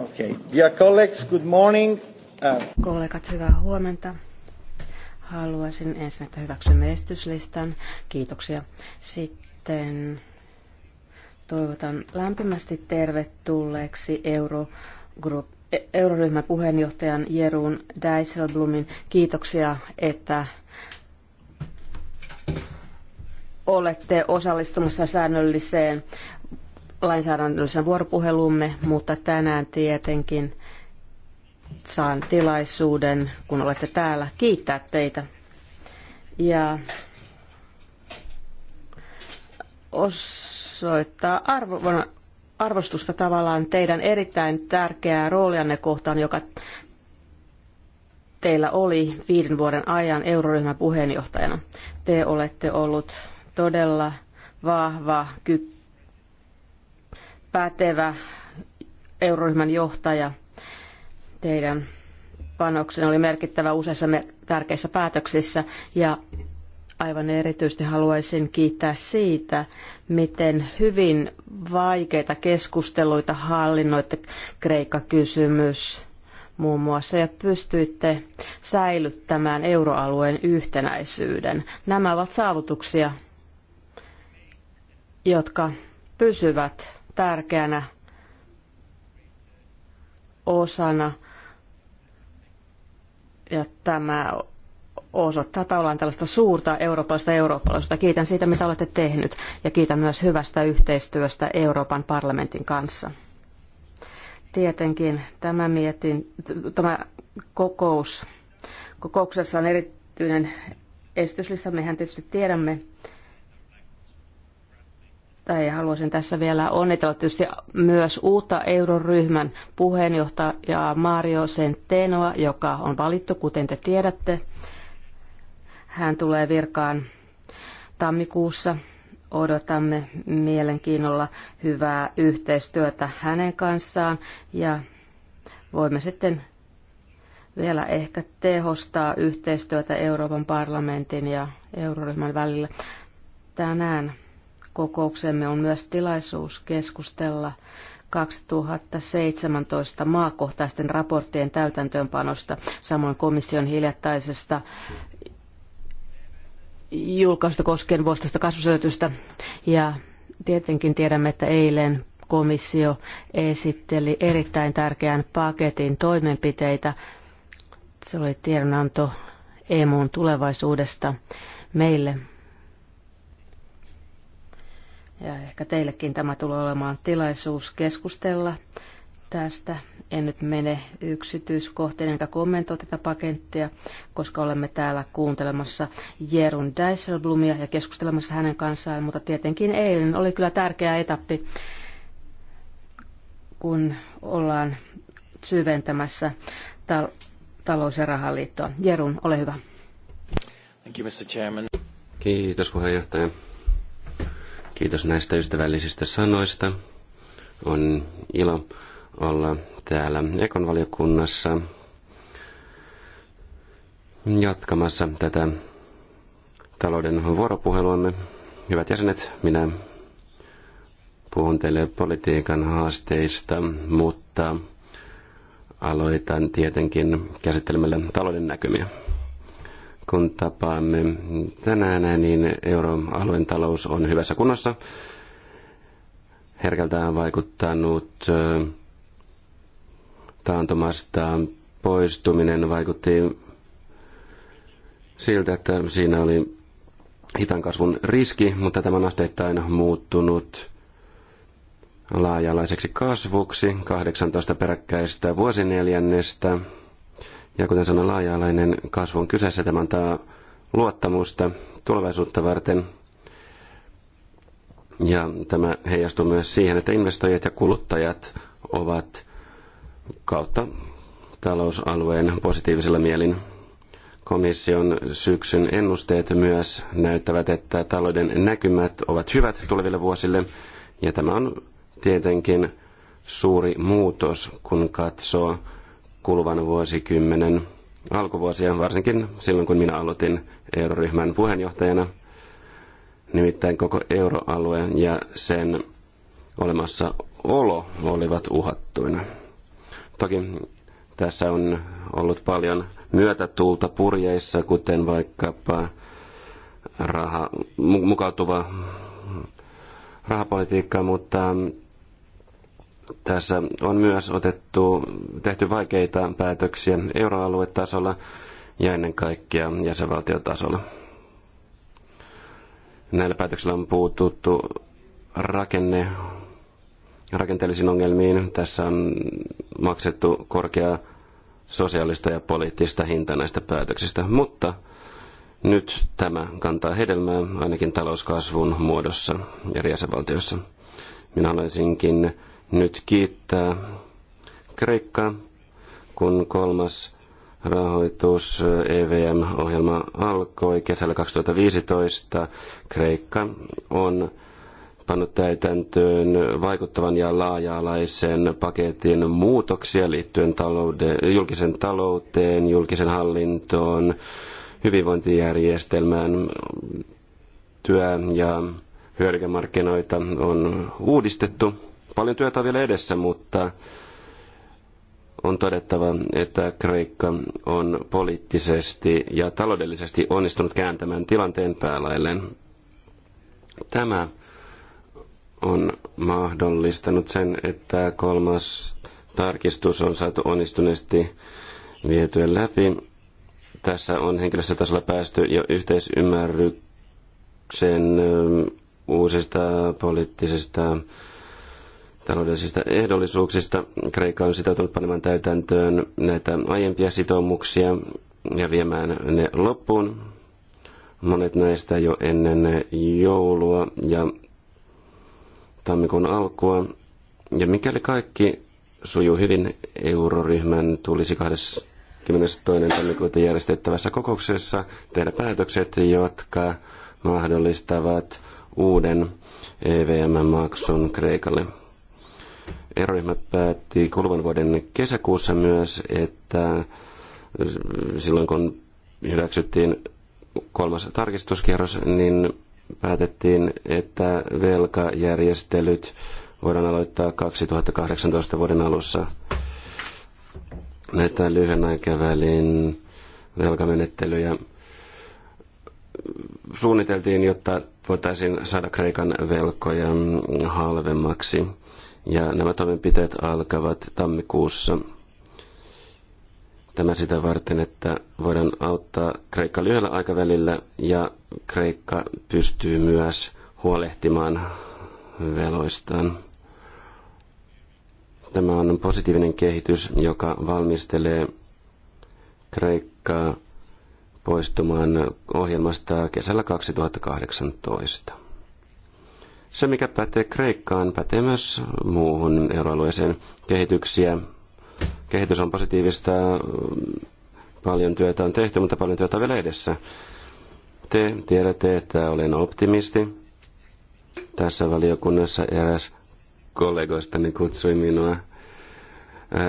Okay. Dear colleagues, good morning. Uh, Kollegat, hyvää huomenta. Haluaisin ensin, että hyväksymme esityslistan. Kiitoksia. Sitten toivotan lämpimästi tervetulleeksi Euro e- euroryhmän puheenjohtajan Jeroen Dijsselbloemin. Kiitoksia, että olette osallistumassa säännölliseen lainsäädännöllisen vuoropuhelumme, mutta tänään tietenkin saan tilaisuuden, kun olette täällä, kiittää teitä. Ja osoittaa arvo, arvostusta tavallaan teidän erittäin tärkeää roolianne kohtaan, joka teillä oli viiden vuoden ajan euroryhmän puheenjohtajana. Te olette ollut todella vahva, ky- pätevä euroryhmän johtaja. Teidän panoksenne oli merkittävä useissa tärkeissä päätöksissä ja aivan erityisesti haluaisin kiittää siitä, miten hyvin vaikeita keskusteluita hallinnoitte Kreikka-kysymys muun muassa ja pystyitte säilyttämään euroalueen yhtenäisyyden. Nämä ovat saavutuksia, jotka pysyvät tärkeänä osana. Ja tämä osoittaa tavallaan tällaista suurta eurooppalaista eurooppalaisuutta. Kiitän siitä, mitä olette tehnyt ja kiitän myös hyvästä yhteistyöstä Euroopan parlamentin kanssa. Tietenkin tämä, mietin, tämä kokous, kokouksessa on erityinen esityslista. Mehän tietysti tiedämme, tai haluaisin tässä vielä onnitella tietysti myös uutta euroryhmän puheenjohtajaa Mario Centenoa, joka on valittu, kuten te tiedätte. Hän tulee virkaan tammikuussa. Odotamme mielenkiinnolla hyvää yhteistyötä hänen kanssaan ja voimme sitten vielä ehkä tehostaa yhteistyötä Euroopan parlamentin ja euroryhmän välillä tänään kokouksemme on myös tilaisuus keskustella 2017 maakohtaisten raporttien täytäntöönpanosta, samoin komission hiljattaisesta julkaisusta koskien vuostaista kasvusyötystä. Ja tietenkin tiedämme, että eilen komissio esitteli erittäin tärkeän paketin toimenpiteitä. Se oli tiedonanto EMUn tulevaisuudesta meille ja ehkä teillekin tämä tulee olemaan tilaisuus keskustella tästä. En nyt mene yksityiskohtiin enkä kommentoi tätä pakenttia, koska olemme täällä kuuntelemassa Jerun Dijsselblumia ja keskustelemassa hänen kanssaan, mutta tietenkin eilen oli kyllä tärkeä etappi, kun ollaan syventämässä tal- talous- ja rahaliittoa. Jerun, ole hyvä. Thank you, Mr. Chairman. Kiitos puheenjohtaja. Kiitos näistä ystävällisistä sanoista. On ilo olla täällä Ekon valiokunnassa jatkamassa tätä talouden vuoropuheluamme. Hyvät jäsenet, minä puhun teille politiikan haasteista, mutta aloitan tietenkin käsittelemällä talouden näkymiä kun tapaamme tänään, niin euroalueen talous on hyvässä kunnossa. Herkältään vaikuttanut taantumasta poistuminen vaikutti siltä, että siinä oli hitan kasvun riski, mutta tämä on asteittain muuttunut laajalaiseksi kasvuksi 18 peräkkäistä vuosineljännestä ja kuten sanoin, laaja-alainen kasvu on kyseessä. Tämä antaa luottamusta tulevaisuutta varten. Ja tämä heijastuu myös siihen, että investoijat ja kuluttajat ovat kautta talousalueen positiivisella mielin. Komission syksyn ennusteet myös näyttävät, että talouden näkymät ovat hyvät tuleville vuosille. Ja tämä on tietenkin suuri muutos, kun katsoo kuluvan vuosikymmenen alkuvuosia, varsinkin silloin kun minä aloitin euroryhmän puheenjohtajana, nimittäin koko euroalue ja sen olemassaolo olivat uhattuina. Toki tässä on ollut paljon myötätuulta purjeissa, kuten vaikkapa raha, mukautuva rahapolitiikka, mutta tässä on myös otettu, tehty vaikeita päätöksiä euroaluetasolla ja ennen kaikkea jäsenvaltiotasolla. Näillä päätöksillä on puututtu rakenne, rakenteellisiin ongelmiin. Tässä on maksettu korkeaa sosiaalista ja poliittista hintaa näistä päätöksistä, mutta nyt tämä kantaa hedelmää ainakin talouskasvun muodossa eri jäsenvaltioissa. Minä haluaisinkin nyt kiittää Kreikkaa, kun kolmas rahoitus EVM-ohjelma eh, e alkoi kesällä 2015. Kreikka on pannut täytäntöön vaikuttavan ja laaja-alaisen paketin muutoksia liittyen taloude, julkisen talouteen, julkisen hallintoon, hyvinvointijärjestelmään, työ- ja hyödykemarkkinoita on uudistettu – Paljon työtä on vielä edessä, mutta on todettava, että Kreikka on poliittisesti ja taloudellisesti onnistunut kääntämään tilanteen päälailleen. Tämä on mahdollistanut sen, että kolmas tarkistus on saatu onnistuneesti vietyä läpi. Tässä on henkilöstötasolla päästy jo yhteisymmärrykseen uusista poliittisista taloudellisista ehdollisuuksista. Kreikka on sitoutunut panemaan täytäntöön näitä aiempia sitoumuksia ja viemään ne loppuun. Monet näistä jo ennen joulua ja tammikuun alkua. Ja mikäli kaikki sujuu hyvin, euroryhmän tulisi 22. tammikuuta järjestettävässä kokouksessa tehdä päätökset, jotka mahdollistavat uuden EVM-maksun Kreikalle eroryhmä päätti kuluvan vuoden kesäkuussa myös, että silloin kun hyväksyttiin kolmas tarkistuskierros, niin päätettiin, että velkajärjestelyt voidaan aloittaa 2018 vuoden alussa. Näitä lyhyen aikavälin velkamenettelyjä suunniteltiin, jotta voitaisiin saada Kreikan velkoja halvemmaksi. Ja nämä toimenpiteet alkavat tammikuussa. Tämä sitä varten, että voidaan auttaa Kreikka lyhyellä aikavälillä ja Kreikka pystyy myös huolehtimaan veloistaan. Tämä on positiivinen kehitys, joka valmistelee Kreikkaa poistumaan ohjelmasta kesällä 2018. Se, mikä pätee Kreikkaan, pätee myös muuhun euroalueeseen kehityksiä. Kehitys on positiivista, paljon työtä on tehty, mutta paljon työtä on vielä edessä. Te tiedätte, että olen optimisti. Tässä valiokunnassa eräs kollegoistani kutsui minua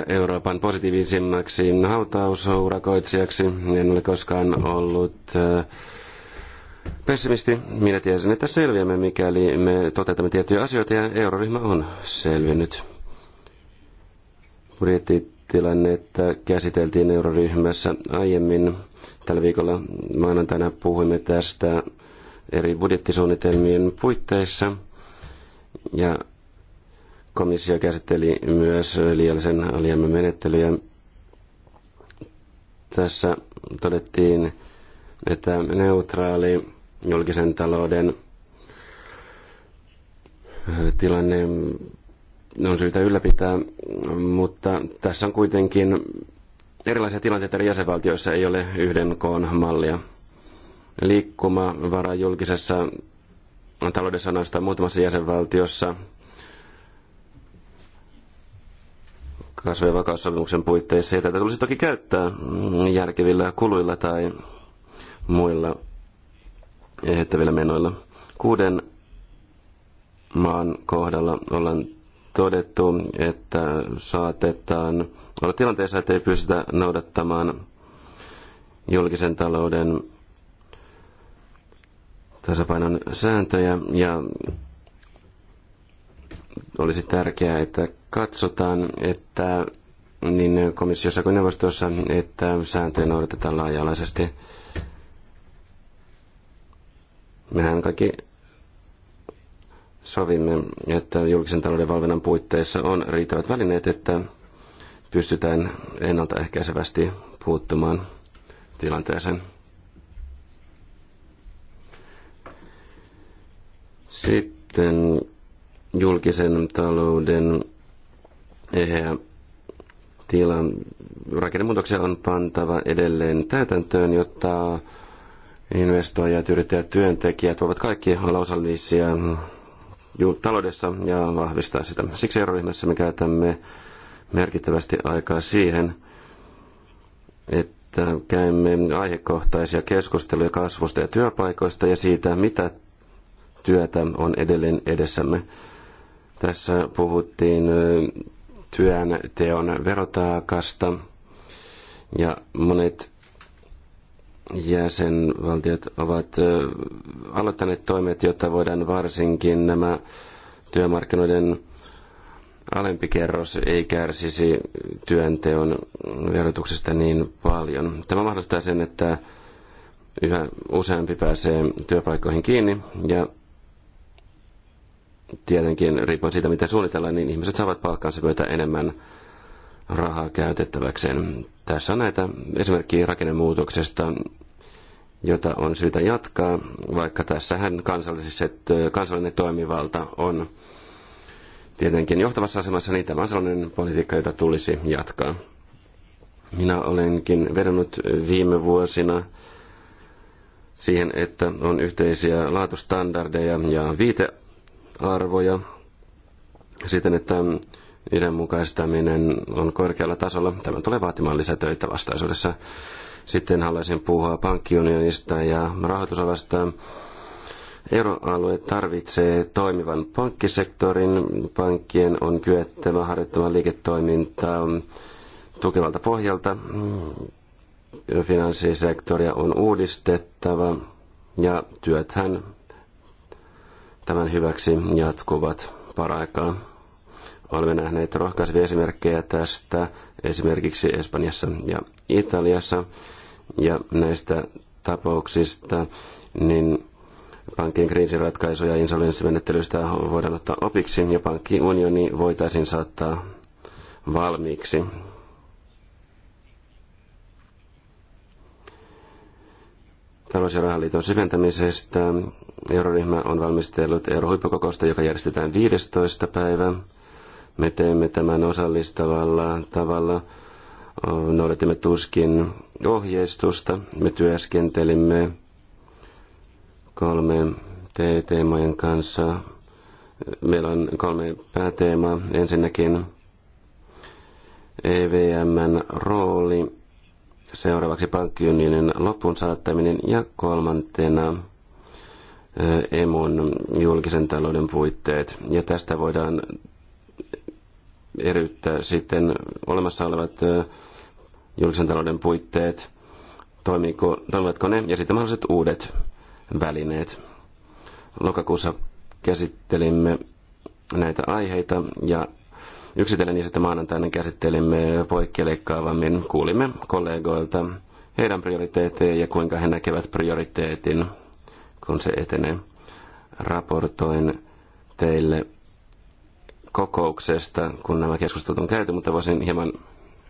Euroopan positiivisimmaksi hautausurakoitsijaksi. En ole koskaan ollut äh, pessimisti. Minä tiesin, että selviämme, mikäli me toteutamme tiettyjä asioita ja euroryhmä on selvinnyt. Budjettitilannetta käsiteltiin euroryhmässä aiemmin tällä viikolla maanantaina puhuimme tästä eri budjettisuunnitelmien puitteissa. Ja komissio käsitteli myös liiallisen alijäämän menettelyjä. Tässä todettiin, että neutraali julkisen talouden tilanne on syytä ylläpitää, mutta tässä on kuitenkin erilaisia tilanteita eri jäsenvaltioissa, ei ole yhden koon mallia. Liikkumavara julkisessa taloudessa on ainoastaan muutamassa jäsenvaltiossa kasvu- ja vakaussopimuksen puitteissa, ja tätä tulisi toki käyttää järkevillä kuluilla tai muilla ehdettävillä menoilla. Kuuden maan kohdalla ollaan todettu, että saatetaan olla tilanteessa, että ei pystytä noudattamaan julkisen talouden tasapainon sääntöjä ja olisi tärkeää, että katsotaan, että niin komissiossa kuin neuvostossa, että sääntöjä noudatetaan laaja-alaisesti. Mehän kaikki sovimme, että julkisen talouden valvonnan puitteissa on riittävät välineet, että pystytään ennaltaehkäisevästi puuttumaan tilanteeseen. Sitten julkisen talouden eheä tila. Rakennemuutoksia on pantava edelleen täytäntöön, jotta investoijat, yrittäjät, työntekijät voivat kaikki olla osallisia taloudessa ja vahvistaa sitä. Siksi euroryhmässä me käytämme merkittävästi aikaa siihen, että käymme aihekohtaisia keskusteluja kasvusta ja työpaikoista ja siitä, mitä työtä on edelleen edessämme. Tässä puhuttiin työn teon verotaakasta ja monet jäsenvaltiot ovat aloittaneet toimet, jotta voidaan varsinkin nämä työmarkkinoiden alempi kerros ei kärsisi työnteon verotuksesta niin paljon. Tämä mahdollistaa sen, että yhä useampi pääsee työpaikkoihin kiinni ja tietenkin riippuen siitä, mitä suunnitellaan, niin ihmiset saavat palkkansa myötä enemmän rahaa käytettäväkseen. Tässä on näitä esimerkkejä rakennemuutoksesta, jota on syytä jatkaa, vaikka tässähän kansallinen toimivalta on tietenkin johtavassa asemassa, niin tämä on sellainen politiikka, jota tulisi jatkaa. Minä olenkin vedonnut viime vuosina siihen, että on yhteisiä laatustandardeja ja viitearvoja siten, että yhdenmukaistaminen on korkealla tasolla. Tämä tulee vaatimaan lisätöitä vastaisuudessa. Sitten haluaisin puhua pankkiunionista ja rahoitusalasta. Euroalue tarvitsee toimivan pankkisektorin. Pankkien on kyettävä harjoittamaan liiketoimintaa tukevalta pohjalta. Finanssisektoria on uudistettava ja työthän tämän hyväksi jatkuvat paraikaa Olemme nähneet rohkaisevia esimerkkejä tästä esimerkiksi Espanjassa ja Italiassa. Ja näistä tapauksista, niin pankkien kriisiratkaisu- ja insolvenssimenettelystä voidaan ottaa opiksi ja pankkiunioni voitaisiin saattaa valmiiksi. Talous- ja rahaliiton syventämisestä euroryhmä on valmistellut eurohuippukokousta, joka järjestetään 15. päivä me teemme tämän osallistavalla tavalla. Noudatimme tuskin ohjeistusta. Me työskentelimme kolme T-teemojen kanssa. Meillä on kolme pääteemaa. Ensinnäkin EVMn rooli, seuraavaksi pankkiunionin lopun saattaminen ja kolmantena emun julkisen talouden puitteet. Ja tästä voidaan eriyttää sitten olemassa olevat julkisen talouden puitteet, toimiko, toimivatko ne, ja sitten mahdolliset uudet välineet. Lokakuussa käsittelimme näitä aiheita ja yksitellen niistä maanantaina käsittelimme poikkeleikkaavammin. Kuulimme kollegoilta heidän prioriteetteja ja kuinka he näkevät prioriteetin, kun se etenee. Raportoin teille kokouksesta, kun nämä keskustelut on käyty, mutta voisin hieman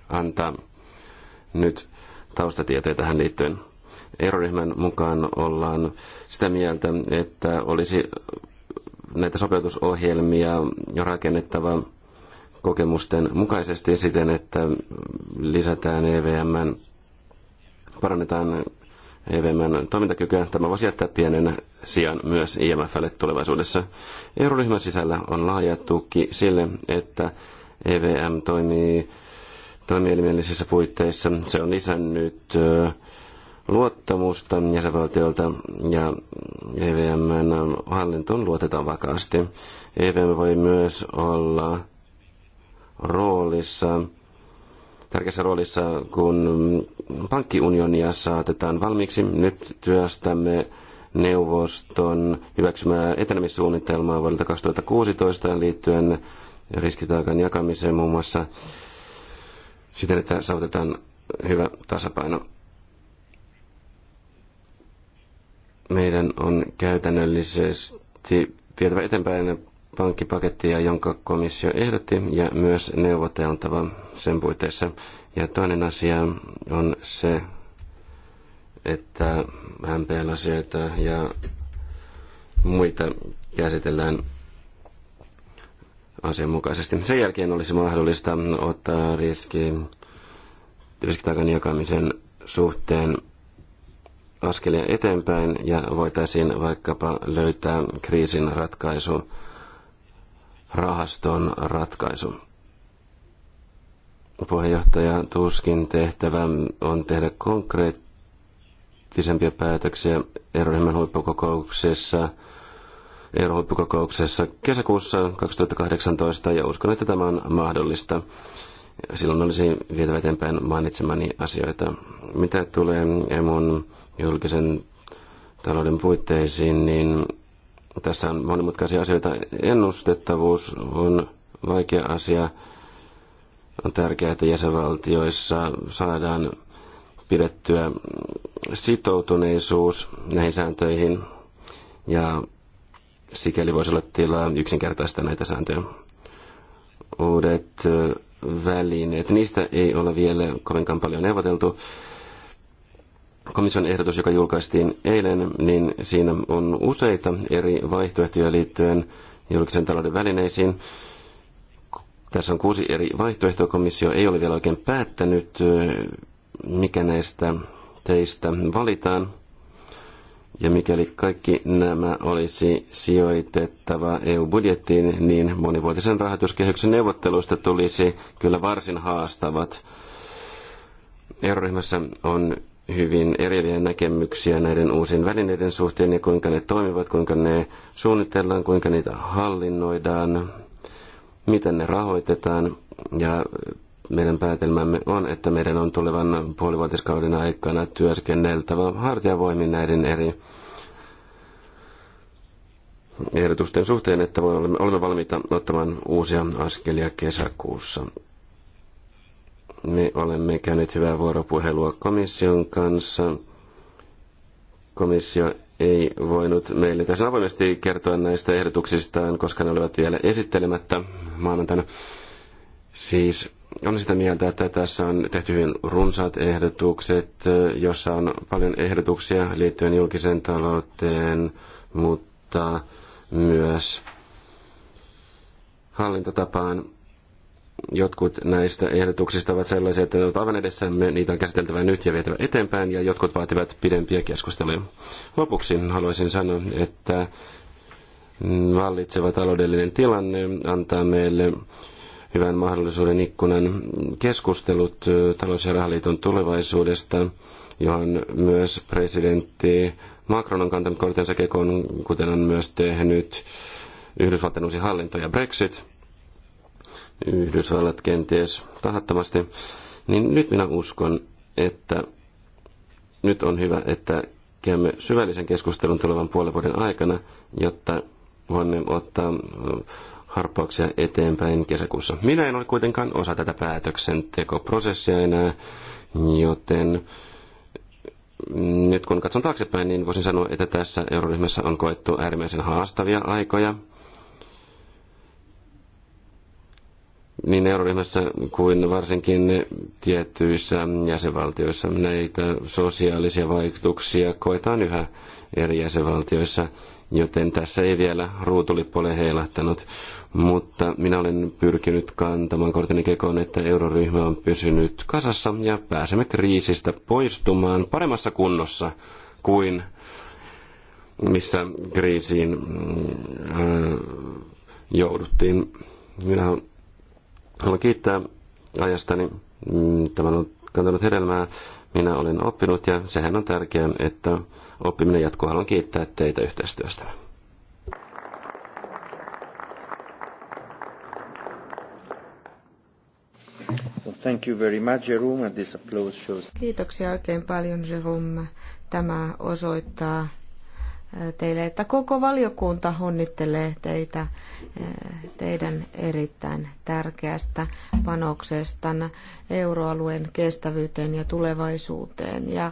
antaa nyt taustatietoja tähän liittyen. Euroryhmän mukaan ollaan sitä mieltä, että olisi näitä sopeutusohjelmia jo rakennettava kokemusten mukaisesti siten, että lisätään EVM, parannetaan EVMn toimintakykyä. Tämä voisi jättää pienen sijan myös IMFlle tulevaisuudessa. Euroryhmän sisällä on laaja tuki sille, että EVM toimii toimielimellisissä puitteissa. Se on lisännyt luottamusta jäsenvaltioilta ja EVMn hallintoon luotetaan vakaasti. EVM voi myös olla roolissa tärkeässä roolissa, kun pankkiunionia saatetaan valmiiksi. Nyt työstämme neuvoston hyväksymää etenemissuunnitelmaa vuodelta 2016 liittyen riskitaakan jakamiseen muun muassa siten, että saavutetaan hyvä tasapaino. Meidän on käytännöllisesti vietävä eteenpäin pankkipakettia, jonka komissio ehdotti, ja myös neuvoteltava sen puitteissa. Ja toinen asia on se, että MPL-asioita ja muita käsitellään asianmukaisesti. Sen jälkeen olisi mahdollista ottaa riski riskitaakan jakamisen suhteen askelia eteenpäin ja voitaisiin vaikkapa löytää kriisin ratkaisu rahaston ratkaisu. Puheenjohtaja Tuskin tehtävä on tehdä konkreettisempia päätöksiä eroryhmän huippukokouksessa huippukokouksessa kesäkuussa 2018 ja uskon, että tämä on mahdollista. Silloin olisi vietävä eteenpäin mainitsemani asioita. Mitä tulee emun julkisen talouden puitteisiin, niin tässä on monimutkaisia asioita. Ennustettavuus on vaikea asia. On tärkeää, että jäsenvaltioissa saadaan pidettyä sitoutuneisuus näihin sääntöihin ja sikäli voisi olla tilaa yksinkertaista näitä sääntöjä. Uudet välineet, niistä ei ole vielä kovinkaan paljon neuvoteltu komission ehdotus, joka julkaistiin eilen, niin siinä on useita eri vaihtoehtoja liittyen julkisen talouden välineisiin. Tässä on kuusi eri vaihtoehtoa. Komissio ei ole vielä oikein päättänyt, mikä näistä teistä valitaan. Ja mikäli kaikki nämä olisi sijoitettava EU-budjettiin, niin monivuotisen rahoituskehyksen neuvotteluista tulisi kyllä varsin haastavat. Euroryhmässä on hyvin eriviä näkemyksiä näiden uusien välineiden suhteen ja kuinka ne toimivat, kuinka ne suunnitellaan, kuinka niitä hallinnoidaan, miten ne rahoitetaan. Ja meidän päätelmämme on, että meidän on tulevan puolivuotiskauden aikana työskenneltävä hartiavoimin näiden eri ehdotusten suhteen, että voi olemme valmiita ottamaan uusia askelia kesäkuussa. Me olemme käyneet hyvää vuoropuhelua komission kanssa. Komissio ei voinut meille tässä avoimesti kertoa näistä ehdotuksistaan, koska ne olivat vielä esittelemättä maanantaina. Siis on sitä mieltä, että tässä on tehty hyvin runsaat ehdotukset, jossa on paljon ehdotuksia liittyen julkiseen talouteen, mutta myös hallintotapaan. Jotkut näistä ehdotuksista ovat sellaisia, että ne ovat aivan edessämme, niitä on käsiteltävä nyt ja vietävä eteenpäin, ja jotkut vaativat pidempiä keskusteluja. Lopuksi haluaisin sanoa, että vallitseva taloudellinen tilanne antaa meille hyvän mahdollisuuden ikkunan keskustelut talous- ja rahaliiton tulevaisuudesta, johon myös presidentti Macron on kantanut kortensa kekoon, kuten on myös tehnyt Yhdysvaltain uusi hallinto ja Brexit. Yhdysvallat kenties tahattomasti, niin nyt minä uskon, että nyt on hyvä, että käymme syvällisen keskustelun tulevan puolen vuoden aikana, jotta voimme ottaa äh, harppauksia eteenpäin kesäkuussa. Minä en ole kuitenkaan osa tätä päätöksentekoprosessia enää, joten äh, nyt kun katson taaksepäin, niin voisin sanoa, että tässä euroryhmässä on koettu äärimmäisen haastavia aikoja. niin euroryhmässä kuin varsinkin tiettyissä jäsenvaltioissa. Näitä sosiaalisia vaikutuksia koetaan yhä eri jäsenvaltioissa, joten tässä ei vielä ruutulippu ole heilahtanut. Mutta minä olen pyrkinyt kantamaan korteni kekoon, että euroryhmä on pysynyt kasassa ja pääsemme kriisistä poistumaan paremmassa kunnossa kuin missä kriisiin äh, jouduttiin. Minä Haluan kiittää ajastani. Mm, tämä on kantanut hedelmää. Minä olen oppinut ja sehän on tärkeää, että oppiminen jatkuu. Haluan kiittää teitä yhteistyöstä. Thank you very much, Jerome. This applause shows... Kiitoksia oikein paljon, Jerome. Tämä osoittaa teille, että koko valiokunta onnittelee teitä eh, teidän erittäin tärkeästä panoksesta euroalueen kestävyyteen ja tulevaisuuteen. Ja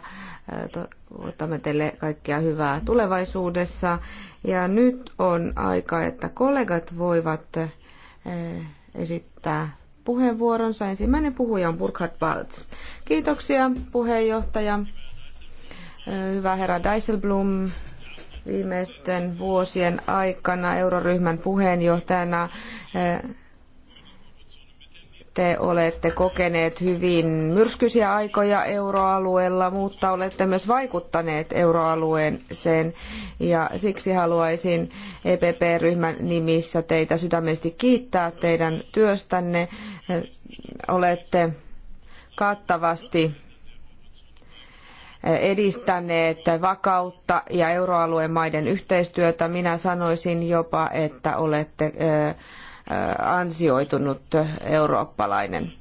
eh, otamme teille kaikkea hyvää tulevaisuudessa. Ja nyt on aika, että kollegat voivat eh, esittää puheenvuoronsa. Ensimmäinen puhuja on Burkhard Balz. Kiitoksia puheenjohtaja. Hyvä herra Dijsselblom, viimeisten vuosien aikana euroryhmän puheenjohtajana eh, te olette kokeneet hyvin myrskyisiä aikoja euroalueella, mutta olette myös vaikuttaneet euroalueeseen. Ja siksi haluaisin EPP-ryhmän nimissä teitä sydämellisesti kiittää teidän työstänne. Eh, olette kattavasti edistäneet vakautta ja euroalueen maiden yhteistyötä. Minä sanoisin jopa, että olette ansioitunut eurooppalainen.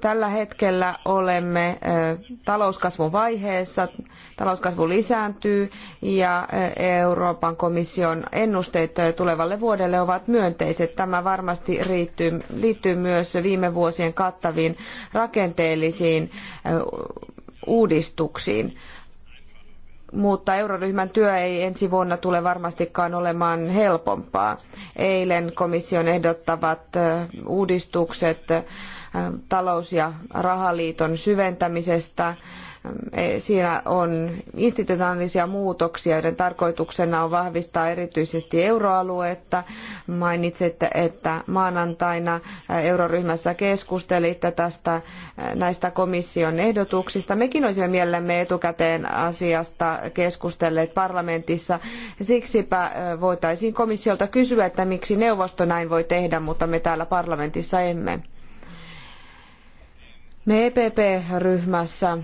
Tällä hetkellä olemme talouskasvun vaiheessa, talouskasvu lisääntyy ja Euroopan komission ennusteet tulevalle vuodelle ovat myönteiset. Tämä varmasti liittyy, liittyy myös viime vuosien kattaviin rakenteellisiin uudistuksiin mutta euroryhmän työ ei ensi vuonna tule varmastikaan olemaan helpompaa. Eilen komission ehdottavat uudistukset talous- ja rahaliiton syventämisestä. E, siinä on institutionaalisia muutoksia, joiden tarkoituksena on vahvistaa erityisesti euroaluetta. Mainitsitte, että maanantaina euroryhmässä keskustelitte tästä näistä komission ehdotuksista. Mekin olisimme mielellämme etukäteen asiasta keskustelleet parlamentissa. Siksipä voitaisiin komissiolta kysyä, että miksi neuvosto näin voi tehdä, mutta me täällä parlamentissa emme. Me EPP-ryhmässä äh,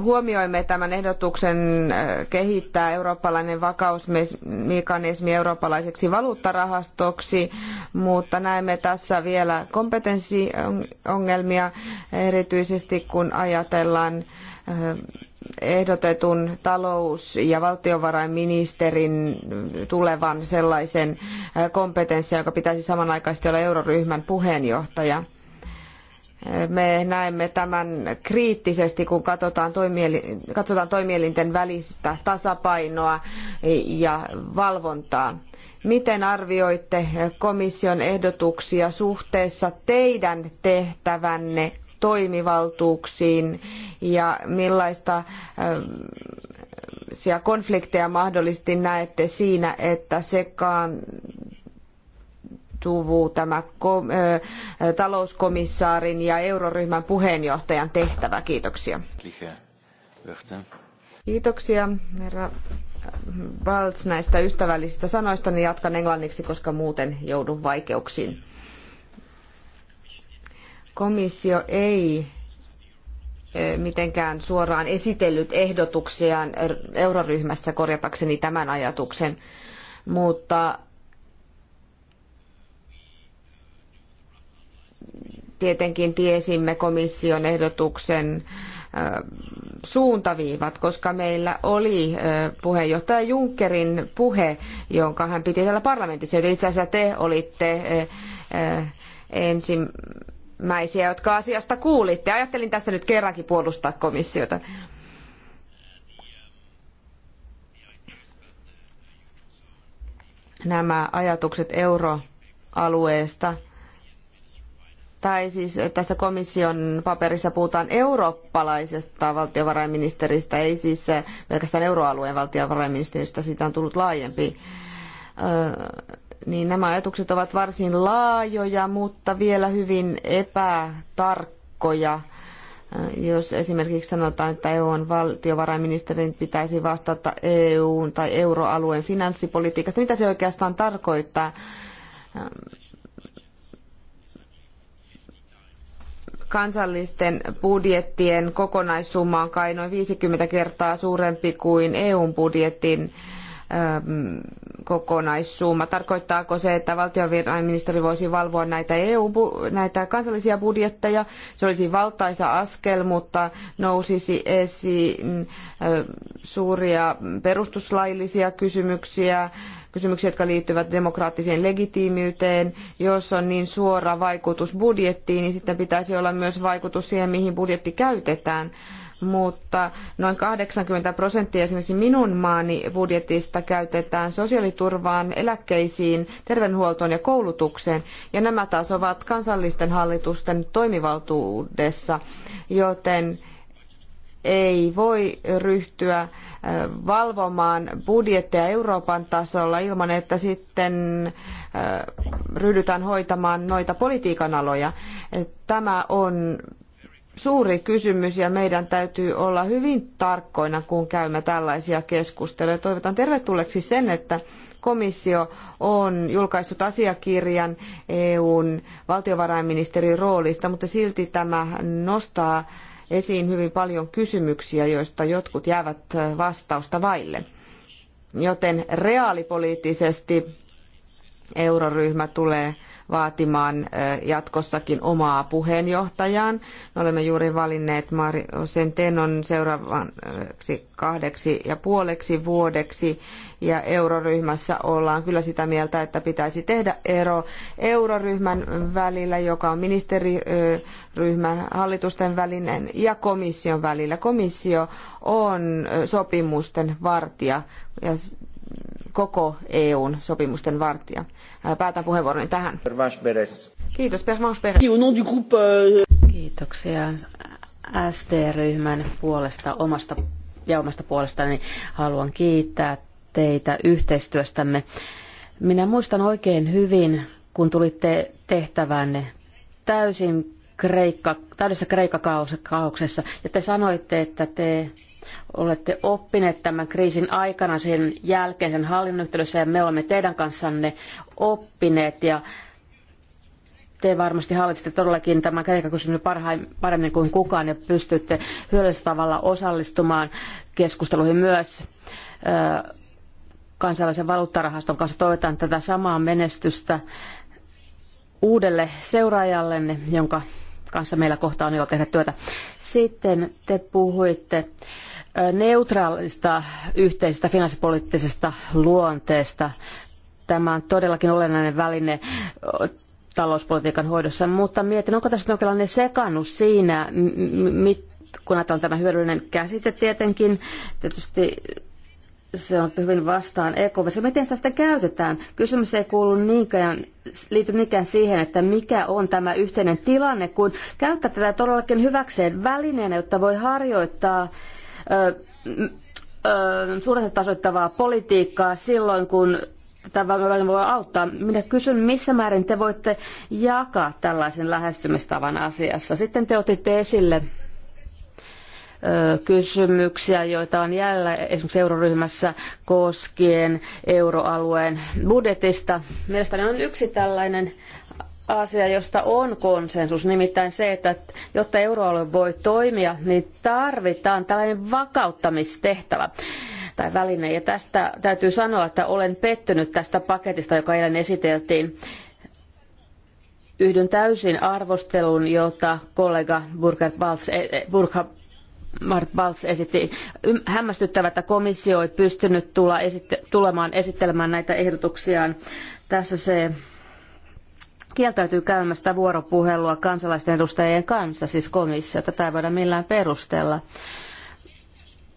huomioimme tämän ehdotuksen äh, kehittää eurooppalainen vakausmekanismi eurooppalaiseksi valuuttarahastoksi, mutta näemme tässä vielä kompetenssiongelmia, erityisesti kun ajatellaan äh, ehdotetun talous- ja valtiovarainministerin tulevan sellaisen äh, kompetenssin, joka pitäisi samanaikaisesti olla euroryhmän puheenjohtaja. Me näemme tämän kriittisesti, kun katsotaan, katsotaan toimielinten välistä tasapainoa ja valvontaa. Miten arvioitte komission ehdotuksia suhteessa teidän tehtävänne toimivaltuuksiin ja millaista konflikteja mahdollisesti näette siinä, että sekaan tuvu tämä talouskomissaarin ja euroryhmän puheenjohtajan tehtävä. Kiitoksia. Kiitoksia, herra Baltz, näistä ystävällisistä sanoista. Niin jatkan englanniksi, koska muuten joudun vaikeuksiin komissio ei eh, mitenkään suoraan esitellyt ehdotuksiaan euroryhmässä korjatakseni tämän ajatuksen, mutta tietenkin tiesimme komission ehdotuksen eh, suuntaviivat, koska meillä oli eh, puheenjohtaja Junckerin puhe, jonka hän piti täällä parlamentissa, itse asiassa te olitte ensin ensimmäisiä, jotka asiasta kuulitte. Ajattelin tässä nyt kerrankin puolustaa komissiota. Nämä ajatukset euroalueesta, tai siis tässä komission paperissa puhutaan eurooppalaisesta valtiovarainministeristä, ei siis pelkästään euroalueen valtiovarainministeristä, siitä on tullut laajempi niin nämä ajatukset ovat varsin laajoja, mutta vielä hyvin epätarkkoja. Äh, jos esimerkiksi sanotaan, että EUn valtiovarainministerin pitäisi vastata EUn tai euroalueen finanssipolitiikasta, mitä se oikeastaan tarkoittaa? Ähm, kansallisten budjettien kokonaissumma on kai noin 50 kertaa suurempi kuin EUn budjetin kokonaissumma. Tarkoittaako se, että valtiovirainministeri voisi valvoa näitä, EU, näitä kansallisia budjetteja? Se olisi valtaisa askel, mutta nousisi esiin suuria perustuslaillisia kysymyksiä, kysymyksiä, jotka liittyvät demokraattiseen legitiimiyteen. Jos on niin suora vaikutus budjettiin, niin sitten pitäisi olla myös vaikutus siihen, mihin budjetti käytetään mutta noin 80 prosenttia esimerkiksi minun maani budjetista käytetään sosiaaliturvaan, eläkkeisiin, terveydenhuoltoon ja koulutukseen, ja nämä taas ovat kansallisten hallitusten toimivaltuudessa, joten ei voi ryhtyä äh, valvomaan budjetteja Euroopan tasolla ilman, että sitten äh, ryhdytään hoitamaan noita politiikan aloja. Äh, tämä on suuri kysymys ja meidän täytyy olla hyvin tarkkoina, kun käymme tällaisia keskusteluja. Toivotan tervetulleeksi sen, että komissio on julkaissut asiakirjan EUn valtiovarainministerin roolista, mutta silti tämä nostaa esiin hyvin paljon kysymyksiä, joista jotkut jäävät vastausta vaille. Joten reaalipoliittisesti euroryhmä tulee vaatimaan jatkossakin omaa puheenjohtajaan. Me olemme juuri valinneet Mario Centenon seuraavaksi kahdeksi ja puoleksi vuodeksi ja euroryhmässä ollaan kyllä sitä mieltä, että pitäisi tehdä ero euroryhmän välillä, joka on ministeriryhmä, hallitusten välinen ja komission välillä. Komissio on sopimusten vartija ja koko EUn sopimusten vartija. Päätän puheenvuoroni tähän. Kiitos, euh, Kiitoksia SD-ryhmän puolesta omasta ja omasta puolestani haluan kiittää teitä yhteistyöstämme. Minä muistan oikein hyvin, kun tulitte tehtävänne täysin kreikka, täydessä kreikkakaauksessa, ja te sanoitte, että te olette oppineet tämän kriisin aikana, sen jälkeen, sen hallinnon yhteydessä, ja me olemme teidän kanssanne oppineet, ja te varmasti hallitsette todellakin tämän kreikkakysymyksen paremmin kuin kukaan, ja pystytte hyödyllisellä tavalla osallistumaan keskusteluihin myös kansainvälisen valuuttarahaston kanssa. Toivotan tätä samaa menestystä uudelle seuraajallenne, jonka kanssa meillä kohta on ilo tehdä työtä. Sitten te puhuitte neutraalista yhteisestä finanssipoliittisesta luonteesta. Tämä on todellakin olennainen väline talouspolitiikan hoidossa, mutta mietin, onko tässä jonkinlainen sekannus siinä, kun ajatellaan tämä hyödyllinen käsite tietenkin, tietysti se on hyvin vastaan ekovessa. Miten sitä sitten käytetään? Kysymys ei kuulu niinkään, liity niinkään siihen, että mikä on tämä yhteinen tilanne, kun käyttää tätä todellakin hyväkseen välineenä, jotta voi harjoittaa suhdannetasoittavaa politiikkaa silloin, kun tämä väline voi auttaa. Minä kysyn, missä määrin te voitte jakaa tällaisen lähestymistavan asiassa. Sitten te otitte esille kysymyksiä, joita on jäljellä esimerkiksi euroryhmässä koskien euroalueen budjetista. Mielestäni on yksi tällainen asia, josta on konsensus, nimittäin se, että jotta euroalue voi toimia, niin tarvitaan tällainen vakauttamistehtävä tai väline. Ja tästä täytyy sanoa, että olen pettynyt tästä paketista, joka eilen esiteltiin. Yhdyn täysin arvosteluun, jota kollega Burkhard Balz, eh, eh, Burkhard Balz esitti. Hämmästyttävä, että komissio ei pystynyt tulla, tulemaan esittelemään näitä ehdotuksiaan. Tässä se kieltäytyy käymästä vuoropuhelua kansalaisten edustajien kanssa, siis komissiota, Tätä ei voida millään perustella.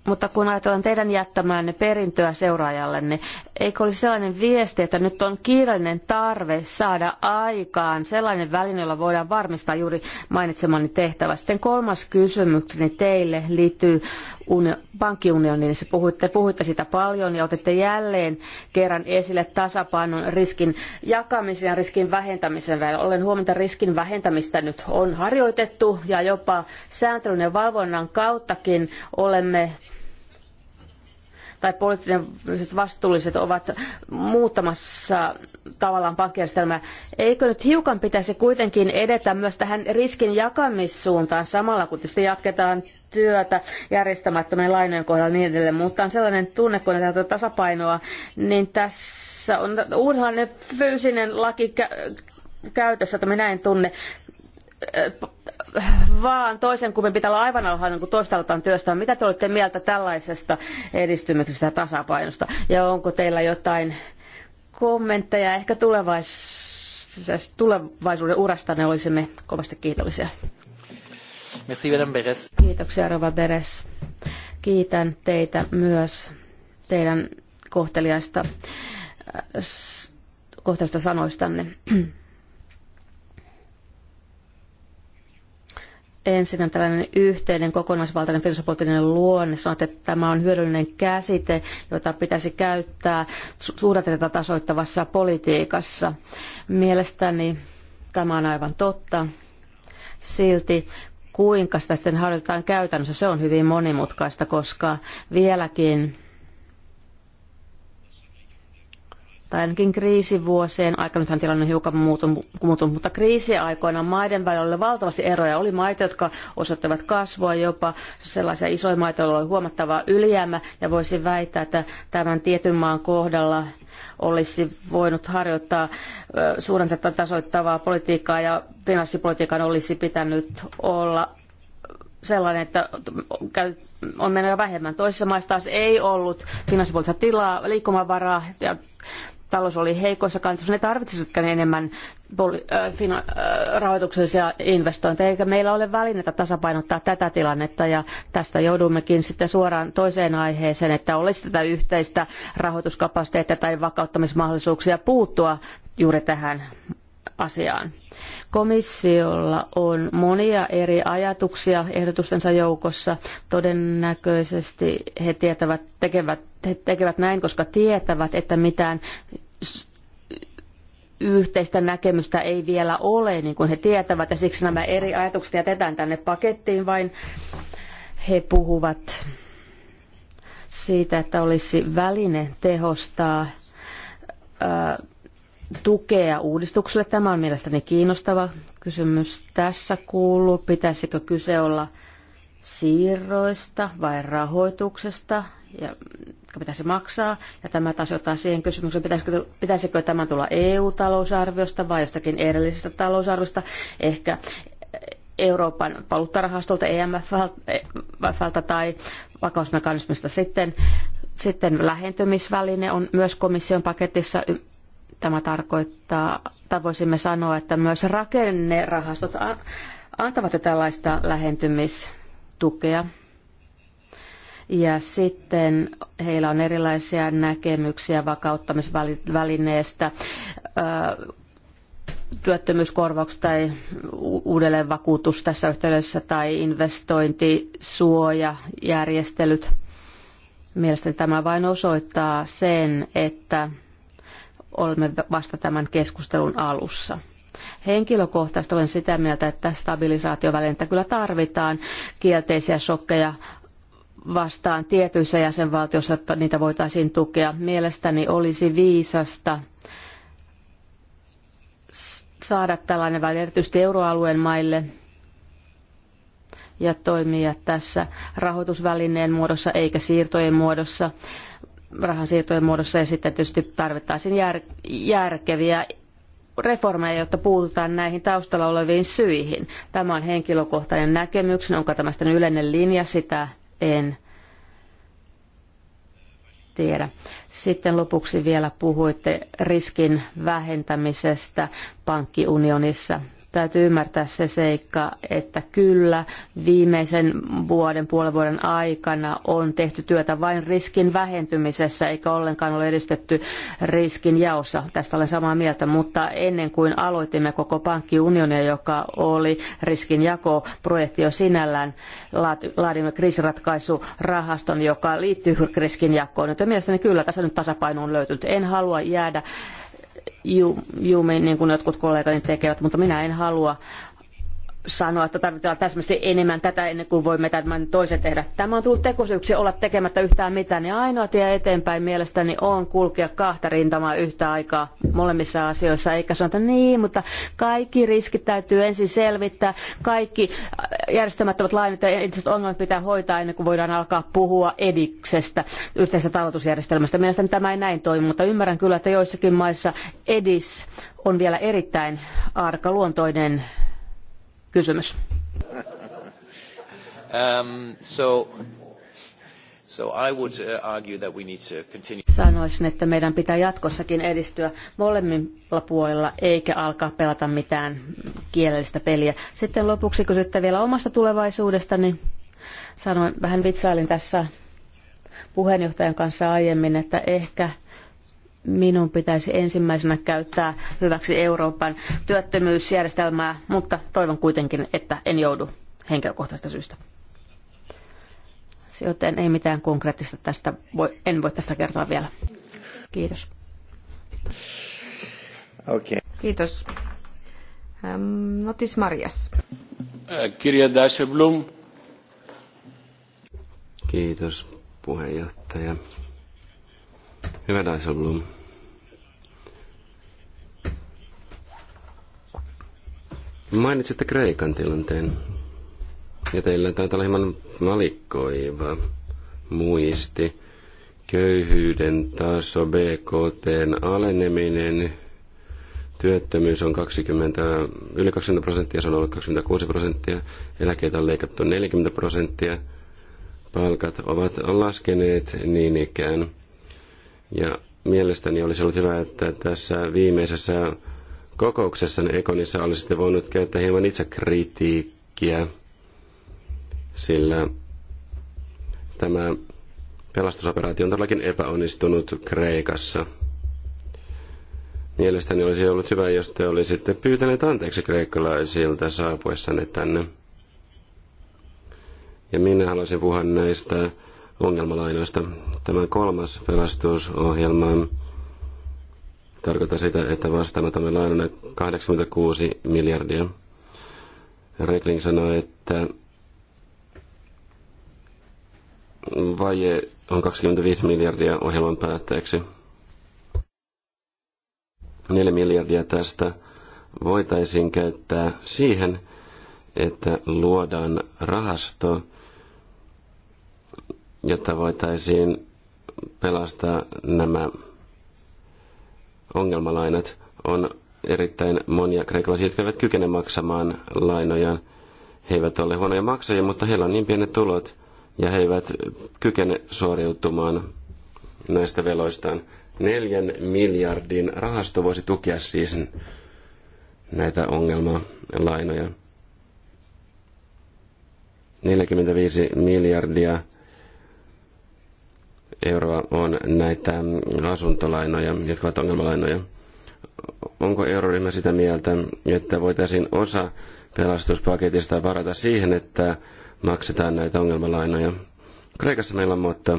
Mutta kun ajatellaan teidän jättämäänne perintöä seuraajallenne, eikö olisi sellainen viesti, että nyt on kiireellinen tarve saada aikaan sellainen väline, jolla voidaan varmistaa juuri mainitsemani tehtävä. Sitten kolmas kysymykseni teille liittyy pankkiunioniin. Se puhuitte, puhuitte sitä paljon ja otette jälleen kerran esille tasapainon riskin jakamisen ja riskin vähentämisen välillä. Olen huomannut, että riskin vähentämistä nyt on harjoitettu ja jopa sääntelyn ja valvonnan kauttakin olemme tai poliittiset vastuulliset ovat muuttamassa tavallaan pankkijärjestelmää. Eikö nyt hiukan pitäisi kuitenkin edetä myös tähän riskin jakamissuuntaan samalla, kun tietysti jatketaan työtä järjestämättömien lainojen kohdalla niin edelleen, mutta on sellainen tunne, kun tätä tasapainoa, niin tässä on uudenlainen fyysinen laki käytössä, että minä en tunne vaan toisen kumin pitää olla aivan alhainen, niin kun toista aletaan työstää. Mitä te olette mieltä tällaisesta edistymisestä ja tasapainosta? Ja onko teillä jotain kommentteja ehkä tulevaisuudessa tulevaisuuden urasta ne olisimme kovasti kiitollisia. Merci, Beres. Kiitoksia, Rova Beres. Kiitän teitä myös teidän kohteliaista äh, kohteliaista sanoistanne. ensin on tällainen yhteinen kokonaisvaltainen filosofiallinen luonne. Sanoit, että tämä on hyödyllinen käsite, jota pitäisi käyttää suhdanteita tasoittavassa politiikassa. Mielestäni tämä on aivan totta. Silti kuinka sitä sitten harjoitetaan käytännössä, se on hyvin monimutkaista, koska vieläkin tai ainakin kriisivuosien aikana, nythän tilanne on hiukan muuttunut, mutta kriisiaikoina maiden välillä oli valtavasti eroja. Oli maita, jotka osoittivat kasvua jopa, sellaisia isoja maita, joilla oli huomattava ylijäämä, ja voisi väittää, että tämän tietyn maan kohdalla olisi voinut harjoittaa suurentetta tasoittavaa politiikkaa, ja finanssipolitiikan olisi pitänyt olla sellainen, että on mennyt vähemmän. Toisissa maissa taas ei ollut finanssipoliittista tilaa, liikkumavaraa ja talous oli heikoissa kantoissa, ne tarvitsisivatkin enemmän rahoituksellisia investointeja, eikä meillä ole välineitä tasapainottaa tätä tilannetta, ja tästä joudummekin sitten suoraan toiseen aiheeseen, että olisi tätä yhteistä rahoituskapasiteettia tai vakauttamismahdollisuuksia puuttua juuri tähän asiaan. Komissiolla on monia eri ajatuksia ehdotustensa joukossa. Todennäköisesti he tietävät, tekevät, he tekevät näin, koska tietävät, että mitään yhteistä näkemystä ei vielä ole, niin kuin he tietävät, ja siksi nämä eri ajatukset jätetään tänne pakettiin, vain he puhuvat siitä, että olisi väline tehostaa tukea uudistukselle. Tämä on mielestäni kiinnostava kysymys. Tässä kuuluu, pitäisikö kyse olla siirroista vai rahoituksesta, ja, pitäisi maksaa. Ja tämä taas ottaa siihen kysymykseen, pitäisikö, pitäisikö tämä tulla EU-talousarviosta vai jostakin erillisestä talousarviosta, ehkä Euroopan valuuttarahastolta, EMFltä tai vakausmekanismista sitten. Sitten lähentymisväline on myös komission paketissa Tämä tarkoittaa, tai voisimme sanoa, että myös rakennerahastot antavat jo tällaista lähentymistukea. Ja sitten heillä on erilaisia näkemyksiä vakauttamisvälineestä, työttömyyskorvauksesta tai uudelleenvakuutus tässä yhteydessä tai investointisuojajärjestelyt. Mielestäni tämä vain osoittaa sen, että olemme vasta tämän keskustelun alussa. Henkilökohtaisesti olen sitä mieltä, että stabilisaatiovälinettä kyllä tarvitaan kielteisiä shokkeja vastaan tietyissä jäsenvaltioissa, että niitä voitaisiin tukea. Mielestäni olisi viisasta saada tällainen väline erityisesti euroalueen maille ja toimia tässä rahoitusvälineen muodossa eikä siirtojen muodossa rahansiirtojen muodossa ja sitten tietysti tarvittaisiin jär, järkeviä reformeja, jotta puututaan näihin taustalla oleviin syihin. Tämä on henkilökohtainen näkemys, onko tämä sitten yleinen linja, sitä en tiedä. Sitten lopuksi vielä puhuitte riskin vähentämisestä pankkiunionissa täytyy ymmärtää se seikka, että kyllä viimeisen vuoden, puolen vuoden aikana on tehty työtä vain riskin vähentymisessä, eikä ollenkaan ole edistetty riskin jaossa. Tästä olen samaa mieltä, mutta ennen kuin aloitimme koko pankkiunionia, joka oli riskinjakoprojekti jo sinällään, laadimme kriisiratkaisurahaston, joka liittyy riskinjakoon. Joten mielestäni kyllä tässä nyt tasapaino on löytynyt. En halua jäädä jumiin, niin kuin jotkut kollegani tekevät, mutta minä en halua sanoa, että tarvitaan täsmästi enemmän tätä ennen kuin voimme tämän toisen tehdä. Tämä on tullut tekosyyksi olla tekemättä yhtään mitään, ja ainoa tie eteenpäin mielestäni on kulkea kahta rintamaa yhtä aikaa molemmissa asioissa, eikä sanota niin, mutta kaikki riskit täytyy ensin selvittää, kaikki äh, järjestämättömät lainat ja entiset ongelmat pitää hoitaa ennen kuin voidaan alkaa puhua ediksestä, yhteisestä talousjärjestelmästä. Mielestäni tämä ei näin toimi, mutta ymmärrän kyllä, että joissakin maissa edis on vielä erittäin arkaluontoinen kysymys. Um, so, so I would uh, argue that we need to continue. Sanoisin, että meidän pitää jatkossakin edistyä molemmilla puolilla, eikä alkaa pelata mitään kielellistä peliä. Sitten lopuksi kysytte vielä omasta tulevaisuudesta, niin sanoin, vähän vitsailin tässä puheenjohtajan kanssa aiemmin, että ehkä – minun pitäisi ensimmäisenä käyttää hyväksi Euroopan työttömyysjärjestelmää, mutta toivon kuitenkin, että en joudu henkilökohtaisesta syystä. Joten ei mitään konkreettista tästä, voi, en voi tästä kertoa vielä. Kiitos. Okay. Kiitos. Ähm, Notis Marias. Äh, kirja Blum. Kiitos puheenjohtaja. Hyvä Blum. Mainitsitte Kreikan tilanteen. Ja teillä taitaa olla hieman valikkoiva muisti. Köyhyyden taso, BKTn aleneminen, työttömyys on 20, yli 20 prosenttia, se on ollut 26 prosenttia, eläkeitä on leikattu 40 prosenttia, palkat ovat laskeneet niin ikään. Ja mielestäni olisi ollut hyvä, että tässä viimeisessä kokouksessanne Ekonissa olisitte voinut käyttää hieman itse kritiikkiä, sillä tämä pelastusoperaatio on todellakin epäonnistunut Kreikassa. Mielestäni olisi ollut hyvä, jos te olisitte pyytäneet anteeksi kreikkalaisilta saapuessanne tänne. Ja minä haluaisin puhua näistä ongelmalainoista. Tämä kolmas pelastusohjelma tarkoittaa sitä, että vastaanotamme lainana 86 miljardia. Rekling sanoi, että vaje on 25 miljardia ohjelman päätteeksi. 4 miljardia tästä voitaisiin käyttää siihen, että luodaan rahasto, jotta voitaisiin pelastaa nämä ongelmalainat. On erittäin monia kreikkalaisia, jotka eivät kykene maksamaan lainojaan. He eivät ole huonoja maksajia, mutta heillä on niin pienet tulot ja he eivät kykene suoriutumaan näistä veloistaan. Neljän miljardin rahasto voisi tukea siis näitä ongelmalainoja. 45 miljardia euroa on näitä asuntolainoja, jotka ovat ongelmalainoja. Onko euroryhmä sitä mieltä, että voitaisiin osa pelastuspaketista varata siihen, että maksetaan näitä ongelmalainoja? Kreikassa meillä on muotta.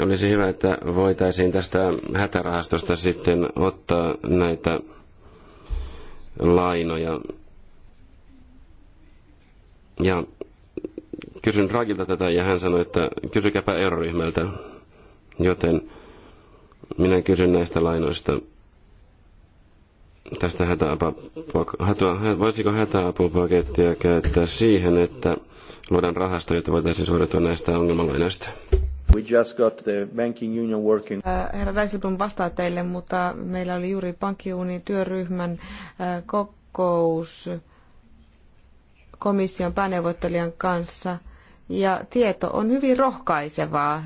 olisi hyvä, että voitaisiin tästä hätärahastosta sitten ottaa näitä lainoja. Ja kysyn Ragilta tätä ja hän sanoi, että kysykääpä euroryhmältä. Joten minä kysyn näistä lainoista tästä hätäapua. voisiko hätäapupakettia käyttää siihen, että luodaan rahasto, jotta voitaisiin suoriutua näistä ongelmalainoista. We just got the banking union working. Herra Dijsselbloem vastaa teille, mutta meillä oli juuri pankkiunin työryhmän kokous komission pääneuvottelijan kanssa. Ja tieto on hyvin rohkaisevaa,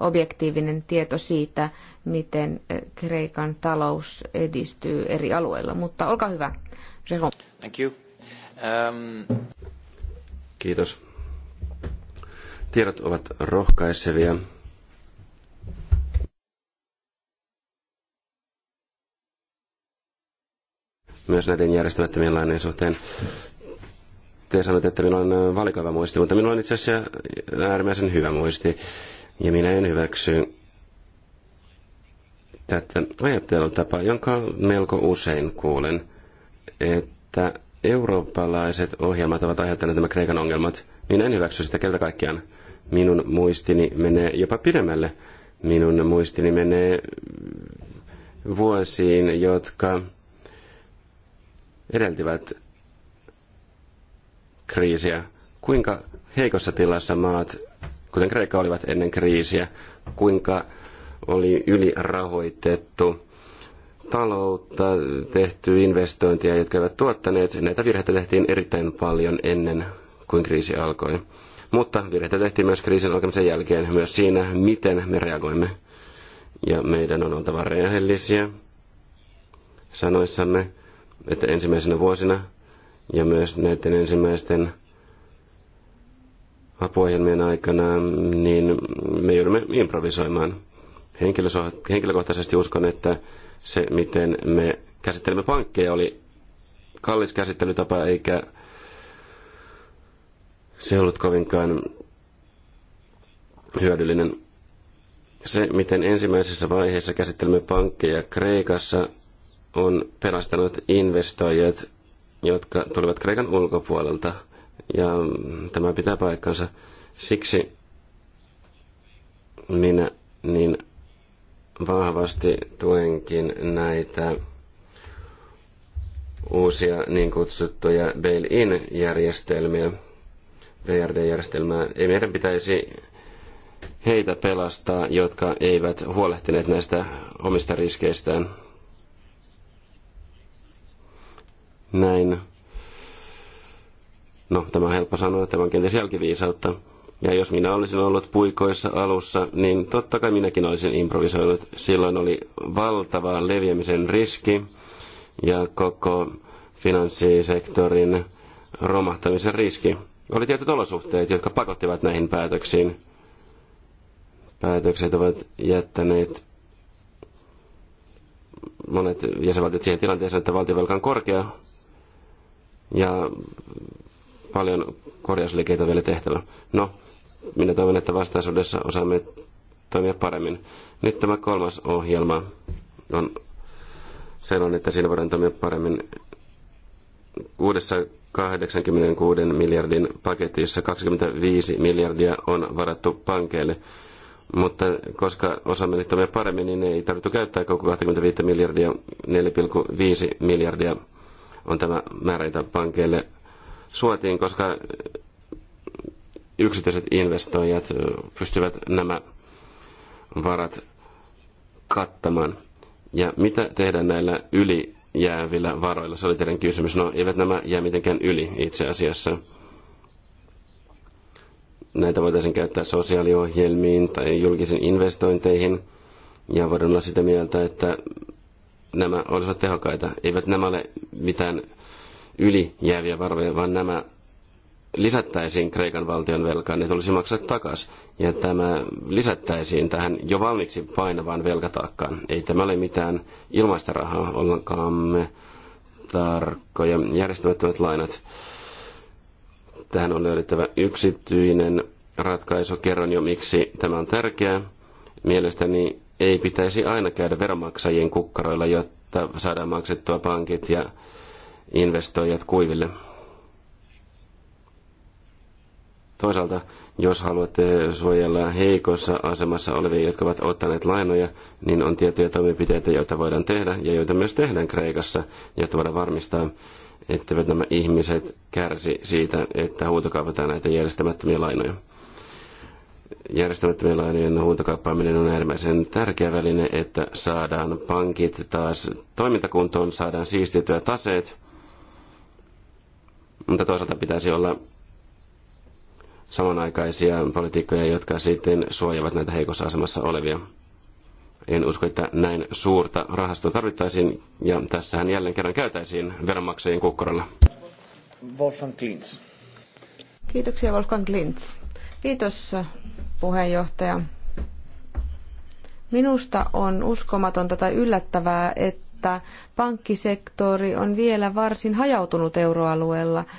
objektiivinen tieto siitä, miten Kreikan talous edistyy eri alueilla. Mutta olkaa hyvä, Jérôme. Thank you. Um... Kiitos. Tiedot ovat rohkaisevia. Myös näiden järjestämättömien lainojen suhteen. Te sanoitte, että minulla on äh, valikoiva muisti, mutta minulla on itse asiassa äärimmäisen hyvä muisti. Ja minä en hyväksy tätä ajattelutapaa, jonka melko usein kuulen, että eurooppalaiset ohjelmat ovat aiheuttaneet nämä Kreikan ongelmat. Minä en hyväksy sitä kerta kaikkiaan. Minun muistini menee jopa pidemmälle. Minun muistini menee vuosiin, jotka edeltivät kriisiä. Kuinka heikossa tilassa maat, kuten Kreikka, olivat ennen kriisiä? Kuinka oli ylirahoitettu taloutta, tehty investointia, jotka eivät tuottaneet? Näitä virheitä tehtiin erittäin paljon ennen kuin kriisi alkoi. Mutta virheitä tehtiin myös kriisin alkamisen jälkeen, myös siinä, miten me reagoimme. Ja meidän on oltava rehellisiä sanoissamme, että ensimmäisenä vuosina ja myös näiden ensimmäisten apuohjelmien aikana, niin me joudumme improvisoimaan. Henkilökohtaisesti uskon, että se, miten me käsittelemme pankkeja, oli kallis käsittelytapa eikä se ollut kovinkaan hyödyllinen. Se, miten ensimmäisessä vaiheessa käsittelemme pankkeja Kreikassa, on pelastanut investoijat, jotka tulivat Kreikan ulkopuolelta. Ja tämä pitää paikkansa. Siksi minä niin vahvasti tuenkin näitä uusia niin kutsuttuja bail-in-järjestelmiä, vrd järjestelmää Ei meidän pitäisi heitä pelastaa, jotka eivät huolehtineet näistä omista riskeistään. Näin. No, tämä on helppo sanoa, tämä on kenties jälkiviisautta. Ja jos minä olisin ollut puikoissa alussa, niin totta kai minäkin olisin improvisoinut. Silloin oli valtava leviämisen riski ja koko finanssisektorin romahtamisen riski. Oli tietyt olosuhteet, jotka pakottivat näihin päätöksiin. Päätökset ovat jättäneet monet jäsenvaltiot siihen tilanteeseen, että valtionvelka on korkea ja paljon korjausliikeitä on vielä tehtävä. No, minä toivon, että vastaisuudessa osaamme toimia paremmin. Nyt tämä kolmas ohjelma on sellainen, että siinä voidaan toimia paremmin. Uudessa 86 miljardin paketissa 25 miljardia on varattu pankeille. Mutta koska osaamme nyt paremmin, niin ei tarvittu käyttää koko 25 miljardia, 4,5 miljardia on tämä määrä, jota pankeille suotiin, koska yksityiset investoijat pystyvät nämä varat kattamaan. Ja mitä tehdään näillä yli jäävillä varoilla? Se oli teidän kysymys. No, eivät nämä jää mitenkään yli itse asiassa. Näitä voitaisiin käyttää sosiaaliohjelmiin tai julkisiin investointeihin. Ja voidaan olla sitä mieltä, että nämä olisivat tehokkaita. Eivät nämä ole mitään yli jääviä varoja, vaan nämä lisättäisiin Kreikan valtion velkaa, ne niin tulisi maksaa takaisin. Ja tämä lisättäisiin tähän jo valmiiksi painavaan velkataakkaan. Ei tämä ole mitään ilmaista rahaa, ollaankaan tarkkoja. Järjestämättömät lainat. Tähän on löydettävä yksityinen ratkaisu. Kerron jo, miksi tämä on tärkeää. Mielestäni ei pitäisi aina käydä veronmaksajien kukkaroilla, jotta saadaan maksettua pankit ja investoijat kuiville. Toisaalta, jos haluatte suojella heikossa asemassa olevia, jotka ovat ottaneet lainoja, niin on tiettyjä toimenpiteitä, joita voidaan tehdä ja joita myös tehdään Kreikassa, jotta voidaan varmistaa, etteivät nämä ihmiset kärsi siitä, että huutokaupataan näitä järjestämättömiä lainoja. Järjestämättömien lainojen huutokauppaaminen on äärimmäisen tärkeä väline, että saadaan pankit taas toimintakuntoon, saadaan siistityä taseet, mutta toisaalta pitäisi olla samanaikaisia politiikkoja, jotka sitten suojavat näitä heikossa asemassa olevia. En usko, että näin suurta rahastoa tarvittaisiin, ja tässähän jälleen kerran käytäisiin veronmaksajien kukkarolla. Wolfgang Klintz. Kiitoksia Wolfgang Klintz. Kiitos puheenjohtaja. Minusta on uskomatonta tai yllättävää, että pankkisektori on vielä varsin hajautunut euroalueella –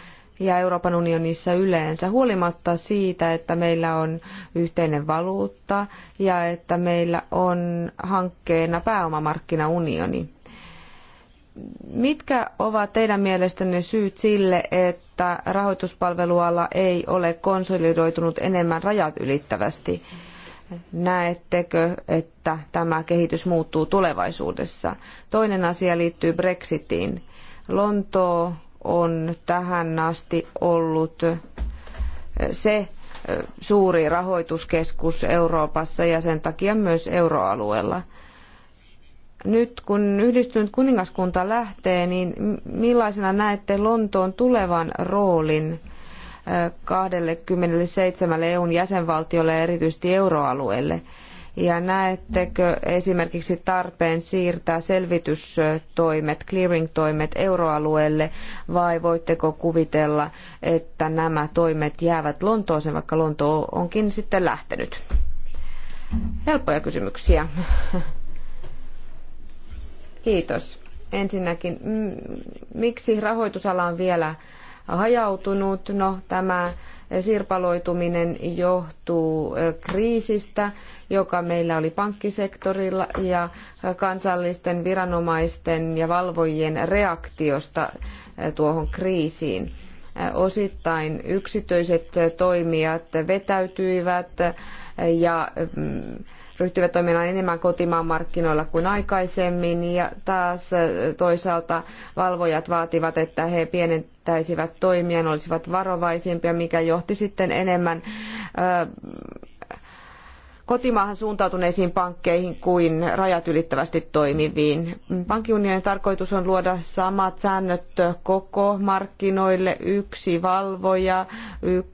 ja Euroopan unionissa yleensä, huolimatta siitä, että meillä on yhteinen valuutta ja että meillä on hankkeena pääomamarkkinaunioni. Mitkä ovat teidän mielestänne syyt sille, että rahoituspalveluala ei ole konsolidoitunut enemmän rajat ylittävästi? Näettekö, että tämä kehitys muuttuu tulevaisuudessa? Toinen asia liittyy Brexitiin. Lontoo on tähän asti ollut se suuri rahoituskeskus Euroopassa ja sen takia myös euroalueella. Nyt kun yhdistynyt kuningaskunta lähtee, niin millaisena näette Lontoon tulevan roolin 27 eh, EUn jäsenvaltiolle ja erityisesti euroalueelle? Ja näettekö esimerkiksi tarpeen siirtää selvitystoimet, clearing-toimet euroalueelle vai voitteko kuvitella, että nämä toimet jäävät Lontooseen, vaikka Lonto onkin sitten lähtenyt? Helppoja kysymyksiä. Kiitos. Ensinnäkin, miksi rahoitusala on vielä hajautunut? No, tämä sirpaloituminen johtuu kriisistä joka meillä oli pankkisektorilla ja kansallisten viranomaisten ja valvojien reaktiosta eh, tuohon kriisiin. Eh, osittain yksityiset toimijat vetäytyivät eh, ja mm, ryhtyivät toimimaan enemmän kotimaan markkinoilla kuin aikaisemmin ja taas toisaalta valvojat vaativat, että he pienentäisivät toimia, olisivat varovaisempia, mikä johti sitten enemmän kotimaahan suuntautuneisiin pankkeihin kuin rajat ylittävästi toimiviin. Pankkiunionin tarkoitus on luoda samat säännöt koko markkinoille, yksi valvoja,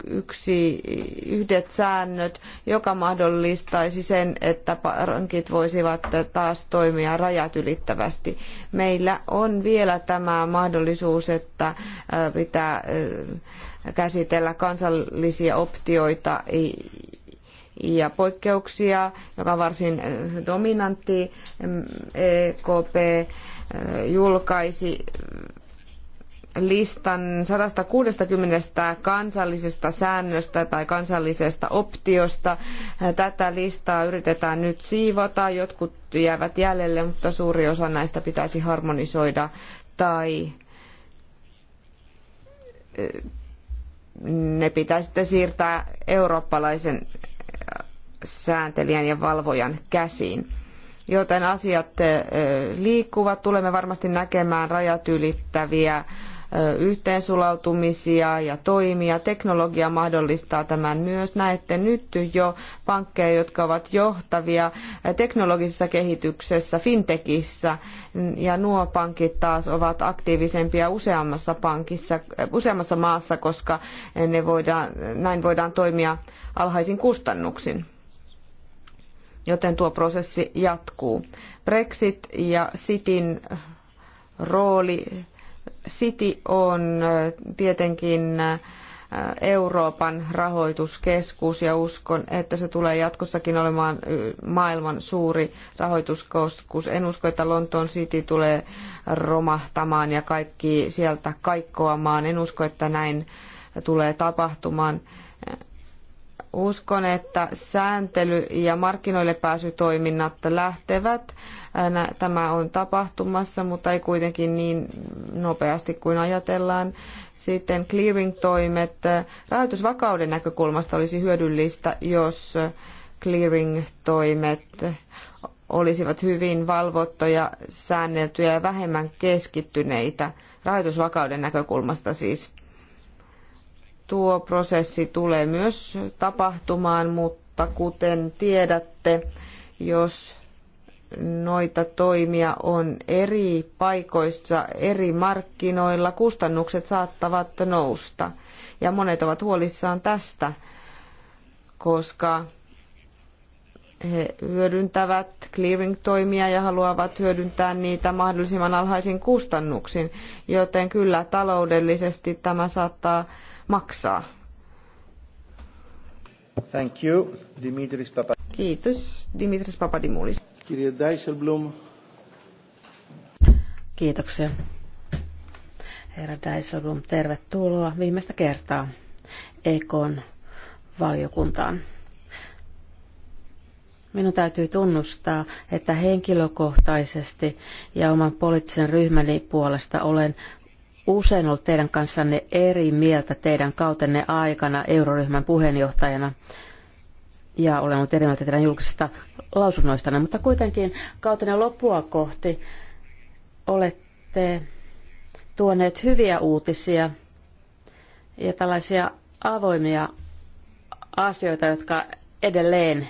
yksi, yhdet säännöt, joka mahdollistaisi sen, että pankit voisivat taas toimia rajat ylittävästi. Meillä on vielä tämä mahdollisuus, että äh, pitää äh, käsitellä kansallisia optioita ja poikkeuksia, joka on varsin eh, dominantti. EKP eh, julkaisi eh, listan 160 kansallisesta säännöstä tai kansallisesta optiosta. Tätä listaa yritetään nyt siivota. Jotkut jäävät jäljelle, mutta suuri osa näistä pitäisi harmonisoida tai ne pitää sitten siirtää eurooppalaisen sääntelijän ja valvojan käsiin. Joten asiat liikkuvat, tulemme varmasti näkemään rajat ylittäviä yhteensulautumisia ja toimia. Teknologia mahdollistaa tämän myös. Näette nyt jo pankkeja, jotka ovat johtavia teknologisessa kehityksessä, fintechissä, ja nuo pankit taas ovat aktiivisempia useammassa, pankissa, useammassa maassa, koska ne voidaan, näin voidaan toimia alhaisin kustannuksin joten tuo prosessi jatkuu. Brexit ja Cityn rooli. City on tietenkin Euroopan rahoituskeskus ja uskon, että se tulee jatkossakin olemaan maailman suuri rahoituskeskus. En usko, että Lontoon City tulee romahtamaan ja kaikki sieltä kaikkoamaan. En usko, että näin tulee tapahtumaan uskon, että sääntely ja markkinoille pääsytoiminnat lähtevät. Tämä on tapahtumassa, mutta ei kuitenkin niin nopeasti kuin ajatellaan. Sitten clearing-toimet. Rahoitusvakauden näkökulmasta olisi hyödyllistä, jos clearing-toimet olisivat hyvin valvottuja, säänneltyjä ja vähemmän keskittyneitä rahoitusvakauden näkökulmasta siis Tuo prosessi tulee myös tapahtumaan, mutta kuten tiedätte, jos noita toimia on eri paikoissa, eri markkinoilla, kustannukset saattavat nousta. Ja monet ovat huolissaan tästä, koska he hyödyntävät clearing-toimia ja haluavat hyödyntää niitä mahdollisimman alhaisin kustannuksin, joten kyllä taloudellisesti tämä saattaa maksaa. Thank you, Dimitris Papa. Kiitos, Dimitris Papadimoulis. Kirja Dijsselblom. Kiitoksia. Herra Dijsselblom, tervetuloa viimeistä kertaa Ekon valiokuntaan. Minun täytyy tunnustaa, että henkilökohtaisesti ja oman poliittisen ryhmäni puolesta olen usein ollut teidän kanssanne eri mieltä teidän kautenne aikana euroryhmän puheenjohtajana ja olen ollut eri mieltä teidän julkisista lausunnoistanne, mutta kuitenkin kautenne loppua kohti olette tuoneet hyviä uutisia ja tällaisia avoimia asioita, jotka edelleen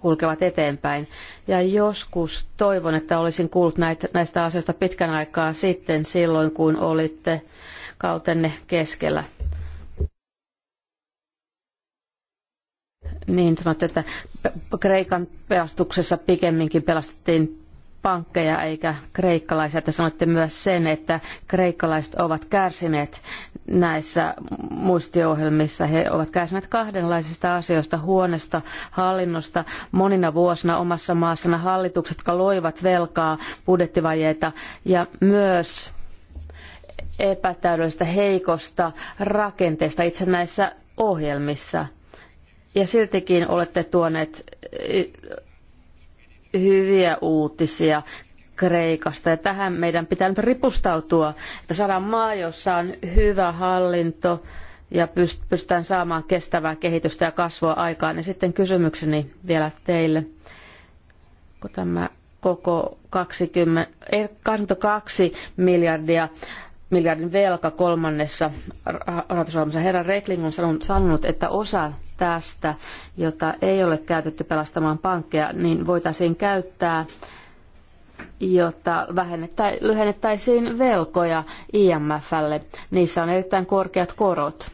kulkevat eteenpäin. Ja joskus toivon, että olisin kuullut näitä, näistä asioista pitkän aikaa sitten, silloin kun olitte kautenne keskellä. Niin sanotte, että Kreikan pelastuksessa pikemminkin pelastettiin pankkeja eikä kreikkalaisia. Te sanoitte myös sen, että kreikkalaiset ovat kärsineet näissä muistiohjelmissa. He ovat kärsineet kahdenlaisista asioista, huonesta hallinnosta. Monina vuosina omassa maassana hallitukset, jotka loivat velkaa, budjettivajeita ja myös epätäydellisestä heikosta rakenteesta itse näissä ohjelmissa. Ja siltikin olette tuoneet hyviä uutisia Kreikasta. Ja tähän meidän pitää nyt ripustautua, että saadaan maa, jossa on hyvä hallinto ja pystytään saamaan kestävää kehitystä ja kasvua aikaan. Ja sitten kysymykseni vielä teille, kun tämä koko 20, 22 eh, miljardia miljardin velka kolmannessa rahoitusohjelmassa. Herra Reckling on sanonut, että osa tästä, jota ei ole käytetty pelastamaan pankkeja, niin voitaisiin käyttää jotta lyhennettäisiin velkoja IMFlle. Niissä on erittäin korkeat korot.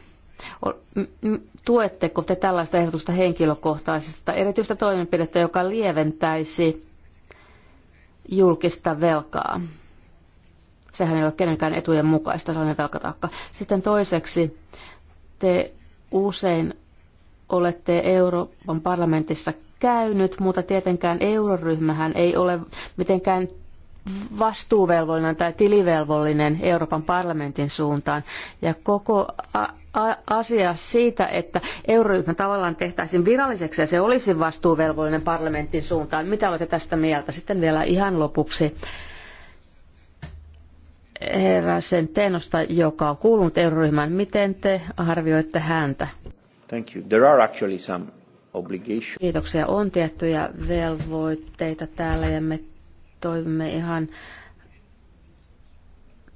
Tuetteko te tällaista ehdotusta tai erityistä toimenpidettä, joka lieventäisi julkista velkaa? Sehän ei ole kenenkään etujen mukaista, sellainen velkataakka. Sitten toiseksi, te usein olette Euroopan parlamentissa käynyt, mutta tietenkään euroryhmähän ei ole mitenkään vastuuvelvollinen tai tilivelvollinen Euroopan parlamentin suuntaan. Ja koko asia siitä, että euroryhmä tavallaan tehtäisiin viralliseksi ja se olisi vastuuvelvollinen parlamentin suuntaan. Mitä olette tästä mieltä? Sitten vielä ihan lopuksi herra Centenosta, joka on kuulunut euroryhmään. Miten te arvioitte häntä? Thank you. There are actually some obligations. Kiitoksia. On tiettyjä velvoitteita täällä ja me toimimme ihan...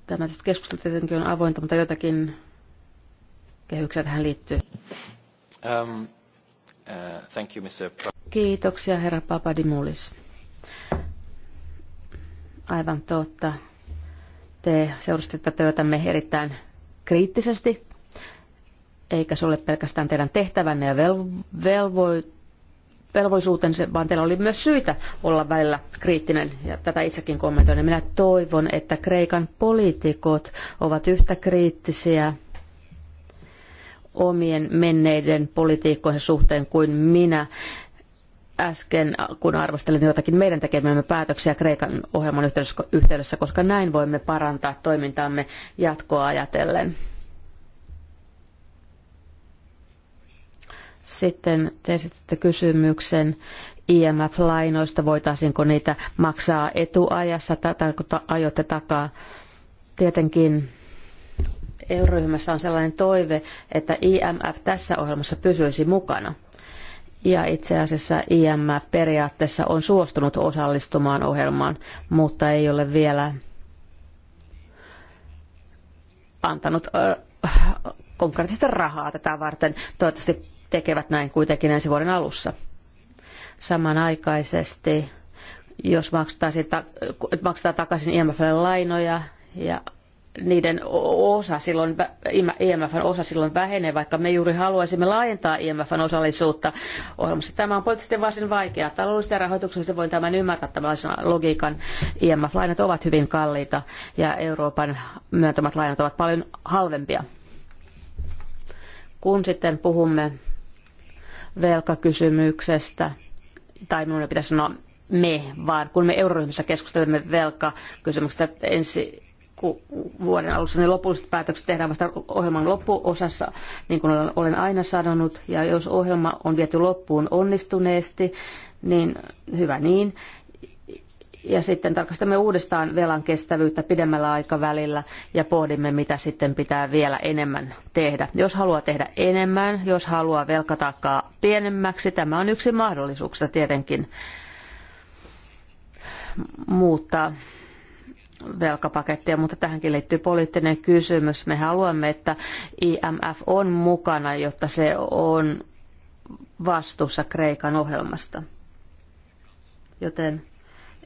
Tämä keskustelu tietenkin on avointa, mutta jotakin kehyksiä tähän liittyy. Um, uh, thank you, Mr. Kiitoksia, herra Papadimulis. Aivan totta te seurasitte työtämme erittäin kriittisesti, eikä se ole pelkästään teidän tehtävänne ja velvo- velvo- vaan teillä oli myös syitä olla välillä kriittinen, ja tätä itsekin kommentoin. minä toivon, että Kreikan poliitikot ovat yhtä kriittisiä omien menneiden politiikkojen suhteen kuin minä äsken, kun arvostelin jotakin meidän tekemämme päätöksiä Kreikan ohjelman yhteydessä, koska näin voimme parantaa toimintaamme jatkoa ajatellen. Sitten te esititte kysymyksen IMF-lainoista, voitaisiinko niitä maksaa etuajassa, tätä aiotte takaa. Tietenkin euroryhmässä on sellainen toive, että IMF tässä ohjelmassa pysyisi mukana – ja itse asiassa IMF periaatteessa on suostunut osallistumaan ohjelmaan, mutta ei ole vielä antanut konkreettista rahaa tätä varten. Toivottavasti tekevät näin kuitenkin ensi vuoden alussa. Samanaikaisesti, jos maksetaan, maksetaan takaisin IMFlle lainoja ja niiden osa silloin, IMFn osa silloin vähenee, vaikka me juuri haluaisimme laajentaa IMFn osallisuutta ohjelmassa. Tämä on poliittisesti varsin vaikeaa. Taloudellisesti ja rahoituksellisesti voin tämän ymmärtää tällaisen logiikan. IMF-lainat ovat hyvin kalliita ja Euroopan myöntämät lainat ovat paljon halvempia. Kun sitten puhumme velkakysymyksestä, tai minun pitäisi sanoa me, vaan kun me euroryhmässä keskustelemme velkakysymyksestä ensi vuoden alussa, ne niin lopulliset päätökset tehdään vasta ohjelman loppuosassa, niin kuin olen aina sanonut. Ja jos ohjelma on viety loppuun onnistuneesti, niin hyvä niin. Ja sitten tarkastamme uudestaan velan kestävyyttä pidemmällä aikavälillä ja pohdimme, mitä sitten pitää vielä enemmän tehdä. Jos haluaa tehdä enemmän, jos haluaa velkataakkaa pienemmäksi, tämä on yksi mahdollisuuksista tietenkin muuttaa velkapakettia, mutta tähänkin liittyy poliittinen kysymys. Me haluamme, että IMF on mukana, jotta se on vastuussa Kreikan ohjelmasta. Joten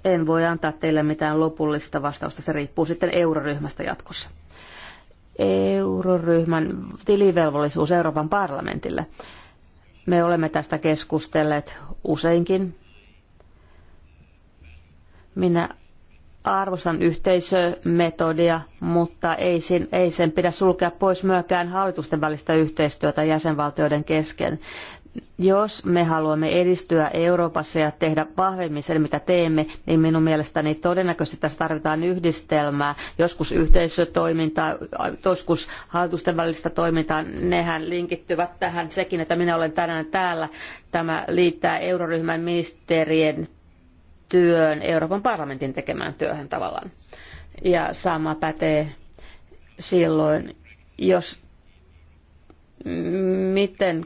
en voi antaa teille mitään lopullista vastausta, se riippuu sitten euroryhmästä jatkossa. Euroryhmän tilivelvollisuus Euroopan parlamentille. Me olemme tästä keskustelleet useinkin. Minä arvostan yhteisömetodia, mutta ei sen, ei sen pidä sulkea pois myöskään hallitusten välistä yhteistyötä jäsenvaltioiden kesken. Jos me haluamme edistyä Euroopassa ja tehdä vahvemmin sen, mitä teemme, niin minun mielestäni todennäköisesti tässä tarvitaan yhdistelmää. Joskus yhteisötoimintaa, joskus hallitusten välistä toimintaa, nehän linkittyvät tähän sekin, että minä olen tänään täällä. Tämä liittää euroryhmän ministerien työn Euroopan parlamentin tekemään työhön tavallaan. Ja sama pätee silloin, jos miten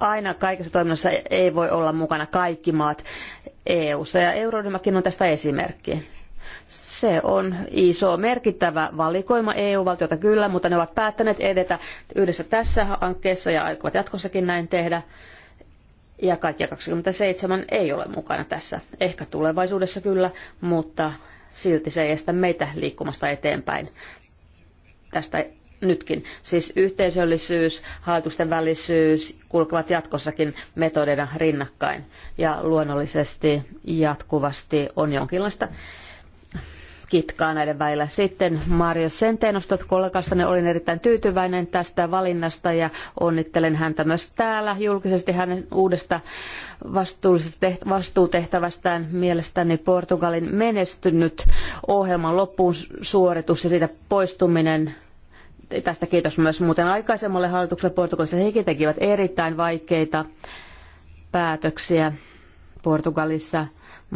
aina kaikessa toiminnassa ei voi olla mukana kaikki maat eu Ja euroryhmäkin on tästä esimerkki. Se on iso merkittävä valikoima EU-valtiota kyllä, mutta ne ovat päättäneet edetä yhdessä tässä hankkeessa ja aikovat jatkossakin näin tehdä ja kaikkia 27 ei ole mukana tässä. Ehkä tulevaisuudessa kyllä, mutta silti se ei estä meitä liikkumasta eteenpäin tästä nytkin. Siis yhteisöllisyys, hallitusten välisyys kulkevat jatkossakin metodeina rinnakkain ja luonnollisesti jatkuvasti on jonkinlaista kitkaa näiden välillä. Sitten Mario Senteenosta kollegastani olin erittäin tyytyväinen tästä valinnasta ja onnittelen häntä myös täällä julkisesti hänen uudesta vastuutehtävästään. Mielestäni Portugalin menestynyt ohjelman loppuun suoritus ja siitä poistuminen Tästä kiitos myös muuten aikaisemmalle hallitukselle Portugalissa. Hekin tekivät erittäin vaikeita päätöksiä Portugalissa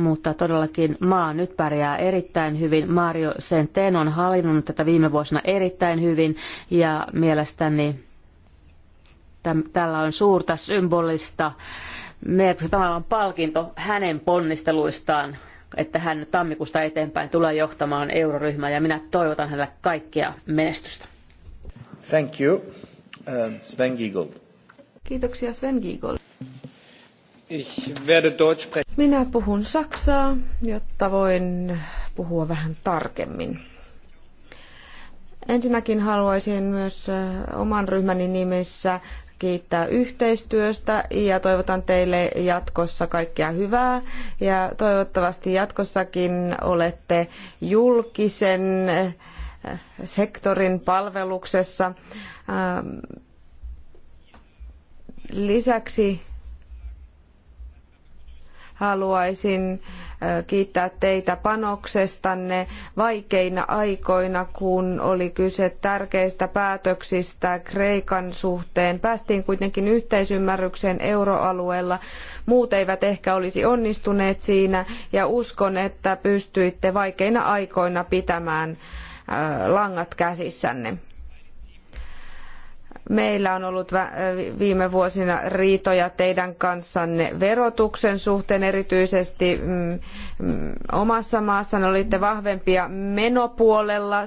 mutta todellakin maa nyt pärjää erittäin hyvin. Mario Senten on hallinnut tätä viime vuosina erittäin hyvin ja mielestäni tällä on suurta symbolista merkitystä tavallaan palkinto hänen ponnisteluistaan, että hän tammikuusta eteenpäin tulee johtamaan euroryhmää ja minä toivotan hänelle kaikkea menestystä. Thank you. Uh, Sven Giegold. Kiitoksia Sven Giegold. Minä puhun saksaa, jotta voin puhua vähän tarkemmin. Ensinnäkin haluaisin myös oman ryhmäni nimissä kiittää yhteistyöstä ja toivotan teille jatkossa kaikkea hyvää ja toivottavasti jatkossakin olette julkisen sektorin palveluksessa. Lisäksi Haluaisin kiittää teitä panoksestanne vaikeina aikoina, kun oli kyse tärkeistä päätöksistä Kreikan suhteen. Päästiin kuitenkin yhteisymmärrykseen euroalueella. Muut eivät ehkä olisi onnistuneet siinä ja uskon, että pystyitte vaikeina aikoina pitämään langat käsissänne. Meillä on ollut viime vuosina riitoja teidän kanssanne verotuksen suhteen, erityisesti mm, mm, omassa maassanne olitte vahvempia menopuolella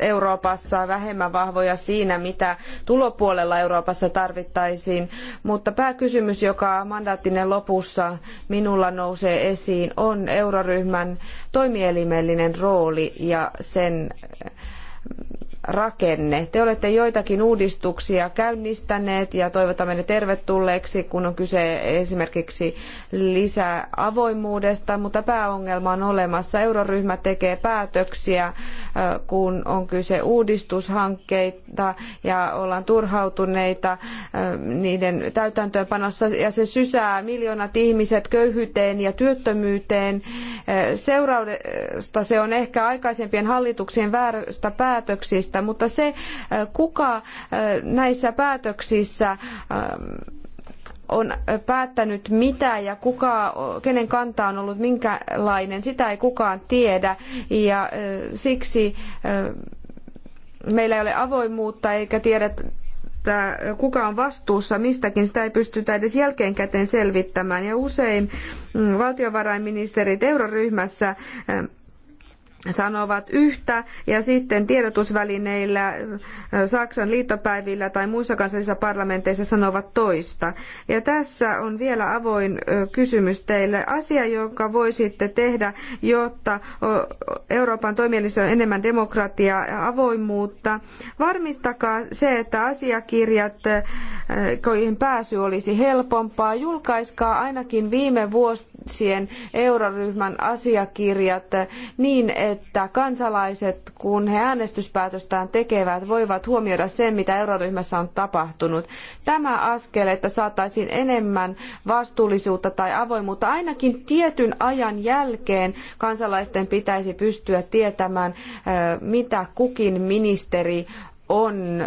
Euroopassa, vähemmän vahvoja siinä, mitä tulopuolella Euroopassa tarvittaisiin. Mutta pääkysymys, joka mandaattinen lopussa minulla nousee esiin, on euroryhmän toimielimellinen rooli ja sen rakenne. Te olette joitakin uudistuksia käynnistäneet ja toivotamme ne tervetulleeksi, kun on kyse esimerkiksi lisää avoimuudesta, mutta pääongelma on olemassa. Euroryhmä tekee päätöksiä, kun on kyse uudistushankkeita ja ollaan turhautuneita niiden täytäntöönpanossa ja se sysää miljoonat ihmiset köyhyyteen ja työttömyyteen. Seurausta se on ehkä aikaisempien hallituksien vääristä päätöksistä ihmistä, mutta se, äh, kuka äh, näissä päätöksissä ähm, on päättänyt mitä ja kuka, kenen kanta on ollut minkälainen, sitä ei kukaan tiedä ja äh, siksi meillä ei ole avoimuutta eikä tiedetä että kuka on vastuussa mistäkin, sitä ei pystytä edes jälkeenkäteen selvittämään. Ja usein mm, valtiovarainministerit euroryhmässä sanovat yhtä ja sitten tiedotusvälineillä, Saksan liittopäivillä tai muissa kansallisissa parlamenteissa sanovat toista. Ja tässä on vielä avoin kysymys teille. Asia, jonka voisitte tehdä, jotta Euroopan toimielissä on enemmän demokratiaa ja avoimuutta. Varmistakaa se, että asiakirjat, joihin pääsy olisi helpompaa. Julkaiskaa ainakin viime vuosien euroryhmän asiakirjat niin, että että kansalaiset, kun he äänestyspäätöstään tekevät, voivat huomioida sen, mitä euroryhmässä on tapahtunut. Tämä askel, että saataisiin enemmän vastuullisuutta tai avoimuutta, ainakin tietyn ajan jälkeen kansalaisten pitäisi pystyä tietämään, mitä kukin ministeri on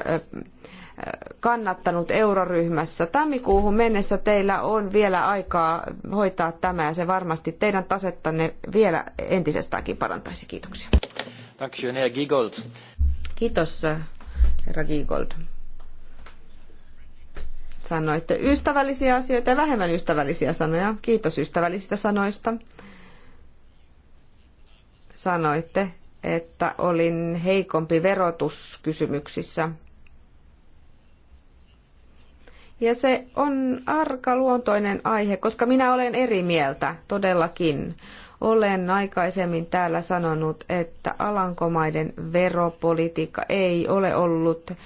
kannattanut euroryhmässä. Tammikuuhun mennessä teillä on vielä aikaa hoitaa tämä ja se varmasti teidän tasettanne vielä entisestäänkin parantaisi. Kiitoksia. Kiitos, herra Giegold. Sanoitte ystävällisiä asioita ja vähemmän ystävällisiä sanoja. Kiitos ystävällisistä sanoista. Sanoitte, että olin heikompi verotuskysymyksissä ja se on arka luontoinen aihe, koska minä olen eri mieltä todellakin. Olen aikaisemmin täällä sanonut, että Alankomaiden veropolitiikka ei ole ollut äh,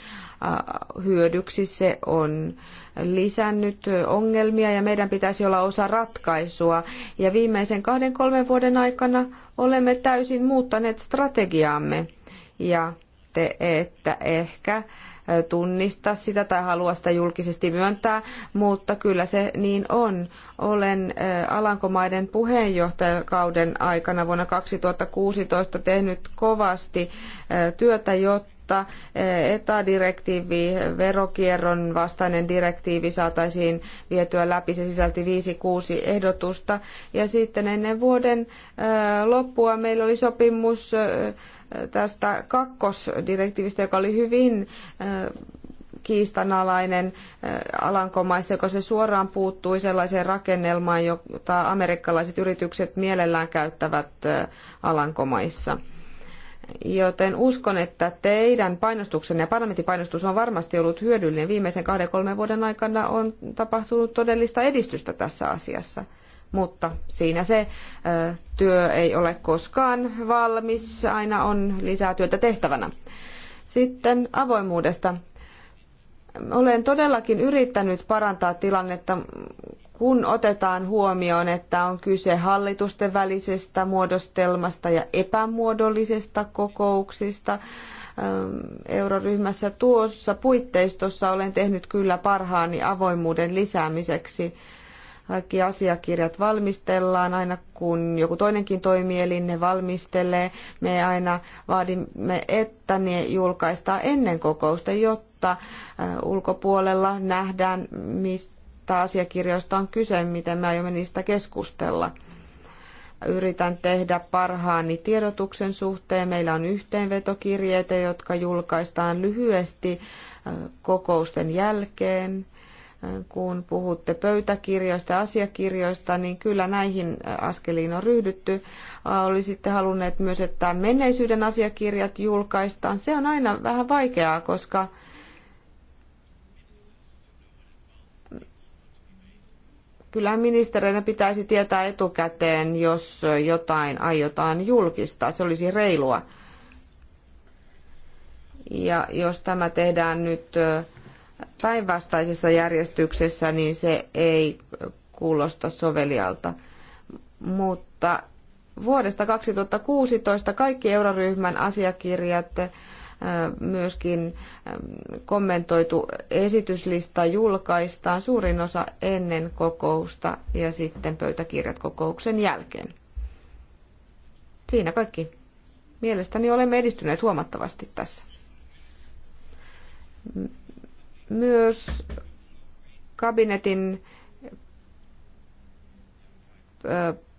hyödyksi. Se on lisännyt ongelmia ja meidän pitäisi olla osa ratkaisua. Ja viimeisen kahden kolmen vuoden aikana olemme täysin muuttaneet strategiaamme. Ja te, että ehkä tunnista sitä tai halua sitä julkisesti myöntää, mutta kyllä se niin on. Olen Alankomaiden puheenjohtajakauden aikana vuonna 2016 tehnyt kovasti työtä, jotta ETA-direktiivi, verokierron vastainen direktiivi saataisiin vietyä läpi. Se sisälti viisi kuusi ehdotusta. Ja sitten ennen vuoden loppua meillä oli sopimus tästä kakkosdirektiivistä, joka oli hyvin kiistanalainen Alankomaissa, joka se suoraan puuttui sellaiseen rakennelmaan, jota amerikkalaiset yritykset mielellään käyttävät Alankomaissa. Joten uskon, että teidän painostuksenne ja parlamentin painostus on varmasti ollut hyödyllinen. Viimeisen kahden kolmen vuoden aikana on tapahtunut todellista edistystä tässä asiassa mutta siinä se työ ei ole koskaan valmis, aina on lisää työtä tehtävänä. Sitten avoimuudesta. Olen todellakin yrittänyt parantaa tilannetta, kun otetaan huomioon, että on kyse hallitusten välisestä muodostelmasta ja epämuodollisesta kokouksista euroryhmässä. Tuossa puitteistossa olen tehnyt kyllä parhaani avoimuuden lisäämiseksi kaikki asiakirjat valmistellaan aina kun joku toinenkin toimielin ne valmistelee. Me aina vaadimme, että ne julkaistaan ennen kokousta, jotta äh, ulkopuolella nähdään, mistä asiakirjoista on kyse, miten me aiomme niistä keskustella yritän tehdä parhaani tiedotuksen suhteen. Meillä on yhteenvetokirjeitä, jotka julkaistaan lyhyesti äh, kokousten jälkeen kun puhutte pöytäkirjoista ja asiakirjoista, niin kyllä näihin askeliin on ryhdytty. Olisitte halunneet myös, että menneisyyden asiakirjat julkaistaan. Se on aina vähän vaikeaa, koska kyllä ministerinä pitäisi tietää etukäteen, jos jotain aiotaan julkistaa. Se olisi reilua. Ja jos tämä tehdään nyt päinvastaisessa järjestyksessä, niin se ei kuulosta sovelialta. Mutta vuodesta 2016 kaikki euroryhmän asiakirjat myöskin kommentoitu esityslista julkaistaan suurin osa ennen kokousta ja sitten pöytäkirjat kokouksen jälkeen. Siinä kaikki. Mielestäni olemme edistyneet huomattavasti tässä. Myös kabinetin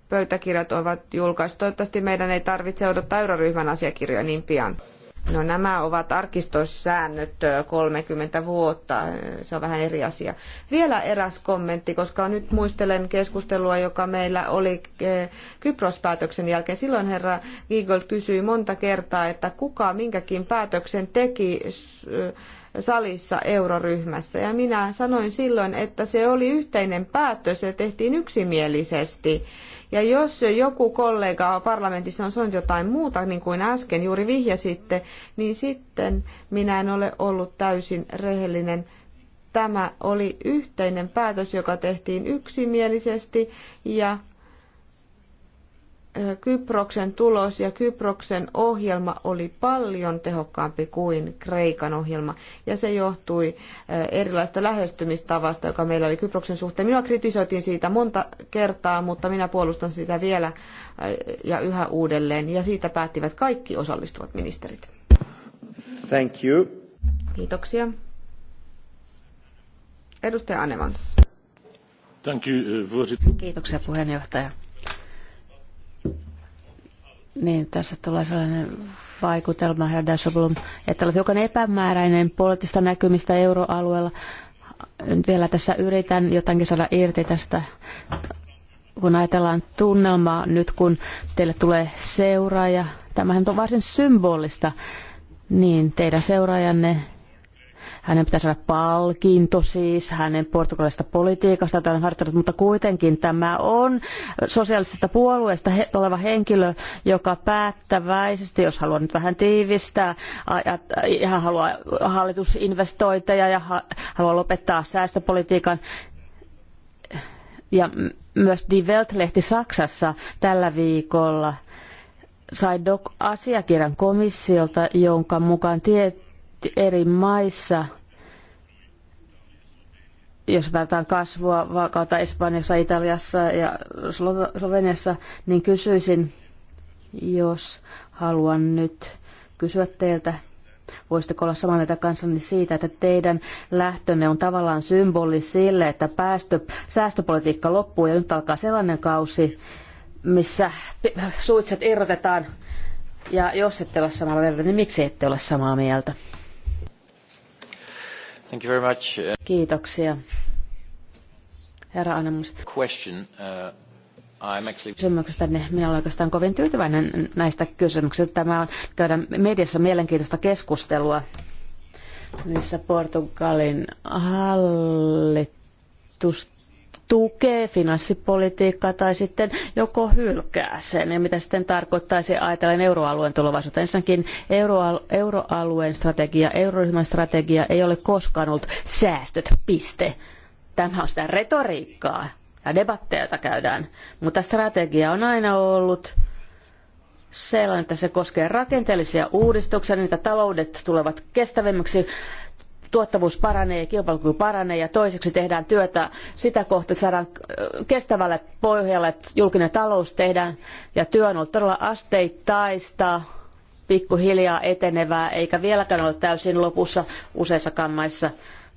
pöytäkirjat ovat julkaistu. Toivottavasti meidän ei tarvitse odottaa euroryhmän asiakirjoja niin pian. No nämä ovat arkistossäännöt 30 vuotta, se on vähän eri asia. Vielä eräs kommentti, koska nyt muistelen keskustelua, joka meillä oli Kypros-päätöksen jälkeen. Silloin herra Giegold kysyi monta kertaa, että kuka minkäkin päätöksen teki salissa euroryhmässä. Ja minä sanoin silloin, että se oli yhteinen päätös ja tehtiin yksimielisesti. Ja jos joku kollega parlamentissa on sanonut jotain muuta, niin kuin äsken juuri vihjasitte, niin sitten minä en ole ollut täysin rehellinen. Tämä oli yhteinen päätös, joka tehtiin yksimielisesti ja Kyproksen tulos ja Kyproksen ohjelma oli paljon tehokkaampi kuin Kreikan ohjelma, ja se johtui erilaista lähestymistavasta, joka meillä oli Kyproksen suhteen. Minua kritisoitiin siitä monta kertaa, mutta minä puolustan sitä vielä ja yhä uudelleen, ja siitä päättivät kaikki osallistuvat ministerit. Thank you. Kiitoksia. Edustaja Anemans. Thank you, Kiitoksia puheenjohtaja. Niin, tässä tulee sellainen vaikutelma, herra Dashoblum, että olet hiukan epämääräinen poliittista näkymistä euroalueella. Nyt vielä tässä yritän jotakin saada irti tästä, kun ajatellaan tunnelmaa nyt, kun teille tulee seuraaja. Tämähän on varsin symbolista, niin teidän seuraajanne hänen pitäisi saada palkinto siis hänen portugalista politiikasta, jota on harjoittanut, mutta kuitenkin tämä on sosiaalisesta puolueesta he, oleva henkilö, joka päättäväisesti, jos haluaa nyt vähän tiivistää, hän haluaa hallitusinvestointeja ja haluaa lopettaa säästöpolitiikan, ja myös Die Welt-lehti Saksassa tällä viikolla sai asiakirjan komissiolta, jonka mukaan tietty eri maissa, jos ajatellaan kasvua vakautta Espanjassa, Italiassa ja Sloveniassa, niin kysyisin, jos haluan nyt kysyä teiltä, voisitteko olla samaa mieltä kanssani siitä, että teidän lähtönne on tavallaan symboli sille, että päästö, säästöpolitiikka loppuu ja nyt alkaa sellainen kausi, missä suitset irrotetaan. Ja jos ette ole samaa mieltä, niin miksi ette ole samaa mieltä? Thank you very much. Kiitoksia. Herra Anamus. Question, uh... Kysymyksestäni niin minä olen oikeastaan kovin tyytyväinen näistä kysymyksistä. Tämä on käydä mediassa mielenkiintoista keskustelua, missä Portugalin hallitus tukee finanssipolitiikkaa tai sitten joko hylkää sen. Ja mitä sitten tarkoittaisi ajatellen euroalueen tulevaisuutta? Ensinnäkin euroalueen strategia, euroryhmän strategia ei ole koskaan ollut säästöt, piste. Tämä on sitä retoriikkaa ja debatteja, joita käydään. Mutta strategia on aina ollut sellainen, että se koskee rakenteellisia uudistuksia, niin että taloudet tulevat kestävämmiksi tuottavuus paranee ja kilpailukyky paranee ja toiseksi tehdään työtä sitä kohti, että saadaan äh, kestävälle pohjalle julkinen talous tehdään ja työ on ollut todella asteittaista pikkuhiljaa etenevää, eikä vieläkään ole täysin lopussa useissakaan maissa,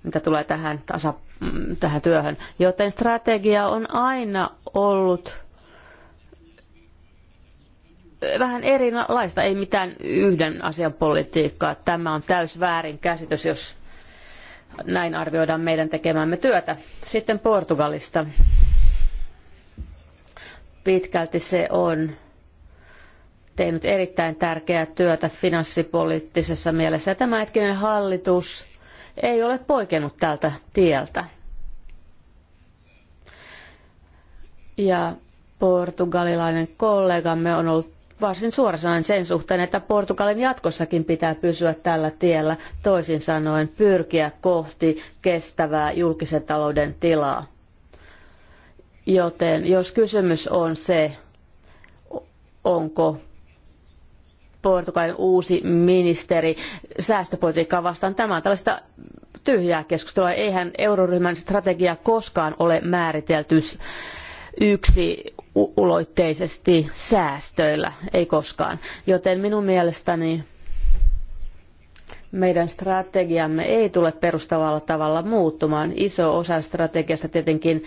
mitä tulee tähän, tasa, mm, tähän työhön. Joten strategia on aina ollut vähän erilaista, ei mitään yhden asian politiikkaa. Tämä on täys väärin käsitys, jos näin arvioidaan meidän tekemämme työtä. Sitten Portugalista. Pitkälti se on tehnyt erittäin tärkeää työtä finanssipoliittisessa mielessä. Ja tämä hetkinen hallitus ei ole poikennut tältä tieltä. Ja portugalilainen kollegamme on ollut varsin suorasanainen sen suhteen, että Portugalin jatkossakin pitää pysyä tällä tiellä, toisin sanoen pyrkiä kohti kestävää julkisen talouden tilaa. Joten jos kysymys on se, onko Portugalin uusi ministeri säästöpolitiikkaa vastaan, tämä on tällaista tyhjää keskustelua. Eihän euroryhmän strategia koskaan ole määritelty yksi yksiulotteisesti säästöillä, ei koskaan. Joten minun mielestäni meidän strategiamme ei tule perustavalla tavalla muuttumaan. Iso osa strategiasta tietenkin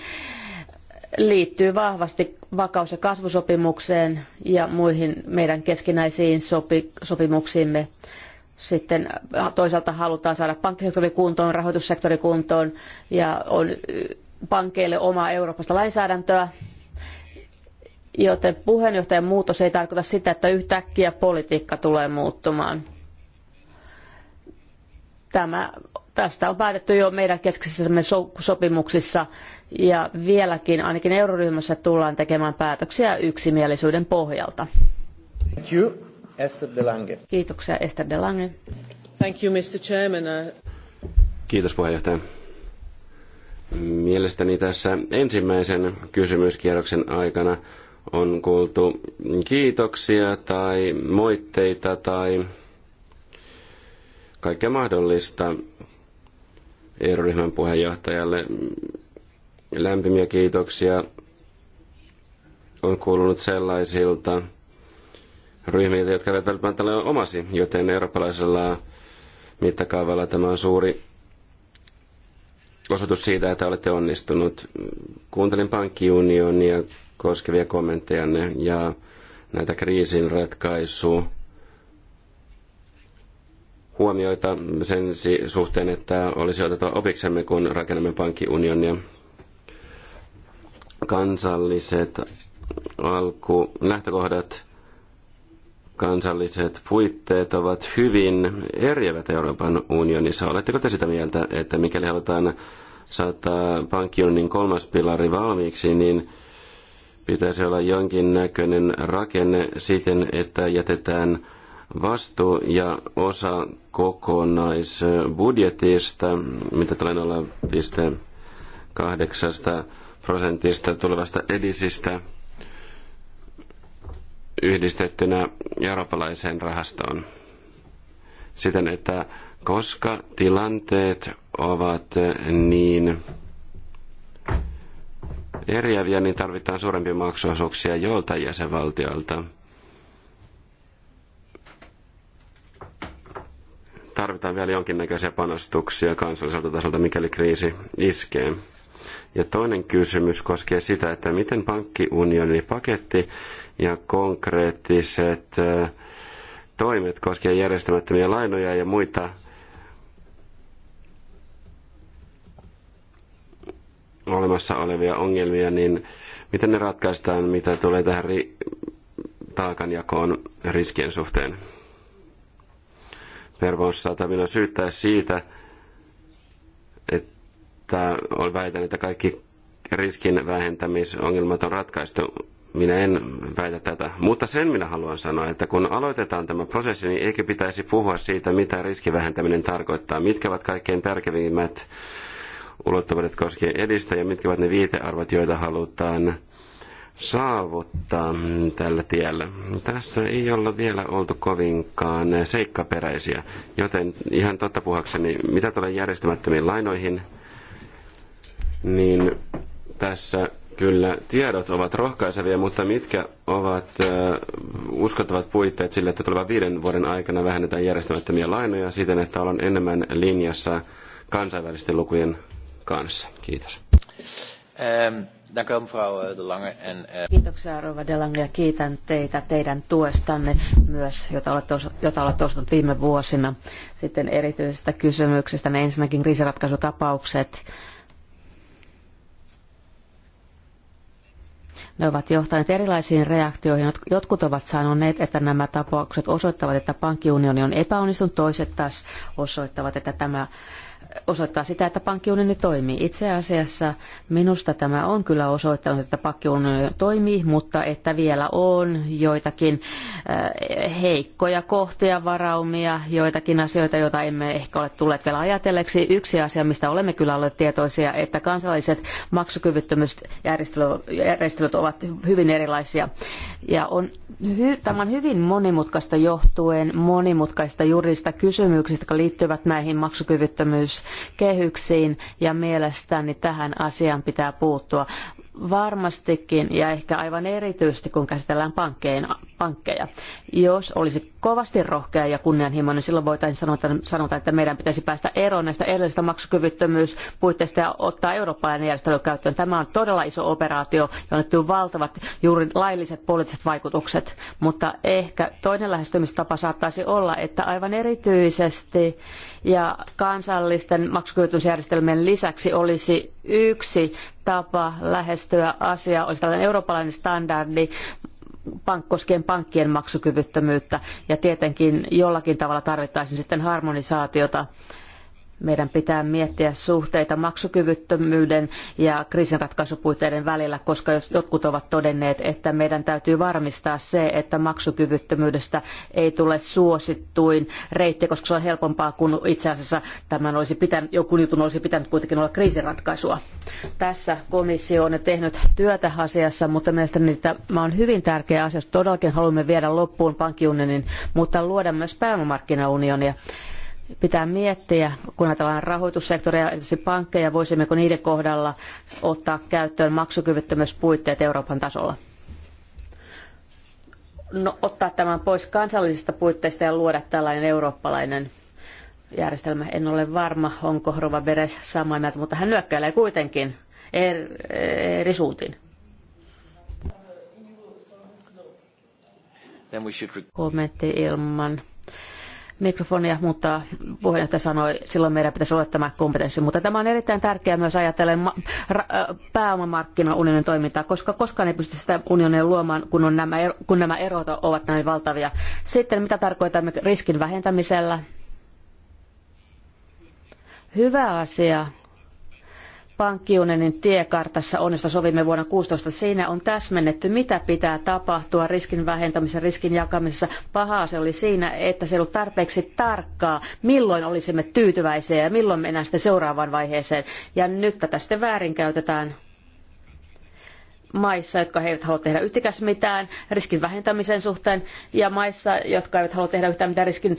liittyy vahvasti vakaus- ja kasvusopimukseen ja muihin meidän keskinäisiin sopi- sopimuksiimme. Sitten toisaalta halutaan saada pankkisektori kuntoon, rahoitussektori kuntoon ja on pankeille omaa Euroopasta lainsäädäntöä, Joten puheenjohtajan muutos ei tarkoita sitä, että yhtäkkiä politiikka tulee muuttumaan. Tämä, tästä on päätetty jo meidän keskeisissämme sopimuksissa ja vieläkin ainakin euroryhmässä tullaan tekemään päätöksiä yksimielisyyden pohjalta. Thank you, Esther de Lange. Kiitoksia Esther de Lange. Thank you, Mr. Chairman. Kiitos puheenjohtaja. Mielestäni tässä ensimmäisen kysymyskierroksen aikana on kuultu kiitoksia tai moitteita tai kaikkea mahdollista euroryhmän puheenjohtajalle. Lämpimiä kiitoksia on kuulunut sellaisilta ryhmiltä, jotka eivät välttämättä ole omasi, joten eurooppalaisella mittakaavalla tämä on suuri osoitus siitä, että olette onnistunut. Kuuntelin pankkiunionia koskevia kommenttejanne ja näitä kriisin ratkaisua huomioita sen suhteen, että olisi otettava opiksemme, kun rakennamme pankkiunionia. Kansalliset alku, lähtökohdat, kansalliset puitteet ovat hyvin eriävät Euroopan unionissa. Oletteko te sitä mieltä, että mikäli halutaan saattaa pankkiunionin kolmas pilari valmiiksi, niin pitäisi olla jonkin näköinen rakenne siten, että jätetään vastuu ja osa kokonaisbudjetista, mitä tulee 0,8 prosentista tulevasta edisistä yhdistettynä eurooppalaiseen rahastoon. Siten, että koska tilanteet ovat niin eriäviä, niin tarvitaan suurempia maksuosuuksia joltain jäsenvaltiolta. Tarvitaan vielä jonkinnäköisiä panostuksia kansalliselta tasolta, mikäli kriisi iskee. Ja toinen kysymys koskee sitä, että miten pankkiunionin paketti ja konkreettiset eh, toimet koskien järjestämättömiä lainoja ja muita olemassa olevia ongelmia, niin miten ne ratkaistaan, mitä tulee tähän ri- taakanjakoon riskien suhteen? Pervons saattaa minua syyttää siitä, että olen väitän, että kaikki riskin vähentämisongelmat on ratkaistu. Minä en väitä tätä. Mutta sen minä haluan sanoa, että kun aloitetaan tämä prosessi, niin eikö pitäisi puhua siitä, mitä riskivähentäminen tarkoittaa, mitkä ovat kaikkein tärkeimmät ulottuvuudet koskien edistä ja mitkä ovat ne viitearvot, joita halutaan saavuttaa tällä tiellä. Tässä ei olla vielä oltu kovinkaan seikkaperäisiä, joten ihan totta puhakseni, mitä tulee järjestämättömiin lainoihin, niin tässä kyllä tiedot ovat rohkaisevia, mutta mitkä ovat uskottavat puitteet sille, että tulevan viiden vuoden aikana vähennetään järjestämättömiä lainoja siten, että ollaan enemmän linjassa kansainvälisten lukujen kanssa. Kiitos. Ähm. Eh, eh, Kiitoksia Rova Delange ja kiitän teitä teidän tuestanne myös, jota olette, jota olette osoittanut viime vuosina. Sitten erityisestä kysymyksestä ne niin ensinnäkin kriisiratkaisutapaukset. Ne ovat johtaneet erilaisiin reaktioihin. Jotkut ovat sanoneet, että nämä tapaukset osoittavat, että pankkiunioni on epäonnistunut. Toiset taas osoittavat, että tämä osoittaa sitä, että pankkiunioni toimii. Itse asiassa minusta tämä on kyllä osoittanut, että pankkiunioni toimii, mutta että vielä on joitakin äh, heikkoja kohtia, varaumia, joitakin asioita, joita emme ehkä ole tulleet vielä ajatelleeksi. Yksi asia, mistä olemme kyllä olleet tietoisia, että kansalliset maksukyvyttömyysjärjestelyt ovat hyvin erilaisia. Ja on, hy, tämä on hyvin monimutkaista johtuen monimutkaista juridista kysymyksistä, jotka liittyvät näihin maksukyvyttömyys kehyksiin ja mielestäni tähän asiaan pitää puuttua varmastikin ja ehkä aivan erityisesti kun käsitellään pankkeja. Jos olisi kovasti rohkea ja kunnianhimoinen. Silloin voitaisiin sanoa, että meidän pitäisi päästä eroon näistä erillisistä maksukyvyttömyyspuitteista ja ottaa eurooppalainen järjestely käyttöön. Tämä on todella iso operaatio, johon tulee valtavat juuri lailliset poliittiset vaikutukset. Mutta ehkä toinen lähestymistapa saattaisi olla, että aivan erityisesti ja kansallisten maksukyvyttömyysjärjestelmien lisäksi olisi yksi tapa lähestyä asiaa, olisi tällainen eurooppalainen standardi koskien pankkien maksukyvyttömyyttä ja tietenkin jollakin tavalla tarvittaisiin sitten harmonisaatiota meidän pitää miettiä suhteita maksukyvyttömyyden ja kriisinratkaisupuitteiden välillä, koska jos jotkut ovat todenneet, että meidän täytyy varmistaa se, että maksukyvyttömyydestä ei tule suosittuin reitti, koska se on helpompaa, kun itse asiassa tämän olisi pitänyt, joku jutun olisi pitänyt kuitenkin olla kriisinratkaisua. Tässä komissio on tehnyt työtä asiassa, mutta mielestäni tämä on hyvin tärkeä asia. Todellakin haluamme viedä loppuun pankkiunionin, mutta luoda myös pääomamarkkinaunionia pitää miettiä, kun ajatellaan rahoitussektoria, erityisesti pankkeja, voisimmeko niiden kohdalla ottaa käyttöön maksukyvyttömyyspuitteet Euroopan tasolla. No, ottaa tämän pois kansallisista puitteista ja luoda tällainen eurooppalainen järjestelmä. En ole varma, onko Rova Beres samaa mieltä, mutta hän nyökkäilee kuitenkin er, eri suuntiin. Kommentti ilman mikrofonia, mutta puheenjohtaja sanoi, että silloin meidän pitäisi olla tämä kompetenssi. Mutta tämä on erittäin tärkeää myös ajatellen ma- unionin pääomamarkkinaunionin toimintaa, koska koskaan ei pystytä sitä unionia luomaan, kun, on nämä, er- kun nämä erot ovat näin valtavia. Sitten mitä tarkoitamme riskin vähentämisellä? Hyvä asia pankkiunionin tiekartassa josta sovimme vuonna 16. Siinä on täsmennetty, mitä pitää tapahtua riskin vähentämisessä, riskin jakamisessa. Pahaa se oli siinä, että se ei ollut tarpeeksi tarkkaa, milloin olisimme tyytyväisiä ja milloin mennään sitten seuraavaan vaiheeseen. Ja nyt tätä sitten väärinkäytetään maissa, jotka eivät halua tehdä yhtikäs mitään riskin vähentämisen suhteen, ja maissa, jotka eivät halua tehdä yhtään mitään riskin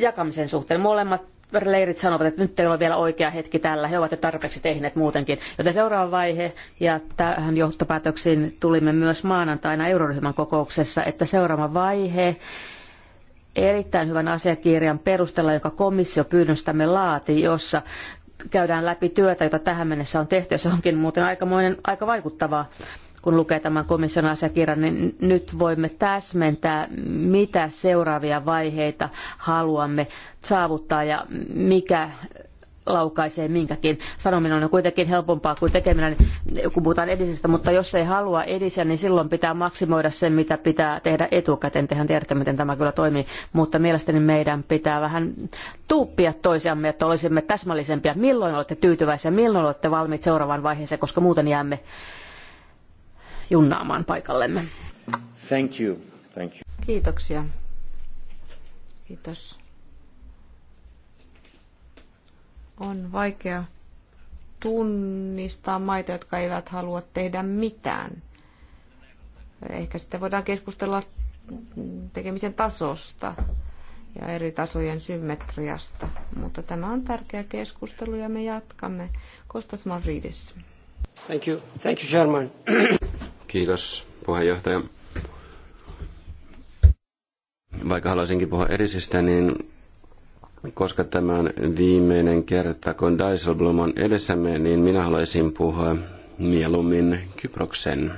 jakamisen suhteen. Molemmat leirit sanovat, että nyt ei ole vielä oikea hetki tällä, he ovat jo tarpeeksi tehneet muutenkin. Joten seuraava vaihe, ja tähän johtopäätöksiin tulimme myös maanantaina euroryhmän kokouksessa, että seuraava vaihe erittäin hyvän asiakirjan perusteella, joka komissio pyynnöstämme laati, jossa käydään läpi työtä, jota tähän mennessä on tehty, ja se onkin muuten aika vaikuttavaa kun lukee tämän komission asiakirjan, niin nyt voimme täsmentää, mitä seuraavia vaiheita haluamme saavuttaa ja mikä laukaisee minkäkin. Sanominen on kuitenkin helpompaa kuin tekeminen, kun puhutaan edisestä, mutta jos ei halua edisiä, niin silloin pitää maksimoida sen, mitä pitää tehdä etukäteen. Tehän tiedätte, miten tämä kyllä toimii, mutta mielestäni meidän pitää vähän tuuppia toisiamme, että olisimme täsmällisempiä. Milloin olette tyytyväisiä, milloin olette valmiit seuraavaan vaiheeseen, koska muuten jäämme junnaamaan paikallemme. Thank you. Thank you. Kiitoksia. Kiitos. On vaikea tunnistaa maita, jotka eivät halua tehdä mitään. Ehkä sitten voidaan keskustella tekemisen tasosta ja eri tasojen symmetriasta. Mutta tämä on tärkeä keskustelu ja me jatkamme. Kostas Mavridis. Thank you. Thank you, Chairman. Kiitos, puheenjohtaja. Vaikka haluaisinkin puhua edisistä, niin koska tämä on viimeinen kerta, kun Dieselblom on edessämme, niin minä haluaisin puhua mieluummin Kyproksen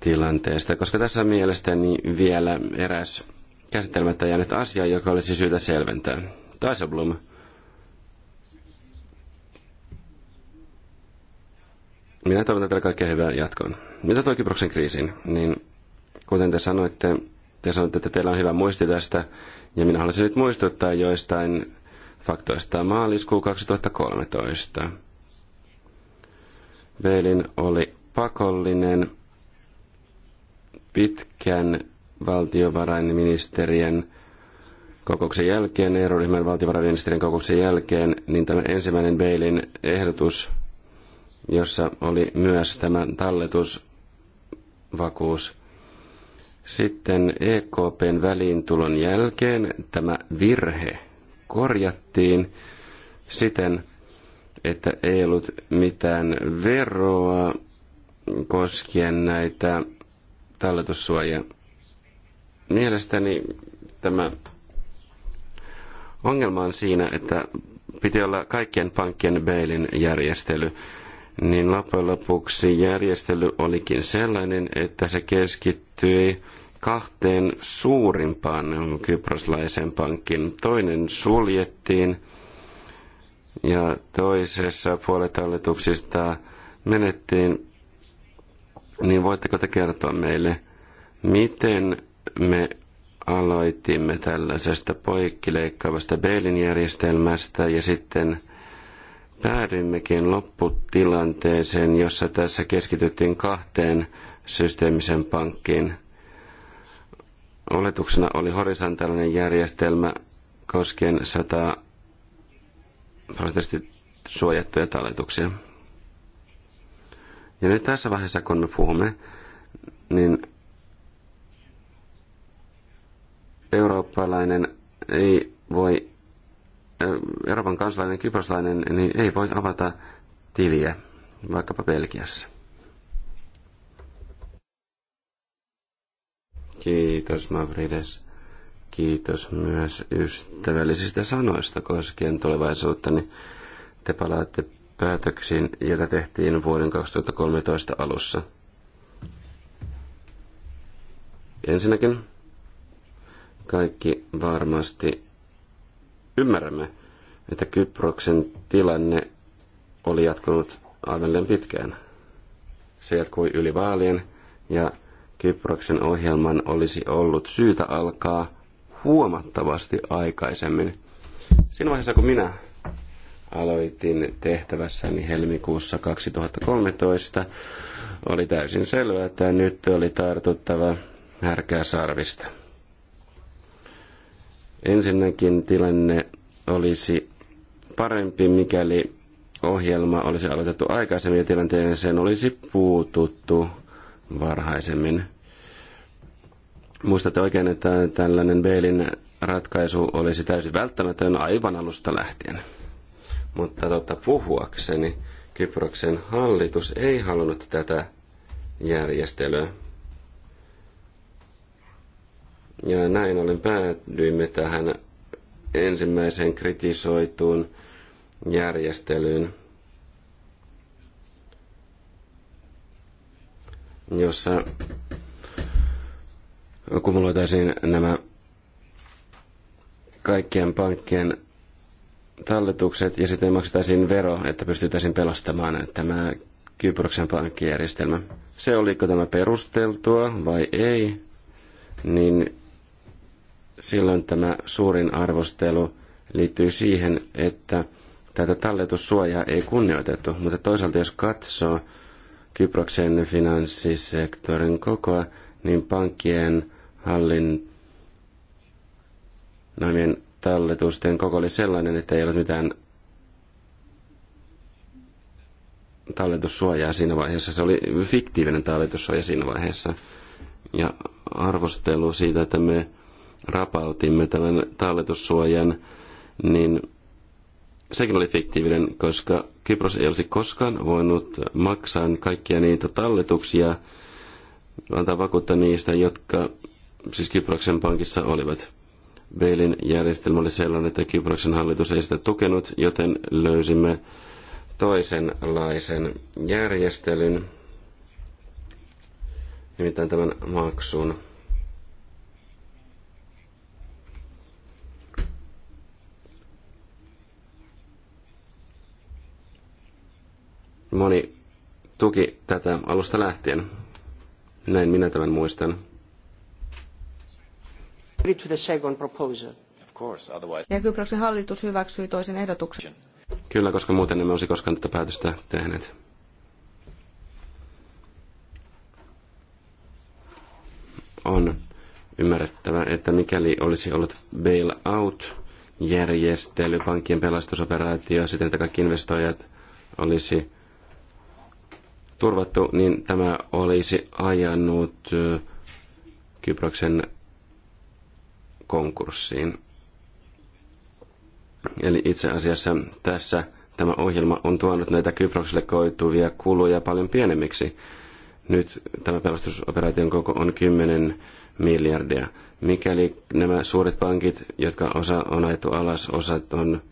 tilanteesta, koska tässä on mielestäni vielä eräs käsittelemättä jäänyt asia, joka olisi syytä selventää. Dieselblom, Minä toivotan teille kaikkea hyvää jatkoon. Mitä toi Kyproksen kriisiin, niin kuten te sanoitte, te sanoitte, että teillä on hyvä muisti tästä, ja minä haluaisin nyt muistuttaa joistain faktoista. Maaliskuu 2013. Veilin oli pakollinen pitkän valtiovarainministerien kokouksen jälkeen, euroryhmän valtiovarainministerien kokouksen jälkeen, niin tämä ensimmäinen Beilin ehdotus jossa oli myös tämä talletusvakuus. Sitten EKPn väliintulon jälkeen tämä virhe korjattiin siten, että ei ollut mitään veroa koskien näitä talletussuojia. Mielestäni tämä ongelma on siinä, että piti olla kaikkien pankkien bailin järjestely niin loppujen lopuksi järjestely olikin sellainen, että se keskittyi kahteen suurimpaan kyproslaisen pankkiin. Toinen suljettiin ja toisessa puolet hallituksista menettiin. Niin voitteko te kertoa meille, miten me aloitimme tällaisesta poikkileikkaavasta Beilin järjestelmästä ja sitten – päädyimmekin lopputilanteeseen, jossa tässä keskityttiin kahteen systeemisen pankkiin. Oletuksena oli horisontaalinen järjestelmä koskien 100 prosenttisesti suojattuja talletuksia. Ja nyt tässä vaiheessa, kun me puhumme, niin eurooppalainen ei voi Euroopan kansalainen kyproslainen niin ei voi avata tiliä vaikkapa Belgiassa. Kiitos Mavrides. Kiitos myös ystävällisistä sanoista koskien tulevaisuuttani. Niin te palaatte päätöksiin, joita tehtiin vuoden 2013 alussa. Ensinnäkin kaikki varmasti Ymmärrämme, että Kyproksen tilanne oli jatkunut aivan liian pitkään. Se jatkui yli vaalien ja Kyproksen ohjelman olisi ollut syytä alkaa huomattavasti aikaisemmin. Siinä vaiheessa, kun minä aloitin tehtävässäni niin helmikuussa 2013, oli täysin selvää, että nyt oli tartuttava härkää sarvista. Ensinnäkin tilanne olisi parempi, mikäli ohjelma olisi aloitettu aikaisemmin ja tilanteeseen olisi puututtu varhaisemmin. Muistatte oikein, että tällainen Beelin ratkaisu olisi täysin välttämätön aivan alusta lähtien. Mutta totta puhuakseni, Kyproksen hallitus ei halunnut tätä järjestelyä. Ja näin ollen päädyimme tähän ensimmäiseen kritisoituun järjestelyyn, jossa kumuloitaisiin nämä kaikkien pankkien talletukset ja sitten maksettaisiin vero, että pystyttäisiin pelastamaan tämä Kyproksen pankkijärjestelmä. Se oliko tämä perusteltua vai ei, niin silloin tämä suurin arvostelu liittyy siihen, että tätä talletussuojaa ei kunnioitettu. Mutta toisaalta jos katsoo Kyproksen finanssisektorin kokoa, niin pankkien hallin talletusten koko oli sellainen, että ei ollut mitään talletussuojaa siinä vaiheessa. Se oli fiktiivinen talletussuoja siinä vaiheessa. Ja arvostelu siitä, että me rapautimme tämän talletussuojan, niin sekin oli fiktiivinen, koska Kypros ei olisi koskaan voinut maksaa kaikkia niitä talletuksia, antaa vakuutta niistä, jotka siis Kyproksen pankissa olivat. Veilin järjestelmä oli sellainen, että Kyproksen hallitus ei sitä tukenut, joten löysimme toisenlaisen järjestelyn, nimittäin tämän maksun. Moni tuki tätä alusta lähtien. Näin minä tämän muistan. Ja Kyproksen hallitus hyväksyi toisen ehdotuksen. Kyllä, koska muuten emme olisi koskaan tätä päätöstä tehneet. On ymmärrettävä, että mikäli olisi ollut bail-out järjestely, pankkien pelastusoperaatio, siten että kaikki investoijat olisi turvattu, niin tämä olisi ajanut Kyproksen konkurssiin. Eli itse asiassa tässä tämä ohjelma on tuonut näitä Kyprokselle koituvia kuluja paljon pienemmiksi. Nyt tämä pelastusoperaation koko on 10 miljardia. Mikäli nämä suuret pankit, jotka osa on ajettu alas, osat on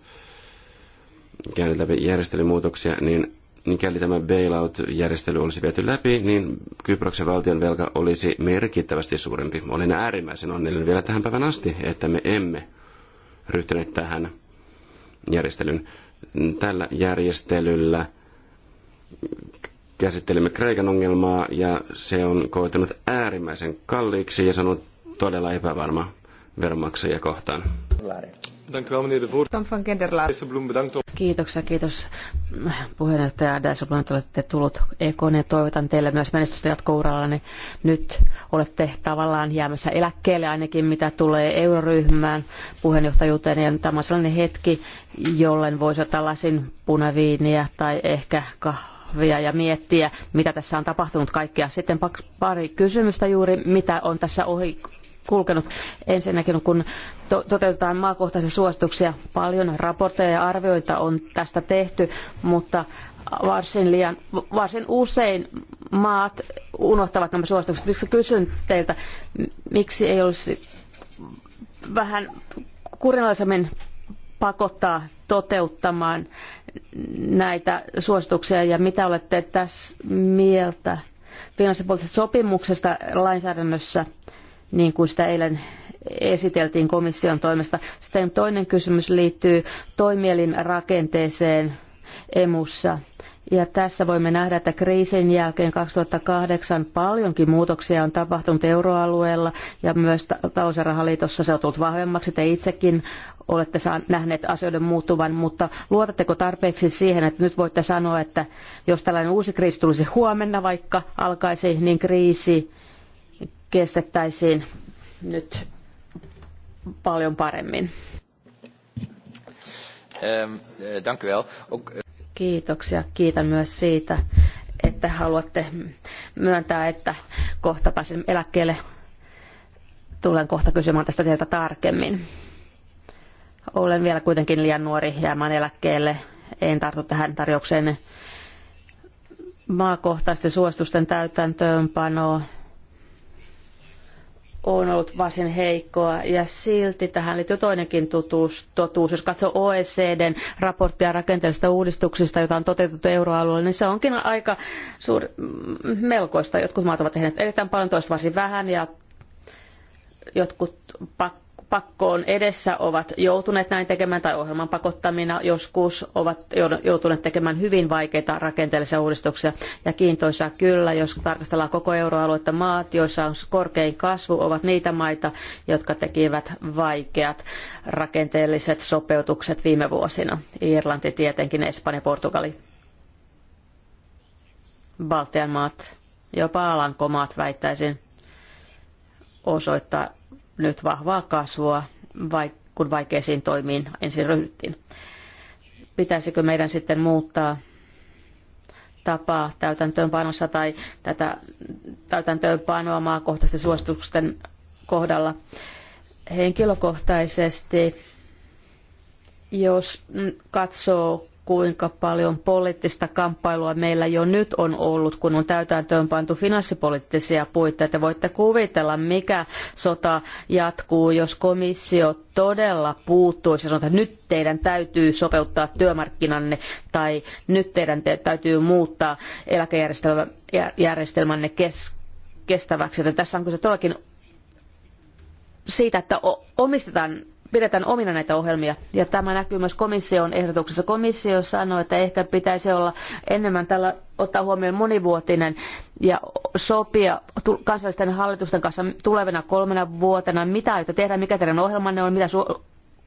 käynyt läpi järjestelymuutoksia, niin mikäli tämä bailout-järjestely olisi viety läpi, niin Kyproksen valtion velka olisi merkittävästi suurempi. Olen äärimmäisen onnellinen vielä tähän päivän asti, että me emme ryhtyneet tähän järjestelyyn Tällä järjestelyllä käsittelemme Kreikan ongelmaa ja se on koitunut äärimmäisen kalliiksi ja se on todella epävarma veronmaksajia kohtaan. Dank u wel, meneer de voorzitter. Kiitoksia, kiitos puheenjohtaja Dijsselbloem, että olette tullut EKN ja toivotan teille myös menestystä jatkourallanne. Niin nyt olette tavallaan jäämässä eläkkeelle ainakin mitä tulee euroryhmään puheenjohtajuuteen ja tämä on sellainen hetki, jolloin voisi ottaa lasin punaviiniä tai ehkä kahvia ja miettiä, mitä tässä on tapahtunut kaikkea. Sitten pari kysymystä juuri, mitä on tässä ohi kulkenut. Ensinnäkin kun to- toteutetaan maakohtaisia suosituksia, paljon raportteja ja arvioita on tästä tehty, mutta varsin, liian, varsin usein maat unohtavat nämä suositukset. Miksi kysyn teiltä, miksi ei olisi vähän kurinalaisemmin pakottaa toteuttamaan näitä suosituksia ja mitä olette tässä mieltä finanssipoliittisesta sopimuksesta lainsäädännössä niin kuin sitä eilen esiteltiin komission toimesta. Sitten toinen kysymys liittyy toimielinrakenteeseen emussa. Ja tässä voimme nähdä, että kriisin jälkeen 2008 paljonkin muutoksia on tapahtunut euroalueella ja myös talous- ja rahaliitossa se on tullut vahvemmaksi. Te itsekin olette nähneet asioiden muuttuvan, mutta luotatteko tarpeeksi siihen, että nyt voitte sanoa, että jos tällainen uusi kriisi tulisi huomenna vaikka alkaisi, niin kriisi kestettäisiin nyt paljon paremmin. Ehm, eh, eh, Kiitoksia. Kiitän myös siitä, että haluatte myöntää, että kohta pääsen eläkkeelle. Tulen kohta kysymään tästä teiltä tarkemmin. Olen vielä kuitenkin liian nuori jäämään eläkkeelle. En tartu tähän tarjoukseen maakohtaisten suositusten täytäntöönpanoa on ollut varsin heikkoa ja silti tähän liittyy toinenkin totuus. totuus. Jos katsoo OECDn raporttia rakenteellisista uudistuksista, joita on toteutettu euroalueella, niin se onkin aika suur, mm, melkoista. Jotkut maat ovat tehneet erittäin paljon, toiset varsin vähän ja jotkut pak- pakkoon edessä ovat joutuneet näin tekemään tai ohjelman pakottamina joskus ovat joutuneet tekemään hyvin vaikeita rakenteellisia uudistuksia. Ja kiintoisaa kyllä, jos tarkastellaan koko euroaluetta, maat, joissa on korkein kasvu, ovat niitä maita, jotka tekivät vaikeat rakenteelliset sopeutukset viime vuosina. Irlanti tietenkin, Espanja, Portugali, Baltian maat, jopa Alankomaat väittäisin osoittaa nyt vahvaa kasvua, kun vaikeisiin toimiin ensin ryhdyttiin. Pitäisikö meidän sitten muuttaa tapaa täytäntöönpanossa tai tätä täytäntöönpanoa maakohtaisten suositusten kohdalla henkilökohtaisesti, jos katsoo kuinka paljon poliittista kamppailua meillä jo nyt on ollut, kun on täytäntöön pantu finanssipoliittisia puitteita. Voitte kuvitella, mikä sota jatkuu, jos komissio todella puuttuisi ja sanotaan, että nyt teidän täytyy sopeuttaa työmarkkinanne tai nyt teidän te- täytyy muuttaa eläkejärjestelmänne kes- kestäväksi. tässä on kyse todellakin siitä, että omistetaan pidetään omina näitä ohjelmia. Ja tämä näkyy myös komission ehdotuksessa. Komissio sanoi, että ehkä pitäisi olla enemmän tällä ottaa huomioon monivuotinen ja sopia kansallisten hallitusten kanssa tulevina kolmena vuotena, mitä aiotte tehdä, mikä teidän ohjelmanne on, mitä su-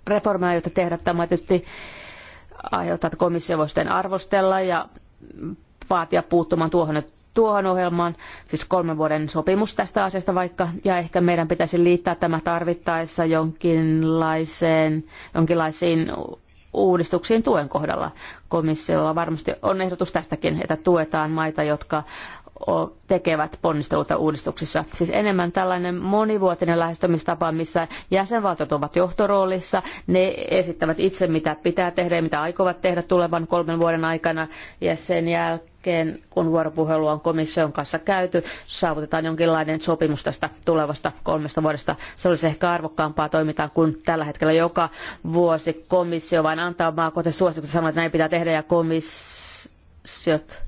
reformeja aiotte tehdä. Tämä tietysti aiheuttaa, että komissio voi sitten arvostella ja vaatia puuttumaan tuohon, että tuohon ohjelmaan, siis kolmen vuoden sopimus tästä asiasta vaikka, ja ehkä meidän pitäisi liittää tämä tarvittaessa jonkinlaiseen, jonkinlaisiin uudistuksiin tuen kohdalla. Komissiolla varmasti on ehdotus tästäkin, että tuetaan maita, jotka tekevät ponnisteluita uudistuksissa. Siis enemmän tällainen monivuotinen lähestymistapa, missä jäsenvaltiot ovat johtoroolissa, ne esittävät itse, mitä pitää tehdä ja mitä aikovat tehdä tulevan kolmen vuoden aikana, ja sen jälkeen jälkeen, kun vuoropuhelu on komission kanssa käyty, saavutetaan jonkinlainen sopimus tästä tulevasta kolmesta vuodesta. Se olisi ehkä arvokkaampaa toimintaa kuin tällä hetkellä joka vuosi komissio vain antaa maakohtaisen suosituksen sanoa, että näin pitää tehdä ja komissiot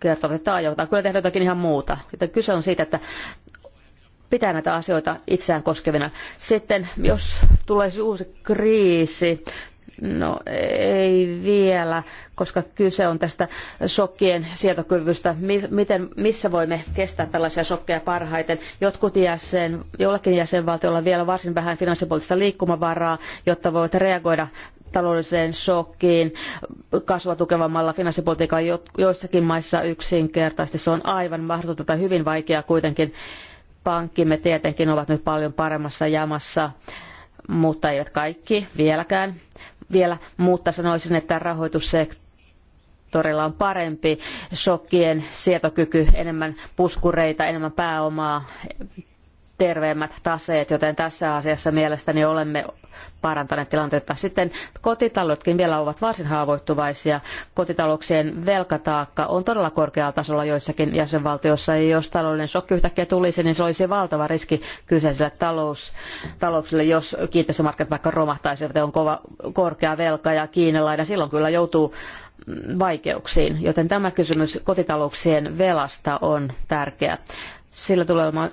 kertovat, että aiotaan kyllä tehdä jotakin ihan muuta. Joten kyse on siitä, että pitää näitä asioita itseään koskevina. Sitten jos tulee siis uusi kriisi, No ei vielä, koska kyse on tästä shokkien sietokyvystä. Miten, missä voimme kestää tällaisia shokkeja parhaiten? Jotkut jäsen, jollakin jäsenvaltiolla on vielä varsin vähän finanssipoliittista liikkumavaraa, jotta voivat reagoida taloudelliseen shokkiin kasvua tukevammalla finanssipolitiikalla joissakin maissa yksinkertaisesti. Se on aivan mahdotonta tai hyvin vaikeaa kuitenkin. Pankkimme tietenkin ovat nyt paljon paremmassa jamassa, mutta eivät kaikki vieläkään vielä, mutta sanoisin, että rahoitussektorilla on parempi shokkien sietokyky, enemmän puskureita, enemmän pääomaa terveemmät taseet, joten tässä asiassa mielestäni olemme parantaneet tilannetta. Sitten kotitaloudetkin vielä ovat varsin haavoittuvaisia. Kotitalouksien velkataakka on todella korkealla tasolla joissakin jäsenvaltioissa, ja jos taloudellinen shokki yhtäkkiä tulisi, niin se olisi valtava riski kyseisille talous, talouksille, jos kiinteistömarkkinat vaikka romahtaisivat, on kova, korkea velka ja kiinalainen, silloin kyllä joutuu vaikeuksiin, joten tämä kysymys kotitalouksien velasta on tärkeä sillä tulee olemaan,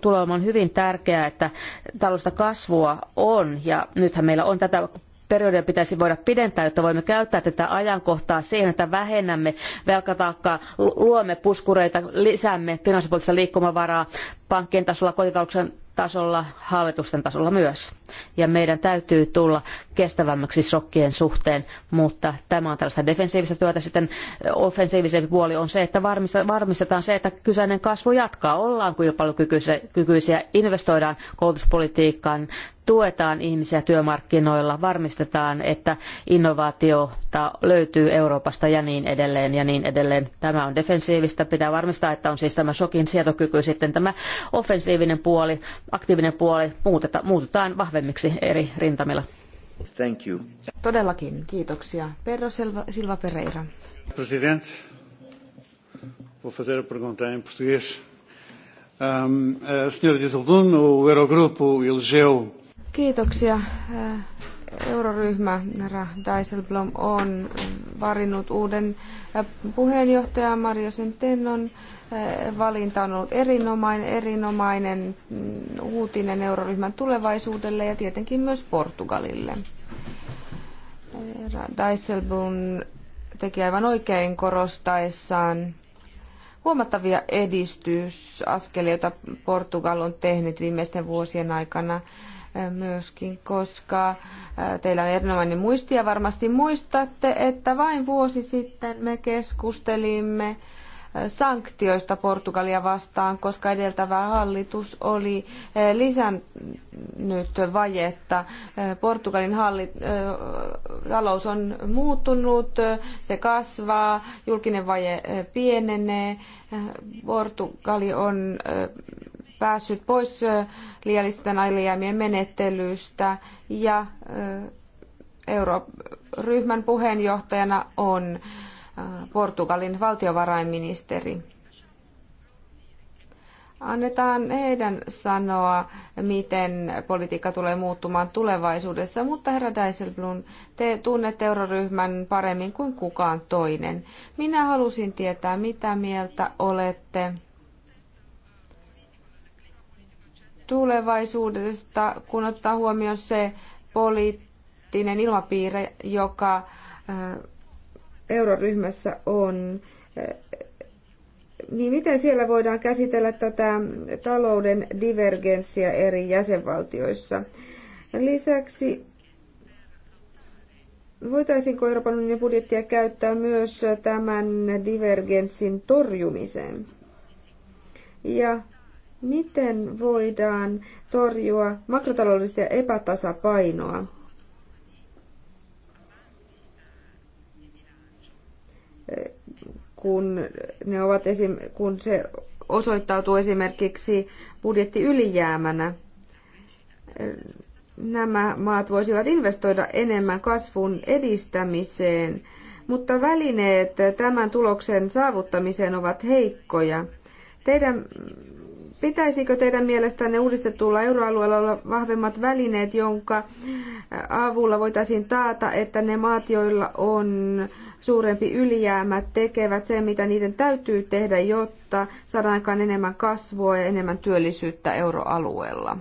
tulee olemaan hyvin tärkeää, että talousta kasvua on, ja nythän meillä on tätä periodia pitäisi voida pidentää, jotta voimme käyttää tätä ajankohtaa siihen, että vähennämme velkataakkaa, luomme puskureita, lisäämme finanssipuolista liikkumavaraa pankkien tasolla, kotitalouksien tasolla, hallitusten tasolla myös. Ja meidän täytyy tulla kestävämmäksi shokkien suhteen, mutta tämä on tällaista defensiivistä työtä. Sitten offensiivisempi puoli on se, että varmistetaan se, että kyseinen kasvu jatkaa. Ollaan kilpailukykyisiä, investoidaan koulutuspolitiikkaan, tuetaan ihmisiä työmarkkinoilla, varmistetaan, että innovaatiota löytyy Euroopasta ja niin edelleen ja niin edelleen. Tämä on defensiivistä, pitää varmistaa, että on siis tämä shokin sietokyky, sitten tämä offensiivinen puoli, aktiivinen puoli muutetaan, muutetaan vahvemmiksi eri rintamilla. Thank you. Todellakin, kiitoksia. Perro Silva, Silva Pereira. President, vou fazer a pergunta em português. Um, a senhora Dieselblum, o Eurogrupo elegeu... Kiitoksia. Euroryhmä herra Dijsselblom on varinnut uuden puheenjohtajan Mario Centennon valinta on ollut erinomainen, erinomainen mm, uutinen euroryhmän tulevaisuudelle ja tietenkin myös Portugalille. Dijsselbloem teki aivan oikein korostaessaan huomattavia edistysaskelia, joita Portugal on tehnyt viimeisten vuosien aikana e, myöskin, koska e, teillä on erinomainen muistia. Varmasti muistatte, että vain vuosi sitten me keskustelimme sanktioista Portugalia vastaan, koska edeltävä hallitus oli eh, lisännyt vajetta. Eh, Portugalin halli, eh, talous on muuttunut, se kasvaa, julkinen vaje pienenee, Portugali on päässyt pois liiallisten alijäämien menettelystä ja euroryhmän puheenjohtajana on Portugalin valtiovarainministeri. Annetaan heidän sanoa, miten politiikka tulee muuttumaan tulevaisuudessa, mutta herra Dijsselblom, te tunnette euroryhmän paremmin kuin kukaan toinen. Minä halusin tietää, mitä mieltä olette tulevaisuudesta, kun ottaa huomioon se poliittinen ilmapiiri, joka äh, euroryhmässä on, äh, niin miten siellä voidaan käsitellä tätä talouden divergenssiä eri jäsenvaltioissa? Lisäksi voitaisiinko Euroopan unionin budjettia käyttää myös tämän divergenssin torjumiseen? Ja miten voidaan torjua makrotaloudellista epätasapainoa? kun, ne ovat esim, kun se osoittautuu esimerkiksi budjetti ylijäämänä. Nämä maat voisivat investoida enemmän kasvun edistämiseen, mutta välineet tämän tuloksen saavuttamiseen ovat heikkoja. Teidän Pitäisikö teidän mielestänne uudistetulla euroalueella olla vahvemmat välineet, jonka avulla voitaisiin taata, että ne maat, joilla on suurempi ylijäämä, tekevät sen, mitä niiden täytyy tehdä, jotta saadaan aikaan enemmän kasvua ja enemmän työllisyyttä euroalueella?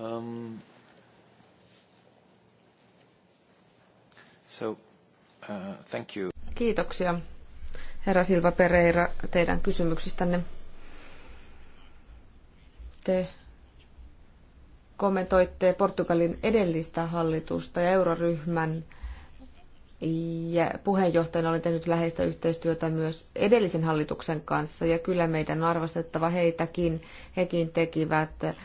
Um, so, uh, thank you. Kiitoksia herra Silva Pereira, teidän kysymyksistänne. Te kommentoitte Portugalin edellistä hallitusta ja euroryhmän ja puheenjohtajana olen tehnyt läheistä yhteistyötä myös edellisen hallituksen kanssa ja kyllä meidän on arvostettava heitäkin. Hekin tekivät äh,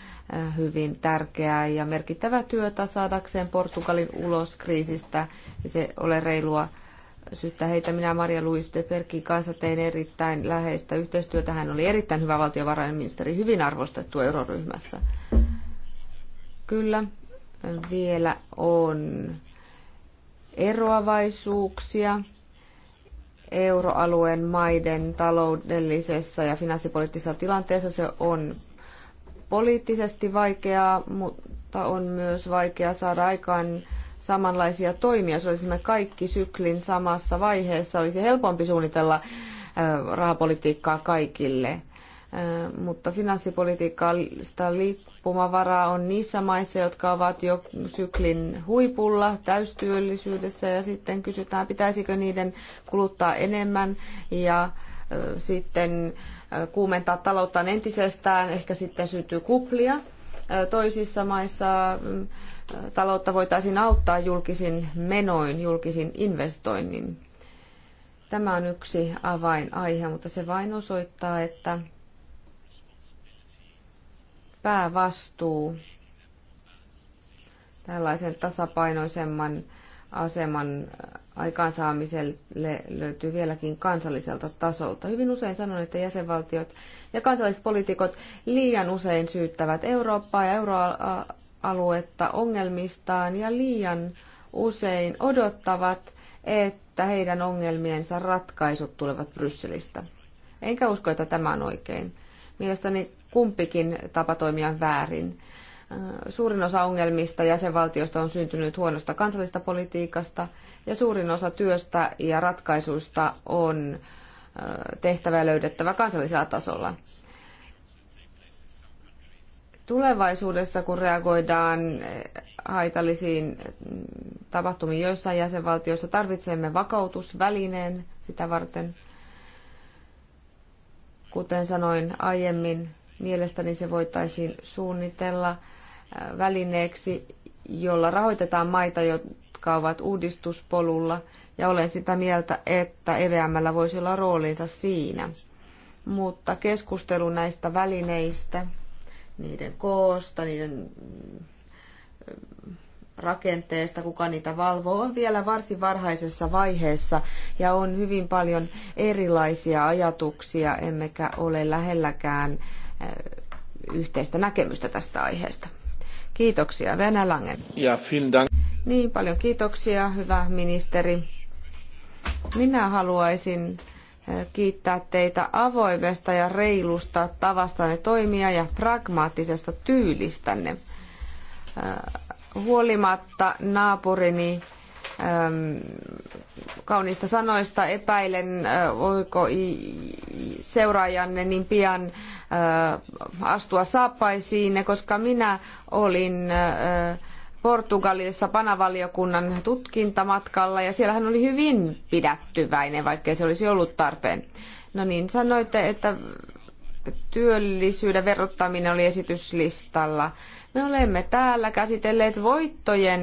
hyvin tärkeää ja merkittävää työtä saadakseen Portugalin ulos kriisistä. Se ole reilua syyttää heitä. Minä Maria Luis de Perkin kanssa tein erittäin läheistä yhteistyötä. Hän oli erittäin hyvä valtiovarainministeri, hyvin arvostettu euroryhmässä. Kyllä, vielä on eroavaisuuksia euroalueen maiden taloudellisessa ja finanssipoliittisessa tilanteessa. Se on poliittisesti vaikeaa, mutta on myös vaikea saada aikaan samanlaisia toimia, jos olisimme kaikki syklin samassa vaiheessa, olisi helpompi suunnitella rahapolitiikkaa kaikille. Mutta finanssipolitiikasta liippumavaraa on niissä maissa, jotka ovat jo syklin huipulla täystyöllisyydessä ja sitten kysytään, pitäisikö niiden kuluttaa enemmän ja sitten kuumentaa talouttaan entisestään, ehkä sitten syntyy kuplia. Toisissa maissa taloutta voitaisiin auttaa julkisin menoin, julkisin investoinnin. Tämä on yksi avainaihe, mutta se vain osoittaa, että päävastuu tällaisen tasapainoisemman aseman aikaansaamiselle löytyy vieläkin kansalliselta tasolta. Hyvin usein sanon, että jäsenvaltiot ja kansalliset poliitikot liian usein syyttävät Eurooppaa ja euroa aluetta ongelmistaan ja liian usein odottavat, että heidän ongelmiensa ratkaisut tulevat Brysselistä. Enkä usko, että tämä on oikein. Mielestäni kumpikin tapa toimia väärin. Äh, suurin osa ongelmista jäsenvaltioista on syntynyt huonosta kansallista politiikasta ja suurin osa työstä ja ratkaisuista on äh, tehtävä ja löydettävä kansallisella tasolla tulevaisuudessa, kun reagoidaan haitallisiin tapahtumiin joissain jäsenvaltioissa, tarvitsemme vakautusvälineen sitä varten. Kuten sanoin aiemmin, mielestäni se voitaisiin suunnitella äh, välineeksi, jolla rahoitetaan maita, jotka ovat uudistuspolulla, ja olen sitä mieltä, että EVMllä voisi olla roolinsa siinä. Mutta keskustelu näistä välineistä niiden koosta, niiden mm, rakenteesta, kuka niitä valvoo, on vielä varsin varhaisessa vaiheessa ja on hyvin paljon erilaisia ajatuksia, emmekä ole lähelläkään eh, yhteistä näkemystä tästä aiheesta. Kiitoksia, Venä Langen. Ja dank. Niin, paljon kiitoksia, hyvä ministeri. Minä haluaisin kiittää teitä avoimesta ja reilusta tavastanne toimia ja pragmaattisesta tyylistänne. Äh, huolimatta naapurini ähm, kauniista sanoista epäilen, äh, voiko seuraajanne niin pian äh, astua saappaisiinne, koska minä olin Portugalissa panavaliokunnan tutkintamatkalla ja siellä hän oli hyvin pidättyväinen, vaikkei se olisi ollut tarpeen. No niin, sanoitte, että työllisyyden verottaminen oli esityslistalla. Me olemme täällä käsitelleet voittojen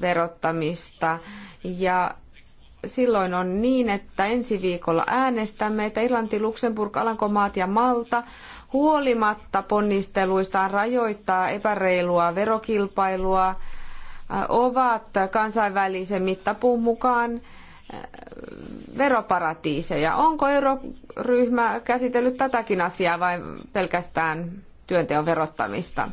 verottamista ja silloin on niin, että ensi viikolla äänestämme, että Irlanti, Luxemburg, Alankomaat ja Malta huolimatta ponnisteluistaan rajoittaa epäreilua verokilpailua ovat kansainvälisen mittapuun mukaan veroparatiiseja. Onko euroryhmä käsitellyt tätäkin asiaa vai pelkästään työnteon verottamista?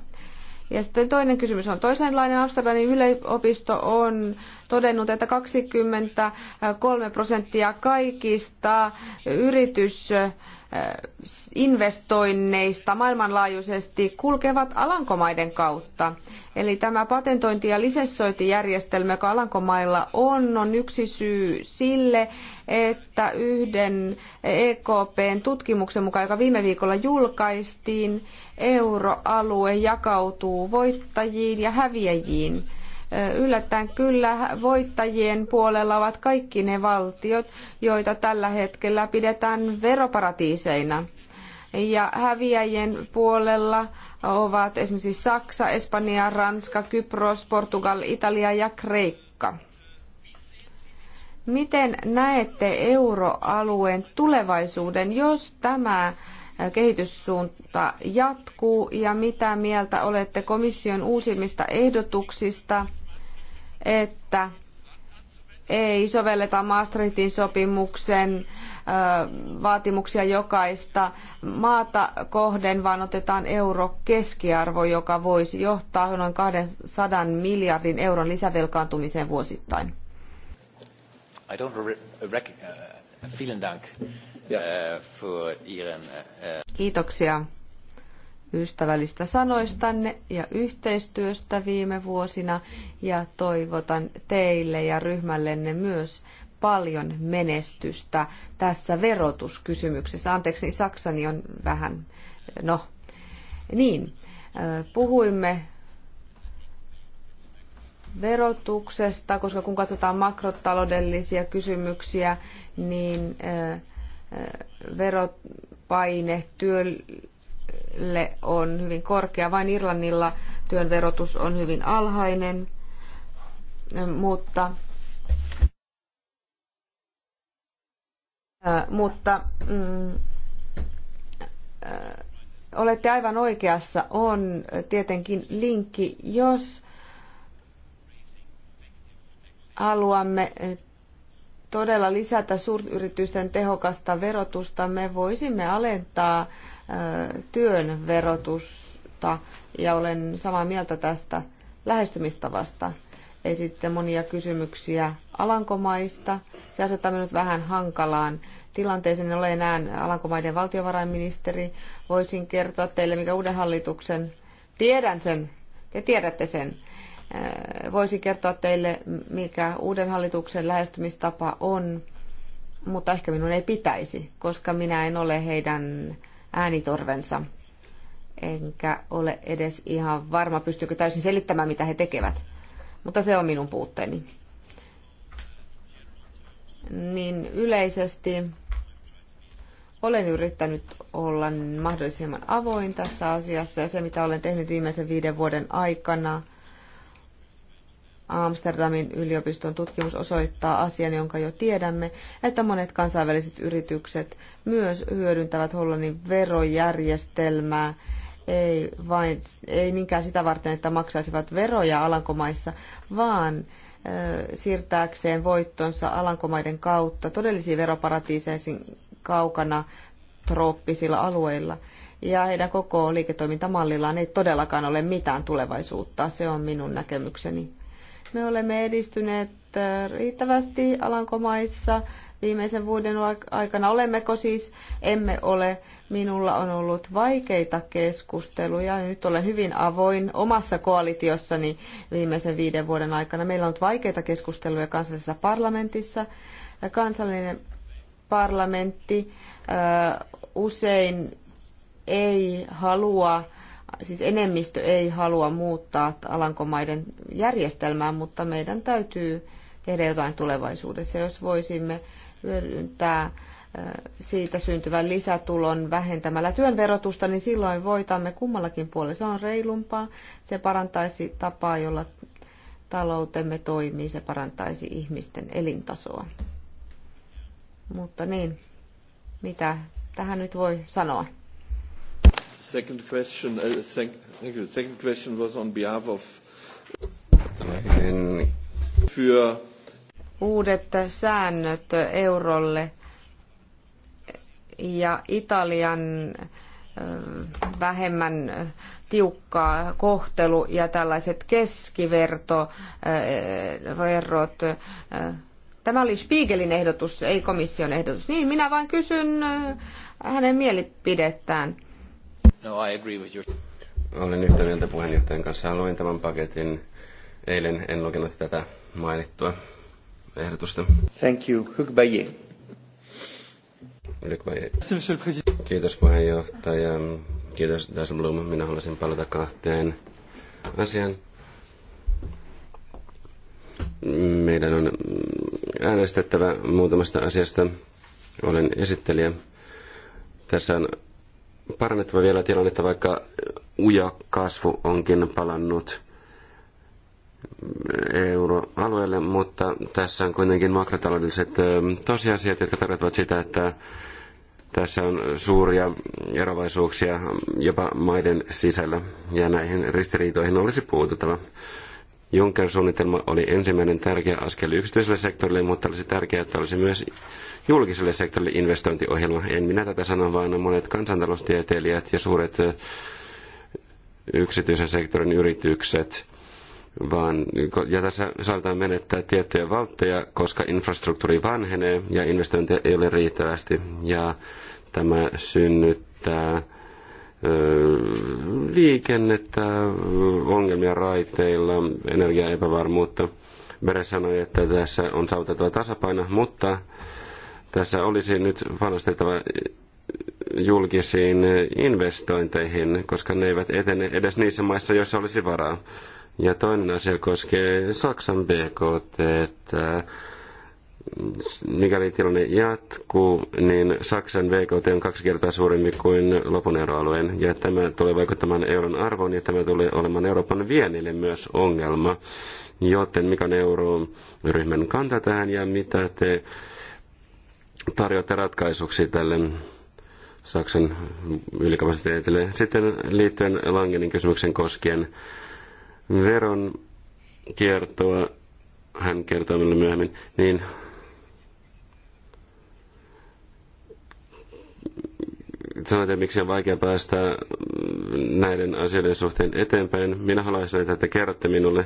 Ja sitten toinen kysymys on toisenlainen. Amsterdamin yliopisto on todennut, että 23 prosenttia kaikista yritysinvestoinneista maailmanlaajuisesti kulkevat Alankomaiden kautta. Eli tämä patentointi- ja lisenssointijärjestelmä, joka Alankomailla on, on yksi syy sille, että yhden EKPn tutkimuksen mukaan, joka viime viikolla julkaistiin, euroalue jakautuu voittajiin ja häviäjiin. Yllättäen kyllä voittajien puolella ovat kaikki ne valtiot, joita tällä hetkellä pidetään veroparatiiseina. Ja häviäjien puolella ovat esimerkiksi Saksa, Espanja, Ranska, Kypros, Portugal, Italia ja Kreikka. Miten näette euroalueen tulevaisuuden, jos tämä kehityssuunta jatkuu ja mitä mieltä olette komission uusimmista ehdotuksista, että ei sovelleta Maastrichtin sopimuksen vaatimuksia jokaista maata kohden, vaan otetaan euro keskiarvo, joka voisi johtaa noin 200 miljardin euron lisävelkaantumiseen vuosittain. I don't re- rec- uh, Kiitoksia ystävällistä sanoistanne ja yhteistyöstä viime vuosina ja toivotan teille ja ryhmällenne myös paljon menestystä tässä verotuskysymyksessä. Anteeksi, niin Saksani on vähän, no niin, puhuimme verotuksesta, koska kun katsotaan makrotaloudellisia kysymyksiä, niin äh, veropaine työlle on hyvin korkea. Vain Irlannilla työn verotus on hyvin alhainen, mutta äh, mutta mm, äh, olette aivan oikeassa, on tietenkin linkki, jos haluamme todella lisätä suuryritysten tehokasta verotusta, me voisimme alentaa työn verotusta ja olen samaa mieltä tästä lähestymistavasta. Esitte monia kysymyksiä Alankomaista. Se asettaa minut vähän hankalaan tilanteeseen. En ole enää Alankomaiden valtiovarainministeri. Voisin kertoa teille, mikä uuden hallituksen, tiedän sen, te tiedätte sen, Äh, voisin kertoa teille, mikä uuden hallituksen lähestymistapa on, mutta ehkä minun ei pitäisi, koska minä en ole heidän äänitorvensa. Enkä ole edes ihan varma, pystyykö täysin selittämään, mitä he tekevät. Mutta se on minun puutteeni. Niin yleisesti olen yrittänyt olla mahdollisimman avoin tässä asiassa ja se, mitä olen tehnyt viimeisen viiden vuoden aikana – Amsterdamin yliopiston tutkimus osoittaa asian, jonka jo tiedämme, että monet kansainväliset yritykset myös hyödyntävät Hollannin verojärjestelmää ei, vain, ei niinkään sitä varten, että maksaisivat veroja Alankomaissa, vaan siirtääkseen voittonsa Alankomaiden kautta todellisiin veroparatiiseisiin kaukana trooppisilla alueilla. Ja heidän koko liiketoimintamallillaan ei todellakaan ole mitään tulevaisuutta. Se on minun näkemykseni. Me olemme edistyneet äh, riittävästi Alankomaissa viimeisen vuoden aikana. Olemmeko siis? Emme ole. Minulla on ollut vaikeita keskusteluja. Nyt olen hyvin avoin omassa koalitiossani viimeisen viiden vuoden aikana. Meillä on ollut vaikeita keskusteluja kansallisessa parlamentissa. Kansallinen parlamentti äh, usein ei halua siis enemmistö ei halua muuttaa Alankomaiden järjestelmää, mutta meidän täytyy tehdä jotain tulevaisuudessa, jos voisimme hyödyntää siitä syntyvän lisätulon vähentämällä työn verotusta, niin silloin voitamme kummallakin puolella. Se on reilumpaa, se parantaisi tapaa, jolla taloutemme toimii, se parantaisi ihmisten elintasoa. Mutta niin, mitä tähän nyt voi sanoa? Second question, uh, thank, you. Second question was on behalf of für uudet säännöt eurolle ja Italian vähemmän tiukka kohtelu ja tällaiset keskiverrot. Tämä oli Spiegelin ehdotus, ei komission ehdotus. Niin, minä vain kysyn hänen mielipidettään. No, I agree with you. Olen yhtä mieltä puheenjohtajan kanssa. Luin tämän paketin eilen, en lukenut tätä mainittua ehdotusta. Thank you. Hukbaye. Kiitos puheenjohtaja. Kiitos Blum. Minä haluaisin palata kahteen asiaan. Meidän on äänestettävä muutamasta asiasta. Olen esittelijä. Tässä on parannettava vielä tilannetta, vaikka uja kasvu onkin palannut euroalueelle, mutta tässä on kuitenkin makrotaloudelliset tosiasiat, jotka tarkoittavat sitä, että tässä on suuria eroavaisuuksia jopa maiden sisällä, ja näihin ristiriitoihin olisi puututtava. Juncker suunnitelma oli ensimmäinen tärkeä askel yksityiselle sektorille, mutta olisi tärkeää, että olisi myös julkiselle sektorille investointiohjelma. En minä tätä sano, vaan monet kansantaloustieteilijät ja suuret yksityisen sektorin yritykset vaan, ja tässä saadaan menettää tiettyjä valtteja, koska infrastruktuuri vanhenee ja investointeja ei ole riittävästi. Ja tämä synnyttää liikennettä, ongelmia raiteilla, energiaepävarmuutta. Bere sanoi, että tässä on saavutettava tasapaino, mutta tässä olisi nyt panostettava julkisiin investointeihin, koska ne eivät etene edes niissä maissa, joissa olisi varaa. Ja toinen asia koskee Saksan BKT. Että mikäli tilanne jatkuu, niin Saksan VKT on kaksi kertaa suurempi kuin lopun euroalueen. Ja tämä tulee vaikuttamaan euron arvoon ja tämä tulee olemaan Euroopan vienille myös ongelma. Joten mikä on euroryhmän kanta tähän ja mitä te tarjoatte ratkaisuksi tälle Saksan ylikapasiteetille. Sitten liittyen Langenin kysymyksen koskien veron kiertoa, hän kertoo minulle myöhemmin, niin että miksi on vaikea päästä näiden asioiden suhteen eteenpäin. Minä haluaisin, että te kerrotte minulle,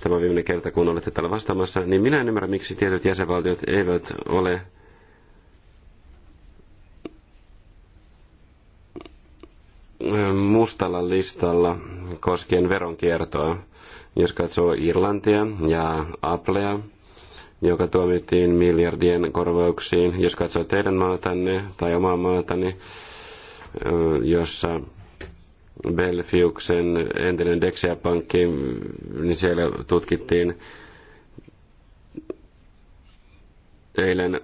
tämä viimeinen kerta, kun olette täällä vastaamassa, niin minä en ymmärrä, miksi tietyt jäsenvaltiot eivät ole mustalla listalla koskien veronkiertoa. Jos katsoo Irlantia ja Applea, joka tuomittiin miljardien korvauksiin. Jos katsoo teidän maatanne tai omaa maatani, jossa Belfiuksen entinen Dexia-pankki, niin siellä tutkittiin eilen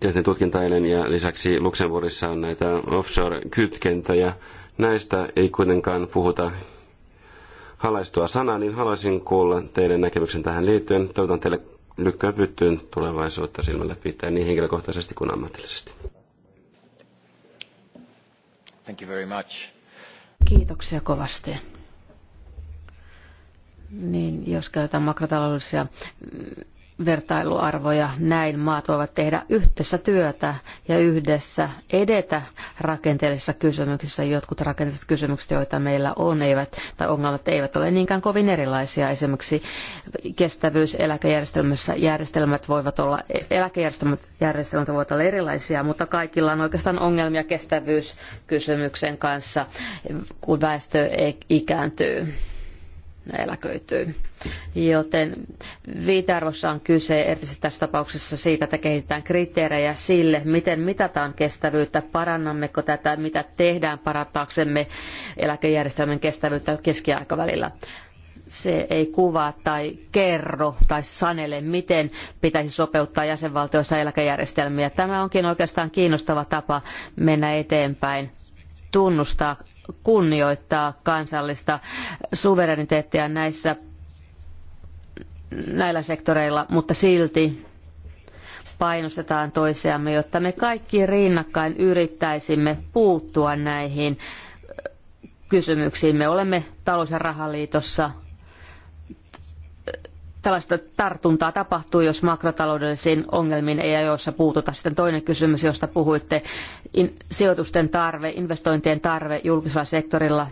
tehtiin tutkinta eilen ja lisäksi Luxemburgissa on näitä offshore-kytkentöjä. Näistä ei kuitenkaan puhuta halaistua sanaa, niin haluaisin kuulla teidän näkemyksen tähän liittyen. Toivotan teille lykkyä pyttyyn tulevaisuutta silmällä pitää niin henkilökohtaisesti kuin ammatillisesti. Thank you very much. Kiitoksia kovasti. Niin, jos käytetään makrotaloudellisia vertailuarvoja. Näin maat voivat tehdä yhdessä työtä ja yhdessä edetä rakenteellisissa kysymyksissä. Jotkut rakenteelliset kysymykset, joita meillä on, eivät, tai ongelmat eivät ole niinkään kovin erilaisia. Esimerkiksi kestävyys eläkejärjestelmässä järjestelmät voivat olla, eläkejärjestelmät järjestelmät voivat olla erilaisia, mutta kaikilla on oikeastaan ongelmia kestävyyskysymyksen kanssa, kun väestö e- ikääntyy eläköityy. Joten viitearvossa on kyse erityisesti tässä tapauksessa siitä, että kehitetään kriteerejä sille, miten mitataan kestävyyttä, parannammeko tätä, mitä tehdään parantaaksemme eläkejärjestelmän kestävyyttä keskiaikavälillä. Se ei kuvaa tai kerro tai sanele, miten pitäisi sopeuttaa jäsenvaltioissa eläkejärjestelmiä. Tämä onkin oikeastaan kiinnostava tapa mennä eteenpäin tunnustaa kunnioittaa kansallista suvereniteettia näissä näillä sektoreilla, mutta silti painostetaan toisiamme, jotta me kaikki rinnakkain yrittäisimme puuttua näihin kysymyksiin. Me olemme talous- ja rahaliitossa tällaista tartuntaa tapahtuu, jos makrotaloudellisiin ongelmiin ei ajoissa puututa. Sitten toinen kysymys, josta puhuitte, in, sijoitusten tarve, investointien tarve julkisella sektorilla.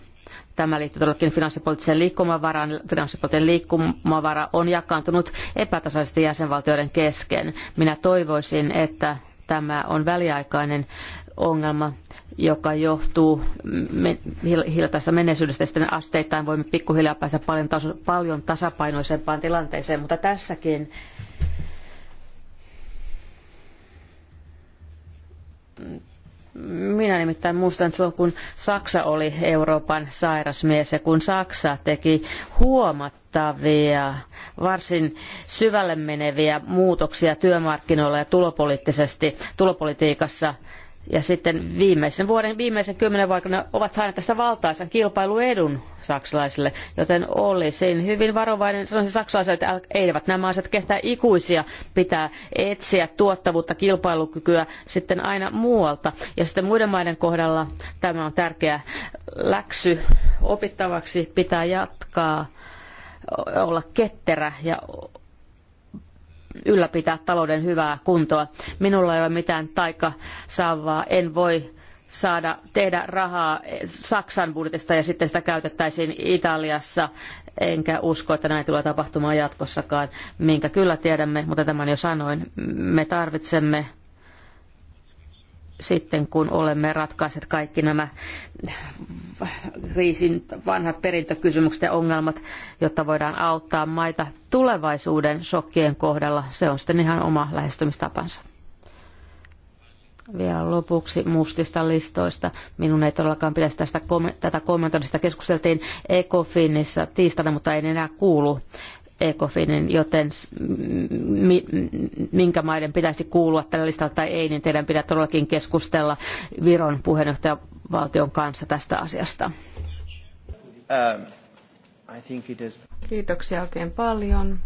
Tämä liittyy todellakin finanssipoliittiseen liikkumavaraan. Finanssipoliittinen liikkumavara on jakaantunut epätasaisesti jäsenvaltioiden kesken. Minä toivoisin, että tämä on väliaikainen ongelma, joka johtuu hiljaisesta menneisyydestä. Sitten asteittain voimme pikkuhiljaa päästä paljon, taso, paljon tasapainoisempaan tilanteeseen, mutta tässäkin minä nimittäin muistan silloin, kun Saksa oli Euroopan sairasmies ja kun Saksa teki huomattavia, varsin syvälle meneviä muutoksia työmarkkinoilla ja tulopoliittisesti, tulopolitiikassa – ja sitten mm-hmm. viimeisen vuoden, viimeisen kymmenen vuoden ovat saaneet tästä valtaansa kilpailuedun saksalaisille, joten olisin hyvin varovainen, sanoisin saksalaisille, että eivät nämä asiat kestää ikuisia, pitää etsiä tuottavuutta, kilpailukykyä sitten aina muualta. Ja sitten muiden maiden kohdalla tämä on tärkeä läksy opittavaksi, pitää jatkaa olla ketterä ja ylläpitää talouden hyvää kuntoa. Minulla ei ole mitään taikasavaa, en voi saada tehdä rahaa Saksan budjetista ja sitten sitä käytettäisiin Italiassa. Enkä usko, että näin tulee tapahtumaan jatkossakaan, minkä kyllä tiedämme, mutta tämän jo sanoin. Me tarvitsemme sitten, kun olemme ratkaiset kaikki nämä kriisin vanhat perintökysymykset ja ongelmat, jotta voidaan auttaa maita tulevaisuuden shokkien kohdalla. Se on sitten ihan oma lähestymistapansa. Vielä lopuksi mustista listoista. Minun ei todellakaan pitäisi tästä, tätä kommentoida. Sitä keskusteltiin Ecofinissa tiistaina, mutta en enää kuulu ECOFINin, joten minkä maiden pitäisi kuulua tällä listalla tai ei, niin teidän pitää todellakin keskustella Viron puheenjohtajavaltion kanssa tästä asiasta. Um, Kiitoksia oikein paljon.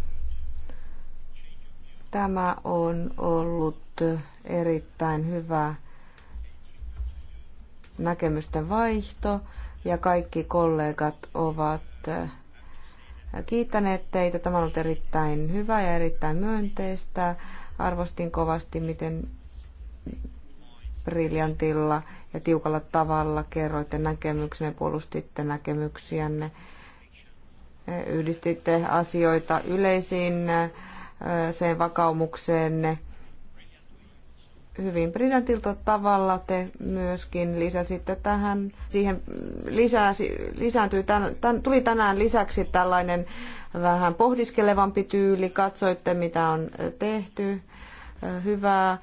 Tämä on ollut erittäin hyvä näkemysten vaihto ja kaikki kollegat ovat kiittäneet teitä. Tämä on ollut erittäin hyvä ja erittäin myönteistä. Arvostin kovasti, miten briljantilla ja tiukalla tavalla kerroitte näkemyksenne, puolustitte näkemyksiänne, yhdistitte asioita yleisiin sen vakaumukseenne – hyvin briljantilta tavalla te myöskin lisäsitte tähän, siihen lisää, lisääntyi tämän, tämän, tuli tänään lisäksi tällainen vähän pohdiskelevampi tyyli, katsoitte mitä on tehty, hyvää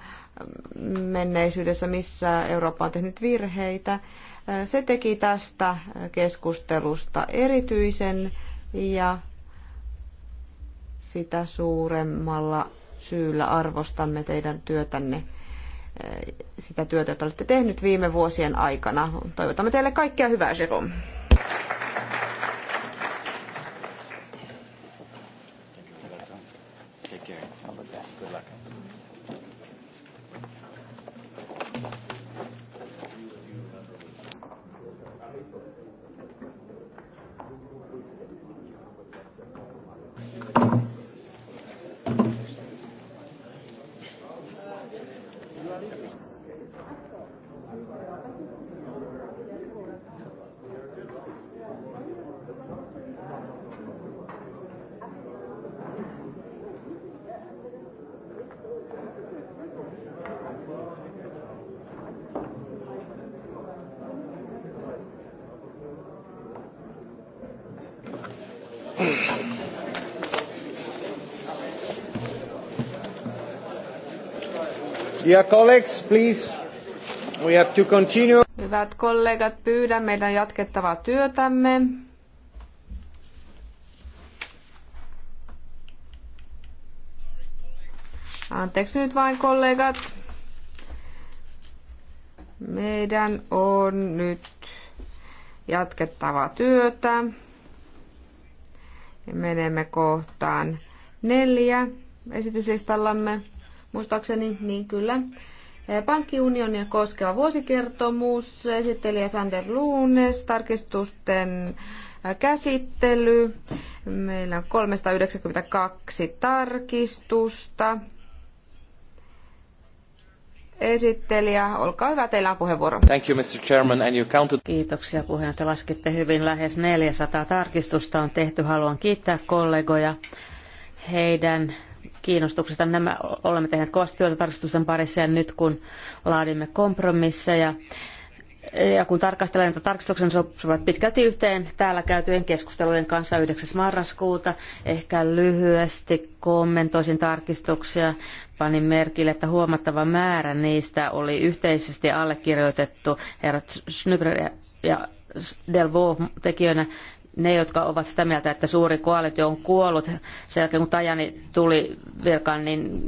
menneisyydessä, missä Eurooppa on tehnyt virheitä. Se teki tästä keskustelusta erityisen ja sitä suuremmalla syyllä arvostamme teidän työtänne Eh, sitä työtä, jota olette tehnyt viime vuosien aikana. Toivotamme teille kaikkea hyvää, Jerome. Hyvät kollegat, pyydän meidän jatkettavaa työtämme. Anteeksi nyt vain kollegat. Meidän on nyt jatkettava työtä. Menemme kohtaan neljä esityslistallamme muistaakseni, niin kyllä. Pankkiunionia koskeva vuosikertomus, esittelijä Sander Luunes, tarkistusten käsittely. Meillä on 392 tarkistusta. Esittelijä, olkaa hyvä, teillä on puheenvuoro. Thank you, Mr. Chairman, and you counted... Kiitoksia puheenjohtaja, laskitte hyvin. Lähes 400 tarkistusta on tehty. Haluan kiittää kollegoja heidän kiinnostuksesta. Nämä olemme tehneet kovasti työtä tarkastusten parissa ja nyt kun laadimme kompromisseja, ja kun tarkastelen, että tarkistuksen sopivat pitkälti yhteen täällä käytyjen keskustelujen kanssa 9. marraskuuta, ehkä lyhyesti kommentoisin tarkistuksia. Panin merkille, että huomattava määrä niistä oli yhteisesti allekirjoitettu herrat Schnüber ja Delvo tekijöinä ne, jotka ovat sitä mieltä, että suuri koalitio on kuollut sen jälkeen, kun Tajani tuli virkaan, niin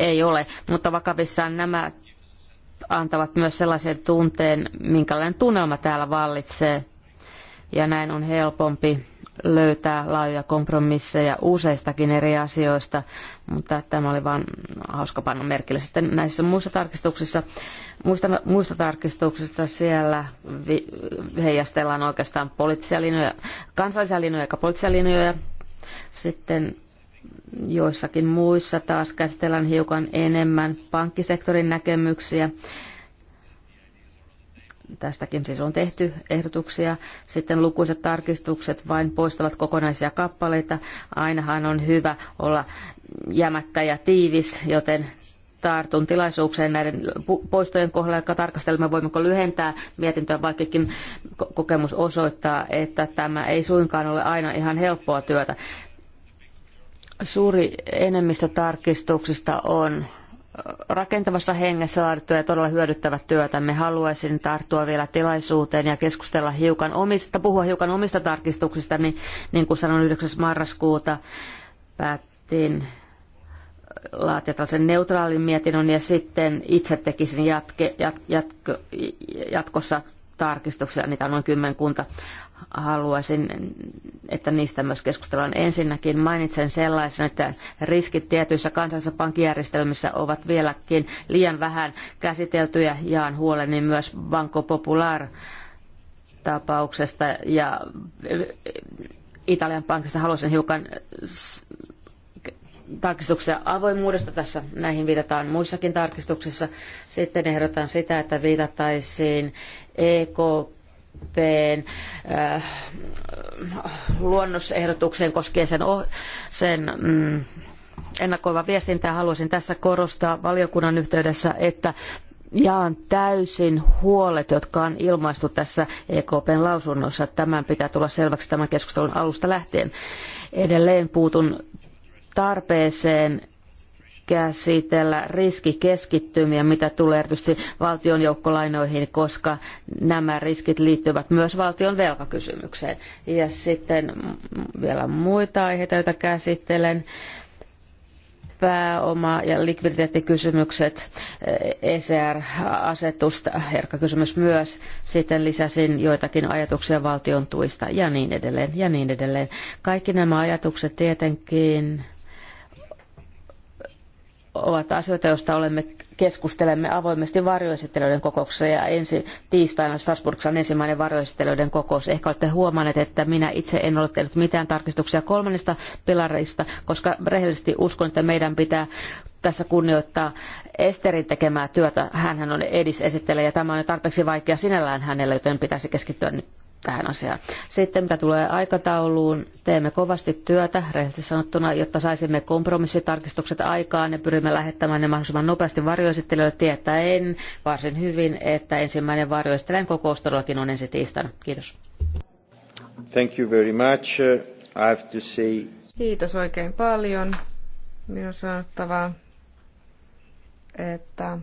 ei ole. Mutta vakavissaan nämä antavat myös sellaisen tunteen, minkälainen tunnelma täällä vallitsee. Ja näin on helpompi löytää laajoja kompromisseja useistakin eri asioista, mutta tämä oli vain hauska panna merkille. Sitten näissä muissa tarkistuksissa Muista, muista tarkistuksista siellä vi, heijastellaan oikeastaan poliittisia linjoja, kansallisia linjoja eikä poliittisia linjoja. Sitten joissakin muissa taas käsitellään hiukan enemmän pankkisektorin näkemyksiä. Tästäkin siis on tehty ehdotuksia. Sitten lukuiset tarkistukset vain poistavat kokonaisia kappaleita. Ainahan on hyvä olla jämäkkä ja tiivis, joten tartun tilaisuukseen näiden poistojen kohdalla, jotka tarkastelemme, voimmeko lyhentää mietintöä, vaikkakin kokemus osoittaa, että tämä ei suinkaan ole aina ihan helppoa työtä. Suuri enemmistö tarkistuksista on rakentavassa hengessä laadittu ja todella hyödyttävät työtä. Me haluaisin tarttua vielä tilaisuuteen ja keskustella hiukan omista, puhua hiukan omista tarkistuksista, niin, niin kuin sanon 9. marraskuuta päättiin laatia tällaisen neutraalin mietinnön ja sitten itse tekisin jatke, jat, jatkossa tarkistuksia, niitä on noin kymmenkunta. Haluaisin, että niistä myös keskustellaan. Ensinnäkin mainitsen sellaisen, että riskit tietyissä kansallisissa pankkijärjestelmissä ovat vieläkin liian vähän käsiteltyjä. Jaan huoleni myös Banco Popular tapauksesta ja Italian pankista haluaisin hiukan tarkistuksia avoimuudesta. Tässä näihin viitataan muissakin tarkistuksissa. Sitten ehdotan sitä, että viitattaisiin EKPn äh, luonnosehdotukseen koskien sen, sen mm, ennakoivaa viestintää. Haluaisin tässä korostaa valiokunnan yhteydessä, että jaan täysin huolet, jotka on ilmaistu tässä EKPn lausunnossa. Tämän pitää tulla selväksi tämän keskustelun alusta lähtien. Edelleen puutun tarpeeseen käsitellä riskikeskittymiä, mitä tulee erityisesti valtion joukkolainoihin, koska nämä riskit liittyvät myös valtion velkakysymykseen. Ja sitten vielä muita aiheita, joita käsittelen pääoma- ja likviditeettikysymykset, ECR-asetusta, herkkä kysymys myös. Sitten lisäsin joitakin ajatuksia valtion tuista ja niin edelleen, ja niin edelleen. Kaikki nämä ajatukset tietenkin ovat asioita, joista olemme keskustelemme avoimesti varjoesittelyiden kokouksessa ja ensi tiistaina Strasbourgissa on ensimmäinen varjoesittelyiden kokous. Ehkä olette huomanneet, että minä itse en ole tehnyt mitään tarkistuksia kolmannesta pilarista, koska rehellisesti uskon, että meidän pitää tässä kunnioittaa Esterin tekemää työtä. Hänhän on edisesittelijä ja tämä on jo tarpeeksi vaikea sinällään hänelle, joten pitäisi keskittyä nyt tähän asiaan. Sitten mitä tulee aikatauluun, teemme kovasti työtä, rehellisesti sanottuna, jotta saisimme kompromissitarkistukset aikaan ja pyrimme lähettämään ne mahdollisimman nopeasti varjoesittelijöille tietäen varsin hyvin, että ensimmäinen varjoesittelijän kokous todellakin on ensi tiistaina. Kiitos. Thank you very much. I have to say... Kiitos oikein paljon. Minun sanottavaa, että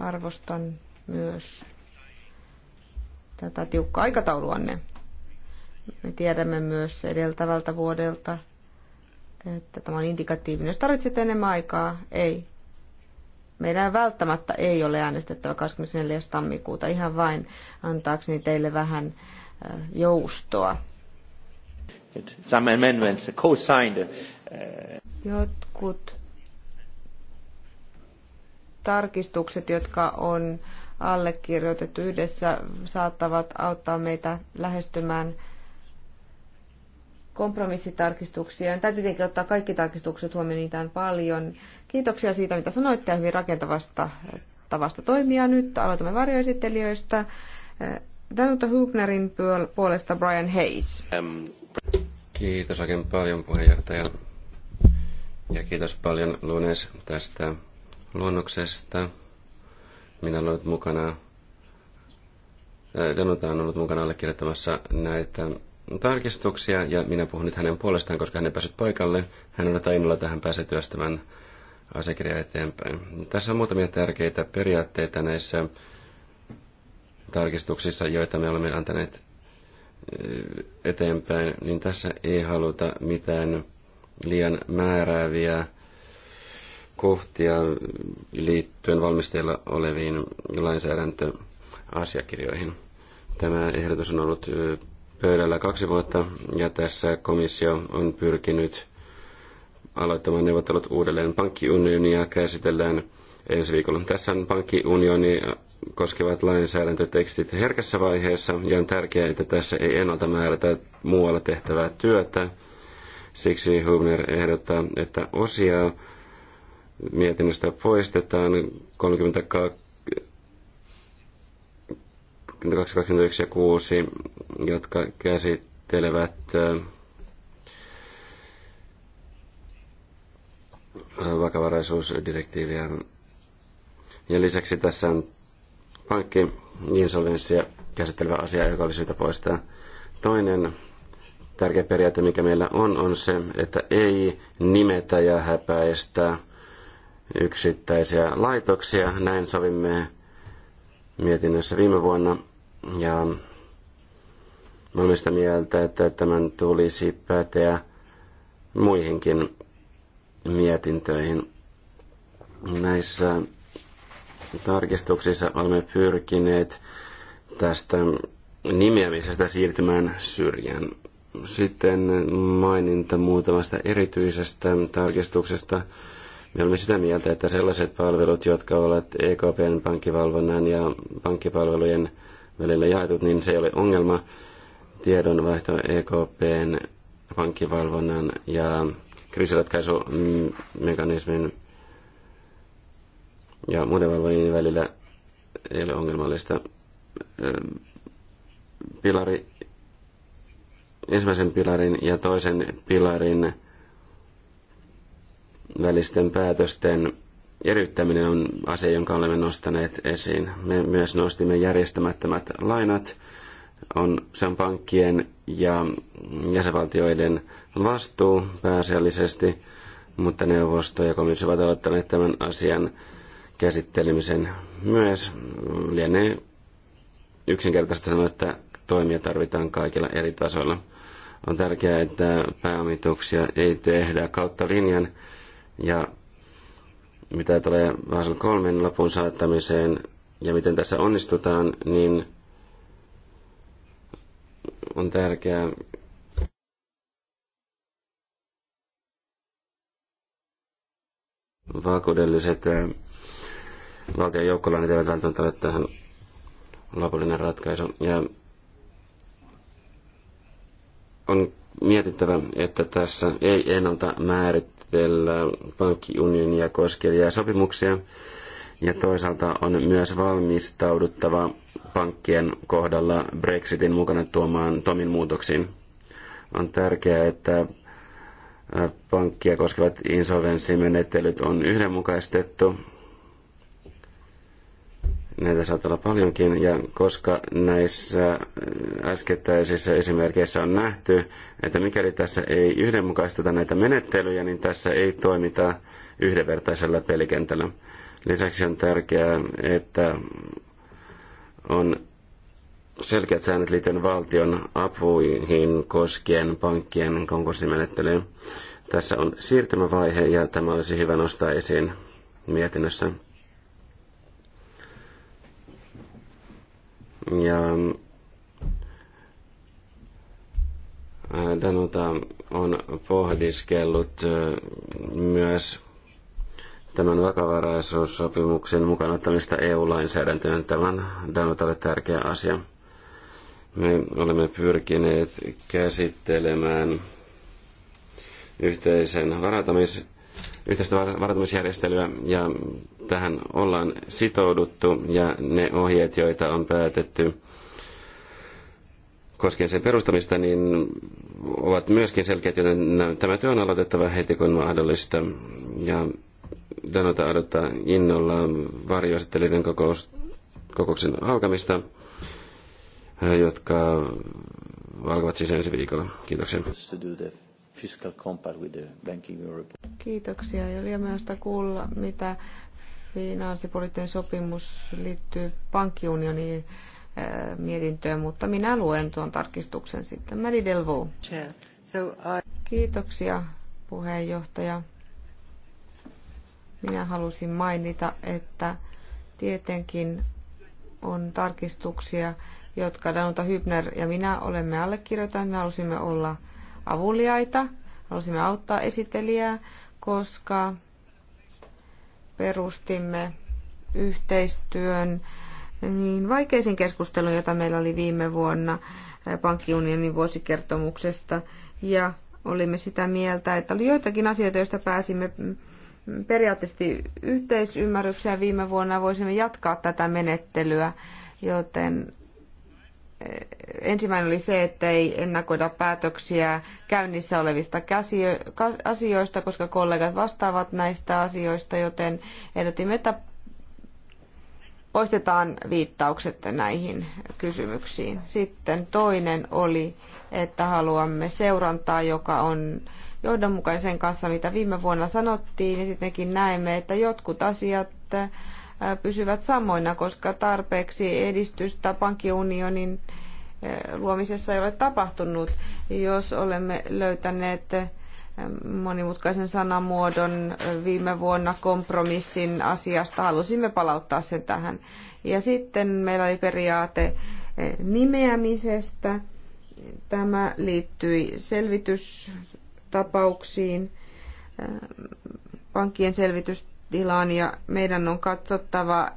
arvostan myös tätä tiukkaa aikatauluanne. Me tiedämme myös edeltävältä vuodelta, että tämä on indikatiivinen. Jos tarvitset enemmän aikaa, ei. Meidän välttämättä ei ole äänestettävä 24. tammikuuta, ihan vain antaakseni teille vähän äh, joustoa. Some amendments co-signed. Uh, Jotkut tarkistukset, jotka on allekirjoitettu yhdessä saattavat auttaa meitä lähestymään kompromissitarkistuksia. Täytyy tietenkin ottaa kaikki tarkistukset huomioon, niitä on paljon. Kiitoksia siitä, mitä sanoitte ja hyvin rakentavasta tavasta toimia. Nyt aloitamme varjoesittelijöistä. Danuta Hubnerin puolesta Brian Hayes. Kiitos oikein paljon puheenjohtaja. Ja kiitos paljon Lunes tästä luonnoksesta. Minä olen ollut mukana, äh, Danuta on ollut mukana allekirjoittamassa näitä tarkistuksia ja minä puhun nyt hänen puolestaan, koska hän ei päässyt paikalle. Hän on innolla, tähän hän pääsee työstämään asiakirja eteenpäin. Tässä on muutamia tärkeitä periaatteita näissä tarkistuksissa, joita me olemme antaneet äh, eteenpäin, niin tässä ei haluta mitään liian määrääviä kohtia liittyen valmisteilla oleviin lainsäädäntöasiakirjoihin. Tämä ehdotus on ollut pöydällä kaksi vuotta ja tässä komissio on pyrkinyt aloittamaan neuvottelut uudelleen. Pankkiunionia käsitellään ensi viikolla. Tässä on pankkiunioni koskevat lainsäädäntötekstit herkässä vaiheessa ja on tärkeää, että tässä ei ennalta määrätä muualla tehtävää työtä. Siksi Hubner ehdottaa, että osia mietinnöstä poistetaan 32 6, jotka käsittelevät vakavaraisuusdirektiiviä. Ja lisäksi tässä on pankki insolvenssia käsittelevä asia, joka oli syytä poistaa. Toinen tärkeä periaate, mikä meillä on, on se, että ei nimetä ja häpäistä yksittäisiä laitoksia. Näin sovimme mietinnössä viime vuonna. Ja me olemme sitä mieltä, että tämän tulisi päteä muihinkin mietintöihin. Näissä tarkistuksissa olemme pyrkineet tästä nimeämisestä siirtymään syrjään. Sitten maininta muutamasta erityisestä tarkistuksesta. Me olemme sitä mieltä, että sellaiset palvelut, jotka ovat EKPn pankkivalvonnan ja pankkipalvelujen välillä jaetut, niin se ei ole ongelma. Tiedonvaihto EKPn pankkivalvonnan ja kriisiratkaisumekanismin ja muiden valvojien välillä ei ole ongelmallista. Öö, pilari, ensimmäisen pilarin ja toisen pilarin välisten päätösten eriyttäminen on asia, jonka olemme nostaneet esiin. Me myös nostimme järjestämättömät lainat. On, se on pankkien ja jäsenvaltioiden vastuu pääasiallisesti, mutta neuvosto ja komissio ovat aloittaneet tämän asian käsittelemisen myös. Lienee yksinkertaista sanoa, että toimia tarvitaan kaikilla eri tasoilla. On tärkeää, että pääomituksia ei tehdä kautta linjan, ja mitä tulee Basel kolmen lopun saattamiseen ja miten tässä onnistutaan, niin on tärkeää vakuudelliset äh, valtion joukkolainat eivät välttämättä ole tähän lopullinen ratkaisu. Ja on mietittävä, että tässä ei ennalta määrit, käsitellä pankkiunionia koskevia sopimuksia ja toisaalta on myös valmistauduttava pankkien kohdalla Brexitin mukana tuomaan Tomin muutoksiin. On tärkeää, että äh, pankkia koskevat insolvenssimenettelyt on yhdenmukaistettu näitä saattaa olla paljonkin, ja koska näissä äh, äskettäisissä esimerkkeissä on nähty, että mikäli tässä ei yhdenmukaisteta näitä menettelyjä, niin tässä ei toimita yhdenvertaisella pelikentällä. Lisäksi on tärkeää, että on selkeät säännöt liittyen valtion apuihin koskien pankkien konkurssimenettelyyn. Tässä on siirtymävaihe ja tämä olisi hyvä nostaa esiin mietinnössä. Ja Danuta on pohdiskellut myös tämän vakavaraisuussopimuksen mukaan ottamista EU-lainsäädäntöön. Tämä on Danutalle tärkeä asia. Me olemme pyrkineet käsittelemään yhteisen varatamis, yhteistä varatamisjärjestelyä ja tähän ollaan sitouduttu ja ne ohjeet, joita on päätetty koskien sen perustamista, niin ovat myöskin selkeät, joten tämä työ on aloitettava heti kun mahdollista. Ja Danota odottaa innolla varjoesittelijöiden kokous, kokouksen alkamista, jotka alkavat siis ensi viikolla. Kiitoksia. Kiitoksia. Ja oli kuulla, mitä finanssipoliittinen sopimus liittyy pankkiunioniin mietintöön, mutta minä luen tuon tarkistuksen sitten. Mäli Delvaux. Kiitoksia puheenjohtaja. Minä halusin mainita, että tietenkin on tarkistuksia, jotka Danuta Hybner ja minä olemme allekirjoittaneet. Me halusimme olla avuliaita, halusimme auttaa esittelijää, koska perustimme yhteistyön niin vaikeisiin keskusteluun, jota meillä oli viime vuonna pankkiunionin vuosikertomuksesta. Ja olimme sitä mieltä, että oli joitakin asioita, joista pääsimme periaatteessa yhteisymmärrykseen viime vuonna. Voisimme jatkaa tätä menettelyä, joten ensimmäinen oli se, että ei ennakoida päätöksiä käynnissä olevista asioista, koska kollegat vastaavat näistä asioista, joten ehdotimme, että poistetaan viittaukset näihin kysymyksiin. Sitten toinen oli, että haluamme seurantaa, joka on johdonmukaisen kanssa, mitä viime vuonna sanottiin, ja tietenkin näemme, että jotkut asiat pysyvät samoina, koska tarpeeksi edistystä pankkiunionin luomisessa ei ole tapahtunut, jos olemme löytäneet monimutkaisen sanamuodon viime vuonna kompromissin asiasta. Halusimme palauttaa sen tähän. Ja sitten meillä oli periaate nimeämisestä. Tämä liittyi selvitystapauksiin, pankkien selvitystapauksiin tilaan ja meidän on katsottava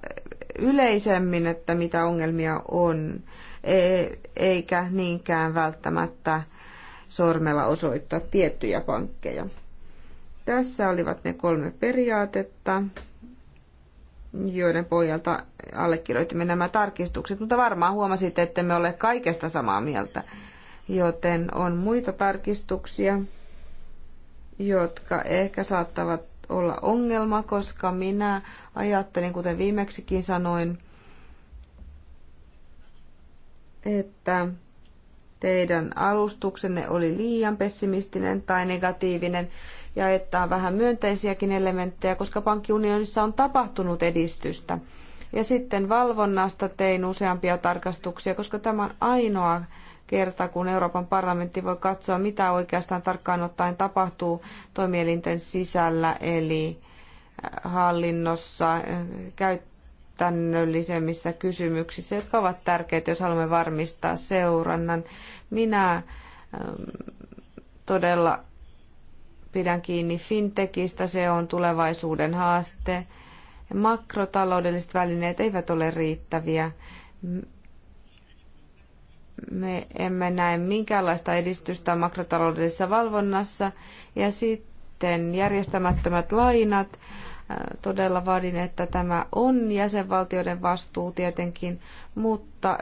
yleisemmin, että mitä ongelmia on, e, eikä niinkään välttämättä sormella osoittaa tiettyjä pankkeja. Tässä olivat ne kolme periaatetta, joiden pohjalta allekirjoitimme nämä tarkistukset, mutta varmaan huomasitte, että me ole kaikesta samaa mieltä, joten on muita tarkistuksia, jotka ehkä saattavat olla ongelma, koska minä ajattelin, kuten viimeksikin sanoin, että teidän alustuksenne oli liian pessimistinen tai negatiivinen ja että on vähän myönteisiäkin elementtejä, koska pankkiunionissa on tapahtunut edistystä. Ja sitten valvonnasta tein useampia tarkastuksia, koska tämä on ainoa kerta, kun Euroopan parlamentti voi katsoa, mitä oikeastaan tarkkaan ottaen tapahtuu toimielinten sisällä, eli äh, hallinnossa, äh, käytännöllisemmissä kysymyksissä, jotka ovat tärkeitä, jos haluamme varmistaa seurannan. Minä ähm, todella pidän kiinni fintechistä, se on tulevaisuuden haaste. Makrotaloudelliset välineet eivät ole riittäviä me emme näe minkäänlaista edistystä makrotaloudellisessa valvonnassa. Ja sitten järjestämättömät lainat. Äh, todella vaadin, että tämä on jäsenvaltioiden vastuu tietenkin, mutta äh,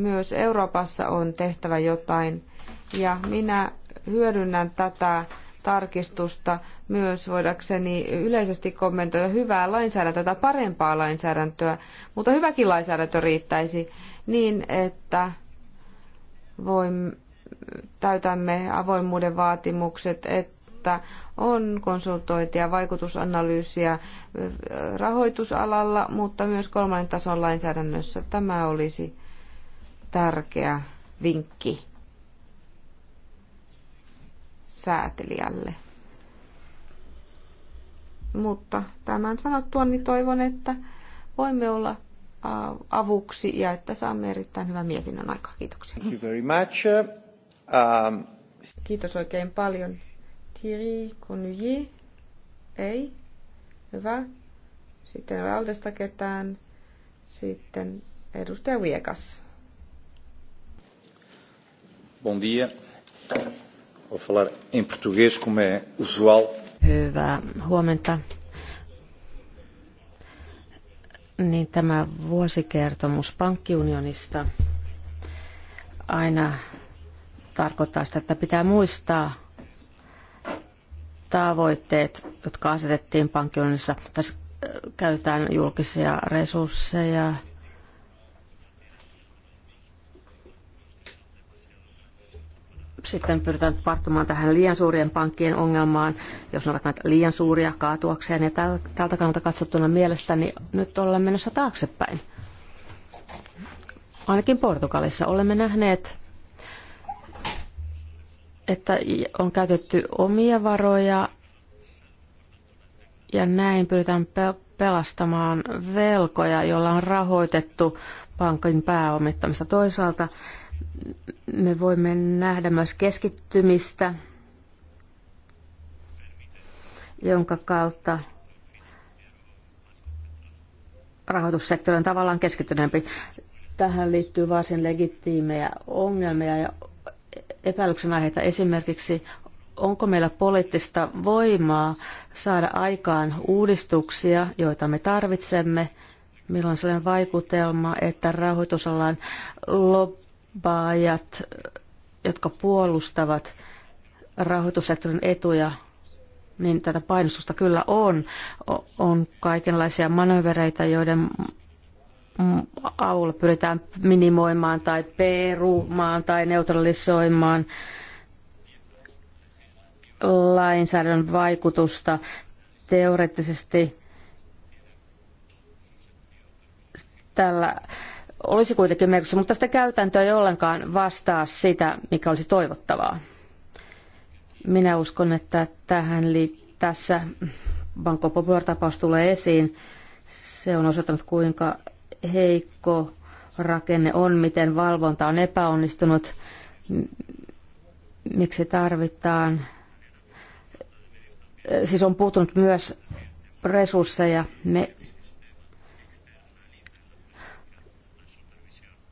myös Euroopassa on tehtävä jotain. Ja minä hyödynnän tätä tarkistusta myös voidakseni yleisesti kommentoida hyvää lainsäädäntöä tai parempaa lainsäädäntöä, mutta hyväkin lainsäädäntö riittäisi niin, että voimme, täytämme avoimuuden vaatimukset, että on konsultointia, vaikutusanalyysiä rahoitusalalla, mutta myös kolmannen tason lainsäädännössä. Tämä olisi tärkeä vinkki säätelijälle. Mutta tämän sanottua, niin toivon, että voimme olla avuksi ja että saamme erittäin hyvän mietinnön aikaa. Kiitoksia. Thank you very much. Um... Kiitos oikein paljon. Thierry Connuyer. Ei. Hyvä. Sitten Aldesta ketään. Sitten edustaja Viekas. Bom dia. Vou falar em português, como é usual. Hyvää huomenta. Niin tämä vuosikertomus pankkiunionista aina tarkoittaa sitä, että pitää muistaa tavoitteet, jotka asetettiin pankkiunionissa. Tässä äh, käytetään julkisia resursseja, Sitten pyritään tarttumaan tähän liian suurien pankkien ongelmaan, jos ne ovat näitä liian suuria kaatuakseen. Ja tältä kannalta katsottuna mielestäni nyt ollaan menossa taaksepäin. Ainakin Portugalissa olemme nähneet, että on käytetty omia varoja ja näin pyritään pelastamaan velkoja, joilla on rahoitettu pankin pääomittamista. Toisaalta me voimme nähdä myös keskittymistä, jonka kautta rahoitussektori on tavallaan keskittyneempi. Tähän liittyy varsin legitiimejä ongelmia ja epäilyksen aiheita. Esimerkiksi onko meillä poliittista voimaa saada aikaan uudistuksia, joita me tarvitsemme, milloin on sellainen vaikutelma, että rahoitusalan lop- baajat, jotka puolustavat rahoitussektorin etuja, niin tätä painostusta kyllä on. On kaikenlaisia manövereitä, joiden avulla pyritään minimoimaan tai perumaan tai neutralisoimaan lainsäädännön vaikutusta. Teoreettisesti tällä olisi kuitenkin merkitystä, mutta sitä käytäntöä ei ollenkaan vastaa sitä, mikä olisi toivottavaa. Minä uskon, että tähän li- tässä Banco Popular-tapaus tulee esiin. Se on osoittanut, kuinka heikko rakenne on, miten valvonta on epäonnistunut, miksi tarvitaan. Siis on puuttunut myös resursseja. Me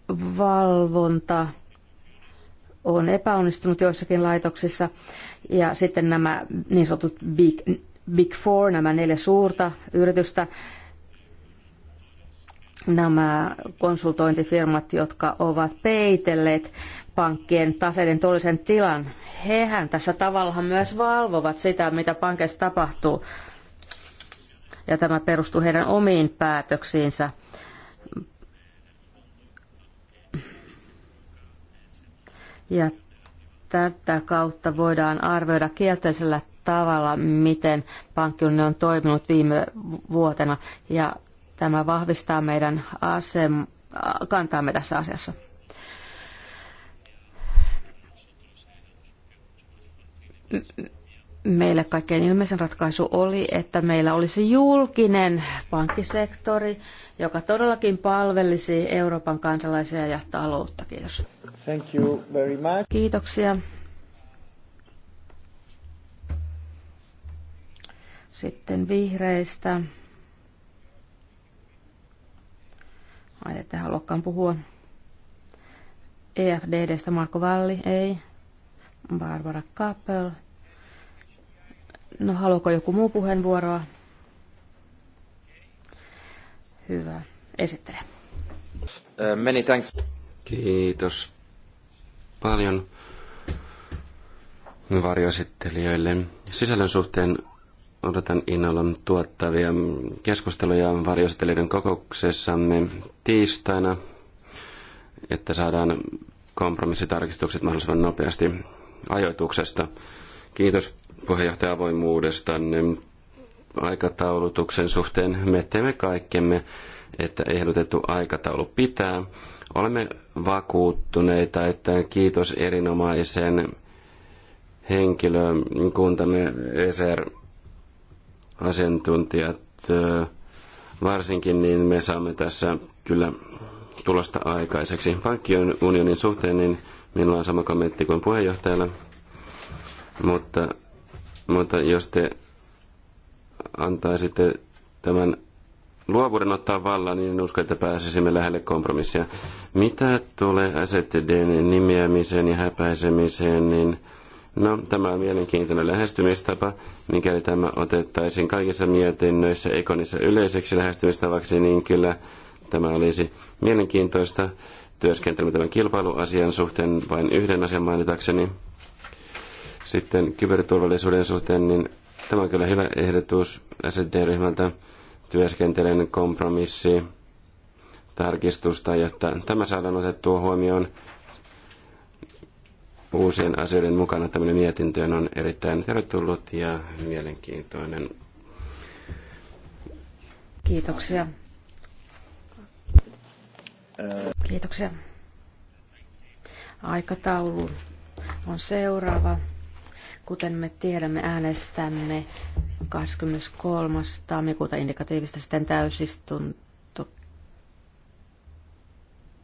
valvonta on epäonnistunut joissakin laitoksissa. Ja sitten nämä niin sanotut big, big four, nämä neljä suurta yritystä, nämä konsultointifirmat, jotka ovat peitelleet pankkien taseiden toisen tilan, hehän tässä tavallaan myös valvovat sitä, mitä pankeissa tapahtuu. Ja tämä perustuu heidän omiin päätöksiinsä Ja tätä kautta voidaan arvioida kielteisellä tavalla, miten pankkiunioni on toiminut viime vuotena. Ja tämä vahvistaa meidän asem, kantaamme tässä asiassa meille kaikkein ilmeisen ratkaisu oli, että meillä olisi julkinen pankkisektori, joka todellakin palvelisi Euroopan kansalaisia ja taloutta. Kiitos. Thank you very much. Kiitoksia. Sitten vihreistä. Ai, ette haluakaan puhua. EFDDstä Marko Valli, ei. Barbara Kappel, No haluaako joku muu puheenvuoroa? Hyvä. Esittele. Äh, many thanks. Kiitos paljon varjoesittelijöille. Sisällön suhteen odotan innolla tuottavia keskusteluja varjoesittelijöiden kokouksessamme tiistaina, että saadaan kompromissitarkistukset mahdollisimman nopeasti ajoituksesta. Kiitos puheenjohtaja avoimuudestanne aikataulutuksen suhteen. Me teemme kaikkemme, että ehdotettu aikataulu pitää. Olemme vakuuttuneita, että kiitos erinomaisen henkilökuntamme ESER asiantuntijat varsinkin, niin me saamme tässä kyllä tulosta aikaiseksi. unionin suhteen niin minulla on sama kommentti kuin puheenjohtajalla, mutta mutta jos te antaisitte tämän luovuuden ottaa vallan, niin en usko, että pääsisimme lähelle kompromissia. Mitä tulee SETDn nimeämiseen ja häpäisemiseen, niin no, tämä on mielenkiintoinen lähestymistapa. Mikäli tämä otettaisiin kaikissa mietinnöissä Ekonissa yleiseksi lähestymistavaksi, niin kyllä tämä olisi mielenkiintoista työskentelemme tämän kilpailuasian suhteen vain yhden asian mainitakseni. Sitten kyberturvallisuuden suhteen, niin tämä on kyllä hyvä ehdotus SD-ryhmältä. Työskentelen kompromissi tarkistusta, jotta tämä saadaan otettua huomioon uusien asioiden mukana tämmöinen mietintöön on erittäin tervetullut ja mielenkiintoinen. Kiitoksia. Kiitoksia. Aikataulu on seuraava. Kuten me tiedämme, äänestämme 23. tammikuuta indikatiivista sitten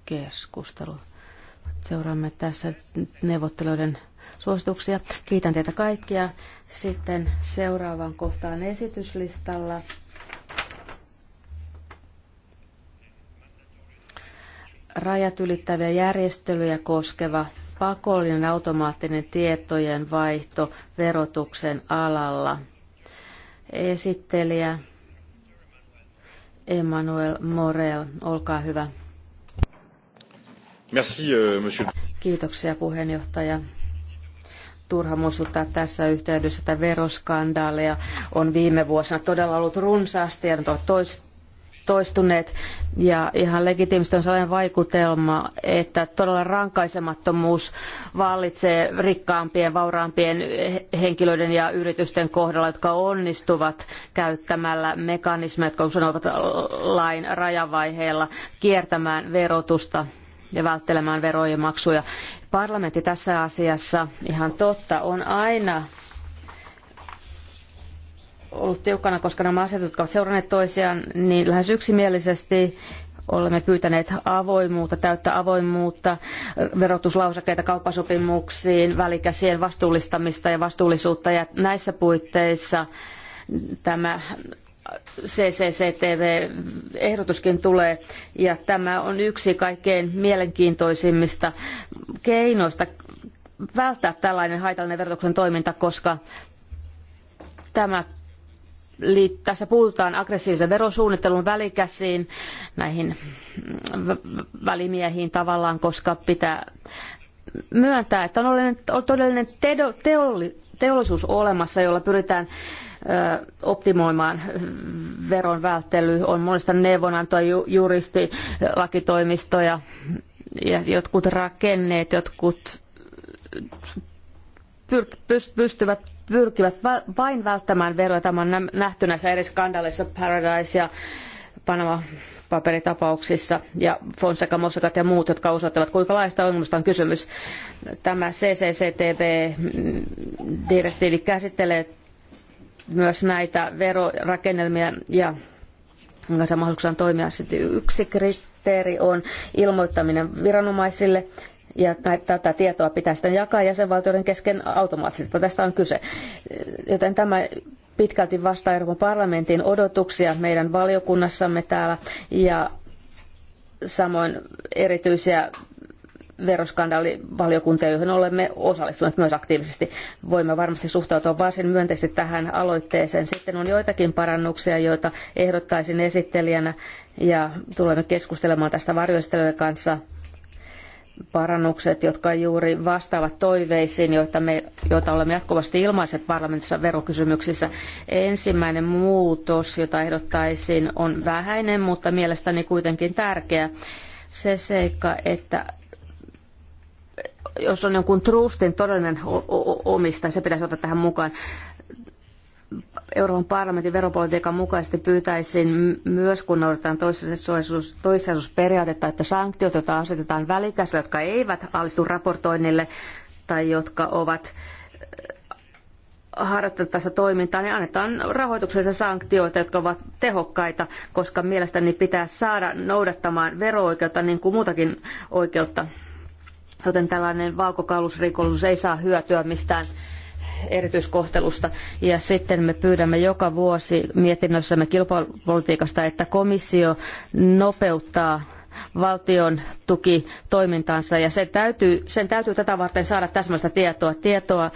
keskustelu. Seuraamme tässä neuvotteluiden suosituksia. Kiitän teitä kaikkia. Sitten seuraavaan kohtaan esityslistalla. Rajat ylittäviä järjestelyjä koskeva pakollinen automaattinen tietojen vaihto verotuksen alalla. Esittelijä Emmanuel Morel, olkaa hyvä. Merci, euh, monsieur. Kiitoksia puheenjohtaja turha muistuttaa tässä yhteydessä, että veroskandaaleja on viime vuosina todella ollut runsaasti ja nyt on toista toistuneet ja ihan legitiimisti on sellainen vaikutelma, että todella rankaisemattomuus vallitsee rikkaampien, vauraampien henkilöiden ja yritysten kohdalla, jotka onnistuvat käyttämällä mekanismeja, jotka usein ovat lain rajavaiheella, kiertämään verotusta ja välttelemään verojen maksuja. Parlamentti tässä asiassa ihan totta on aina ollut tiukkana, koska nämä asiat, jotka ovat seuranneet toisiaan, niin lähes yksimielisesti olemme pyytäneet avoimuutta, täyttä avoimuutta, verotuslausekkeita kauppasopimuksiin, välikäsien vastuullistamista ja vastuullisuutta. Ja näissä puitteissa tämä CCCTV-ehdotuskin tulee, ja tämä on yksi kaikkein mielenkiintoisimmista keinoista välttää tällainen haitallinen verotuksen toiminta, koska tämä tässä puututaan aggressiivisen verosuunnittelun välikäsiin, näihin välimiehiin tavallaan, koska pitää myöntää, että on, todellinen teollisuus olemassa, jolla pyritään optimoimaan veron välttely. On monista neuvonantoa, juristi, lakitoimistoja ja jotkut rakenneet, jotkut pystyvät pyrkivät vain välttämään veroja. Tämä on nähty näissä eri skandaaleissa Paradise ja Panama paperitapauksissa ja Fonseca, Mossakat ja muut, jotka osoittavat, kuinka laista ongelmasta on kysymys. Tämä CCCTV-direktiivi käsittelee myös näitä verorakennelmia ja kanssa mahdollisuuksia toimia. Sitten yksi kriteeri on ilmoittaminen viranomaisille ja näitä, tätä tietoa pitää sitten jakaa jäsenvaltioiden kesken automaattisesti. Tästä on kyse. Joten tämä pitkälti vastaa Euroopan parlamentin odotuksia meidän valiokunnassamme täällä ja samoin erityisiä veroskandaalivaliokuntia, joihin olemme osallistuneet myös aktiivisesti. Voimme varmasti suhtautua varsin myönteisesti tähän aloitteeseen. Sitten on joitakin parannuksia, joita ehdottaisin esittelijänä ja tulemme keskustelemaan tästä varjoistelijan kanssa parannukset, jotka juuri vastaavat toiveisiin, joita, me, joita olemme jatkuvasti ilmaiset parlamentissa verokysymyksissä. Ensimmäinen muutos, jota ehdottaisin, on vähäinen, mutta mielestäni kuitenkin tärkeä. Se seikka, että jos on jonkun trustin todellinen omistaja, se pitäisi ottaa tähän mukaan. Euroopan parlamentin veropolitiikan mukaisesti pyytäisin myös, kun noudatetaan toissijaisuusperiaatetta, että sanktiot, joita asetetaan välikäsille, jotka eivät alistu raportoinnille tai jotka ovat äh, harjoitteluttaista toimintaa, niin annetaan rahoituksellisia sanktioita, jotka ovat tehokkaita, koska mielestäni pitää saada noudattamaan vero-oikeutta niin kuin muutakin oikeutta. Joten tällainen valkokaulusrikollisuus ei saa hyötyä mistään erityiskohtelusta. Ja sitten me pyydämme joka vuosi mietinnössämme kilpailupolitiikasta, että komissio nopeuttaa valtion tuki toimintansa ja sen täytyy, sen täytyy tätä varten saada täsmällistä tietoa, tietoa,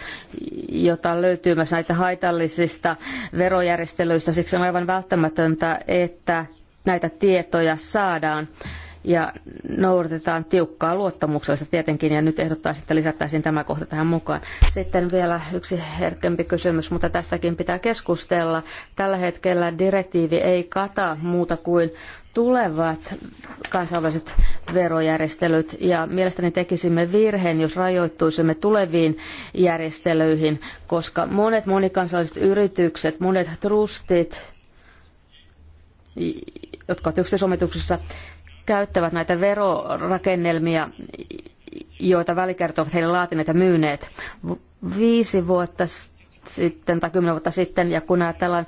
jota löytyy myös näitä haitallisista verojärjestelyistä. Siksi on aivan välttämätöntä, että näitä tietoja saadaan ja noudatetaan tiukkaa luottamuksellista tietenkin, ja nyt ehdottaisin, että lisättäisiin tämä kohta tähän mukaan. Sitten vielä yksi herkempi kysymys, mutta tästäkin pitää keskustella. Tällä hetkellä direktiivi ei kata muuta kuin tulevat kansainväliset verojärjestelyt ja mielestäni tekisimme virheen, jos rajoittuisimme tuleviin järjestelyihin, koska monet monikansalliset yritykset, monet trustit, jotka ovat yksityisomituksessa, käyttävät näitä verorakennelmia, joita välikertot ovat heille laatineet ja myyneet viisi vuotta sitten tai kymmenen vuotta sitten, ja kun ajatellaan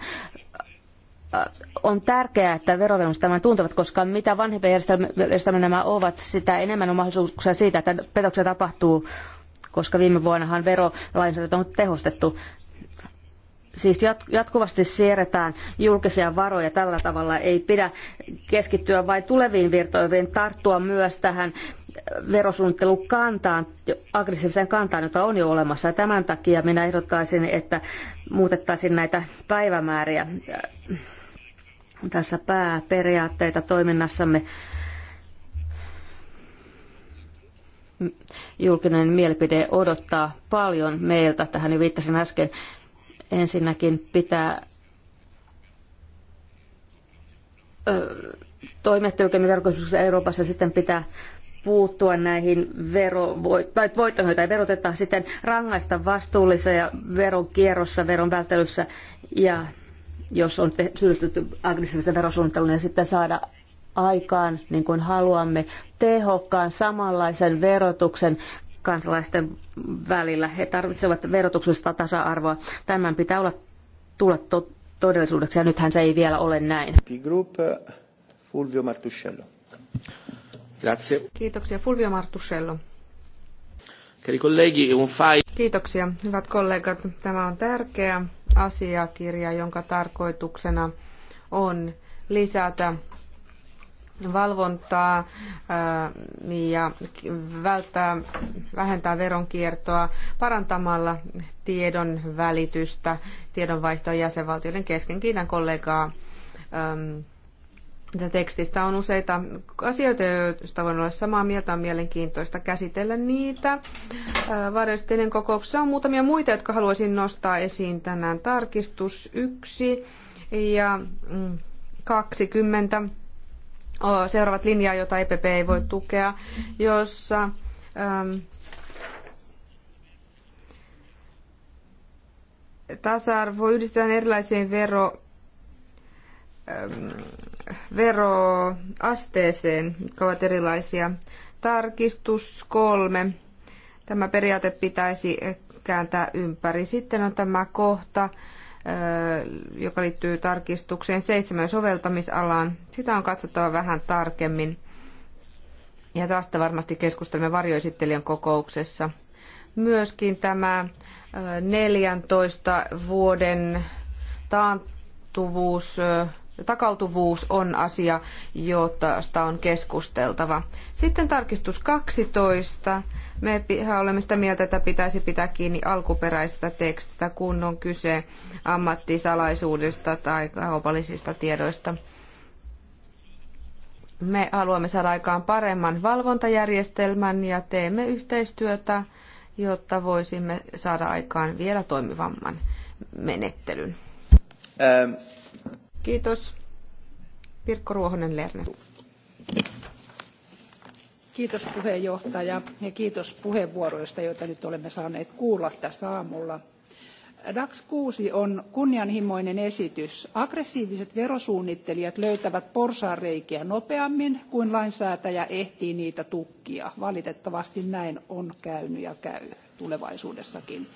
äh, on tärkeää, että verovelvolliset tämän tuntevat, koska mitä vanhempia järjestelmä nämä ovat, sitä enemmän on mahdollisuuksia siitä, että petoksia tapahtuu, koska viime vuonnahan verolainsäädäntö on tehostettu siis jatkuvasti siirretään julkisia varoja tällä tavalla. Ei pidä keskittyä vain tuleviin virtoihin, tarttua myös tähän verosuunnittelukantaan, aggressiiviseen kantaan, jota on jo olemassa. Ja tämän takia minä ehdottaisin, että muutettaisiin näitä päivämääriä äh, tässä pääperiaatteita toiminnassamme. Julkinen mielipide odottaa paljon meiltä, tähän jo viittasin äsken, Ensinnäkin pitää toimettujen tiukemmin Euroopassa, sitten pitää puuttua näihin vero, tai voittoihin, tai ei sitten rangaista vastuullisia ja veron kierrossa, veron välttelyssä ja jos on syyllistytty aggressiivisen verosuunnitteluun ja niin sitten saada aikaan, niin kuin haluamme, tehokkaan samanlaisen verotuksen kansalaisten välillä. He tarvitsevat verotuksesta tasa-arvoa. Tämän pitää olla tulla to- todellisuudeksi ja nythän se ei vielä ole näin. Group, eh, Fulvio Martuscello. Grazie. Kiitoksia Fulvio Martuscello. Kiitoksia, hyvät kollegat. Tämä on tärkeä asiakirja, jonka tarkoituksena on lisätä valvontaa ja välttää, vähentää veronkiertoa parantamalla tiedon välitystä, tiedonvaihtoa jäsenvaltioiden kesken. Kiitän kollegaa tekstistä on useita asioita, joista voin olla samaa mieltä, on mielenkiintoista käsitellä niitä. Varjosteiden kokouksessa on muutamia muita, jotka haluaisin nostaa esiin tänään. Tarkistus 1 ja 20 mm, seuraavat linjaa, jota EPP ei voi tukea, jossa äm, tasa-arvo yhdistetään erilaisiin vero, äm, veroasteeseen, jotka ovat erilaisia. Tarkistus kolme. Tämä periaate pitäisi kääntää ympäri. Sitten on tämä kohta, joka liittyy tarkistukseen seitsemän soveltamisalaan. Sitä on katsottava vähän tarkemmin. Ja tästä varmasti keskustelemme varjoesittelijän kokouksessa. Myöskin tämä 14 vuoden taantuvuus takautuvuus on asia, josta on keskusteltava. Sitten tarkistus 12. Me olemme sitä mieltä, että pitäisi pitää kiinni alkuperäisestä tekstistä, kun on kyse ammattisalaisuudesta tai kaupallisista tiedoista. Me haluamme saada aikaan paremman valvontajärjestelmän ja teemme yhteistyötä, jotta voisimme saada aikaan vielä toimivamman menettelyn. Ähm. Kiitos. Pirkko Ruohonen Lerner. Kiitos puheenjohtaja ja kiitos puheenvuoroista, joita nyt olemme saaneet kuulla tässä aamulla. DAX 6 on kunnianhimoinen esitys. Aggressiiviset verosuunnittelijat löytävät porsaanreikiä nopeammin kuin lainsäätäjä ehtii niitä tukkia. Valitettavasti näin on käynyt ja käy tulevaisuudessakin.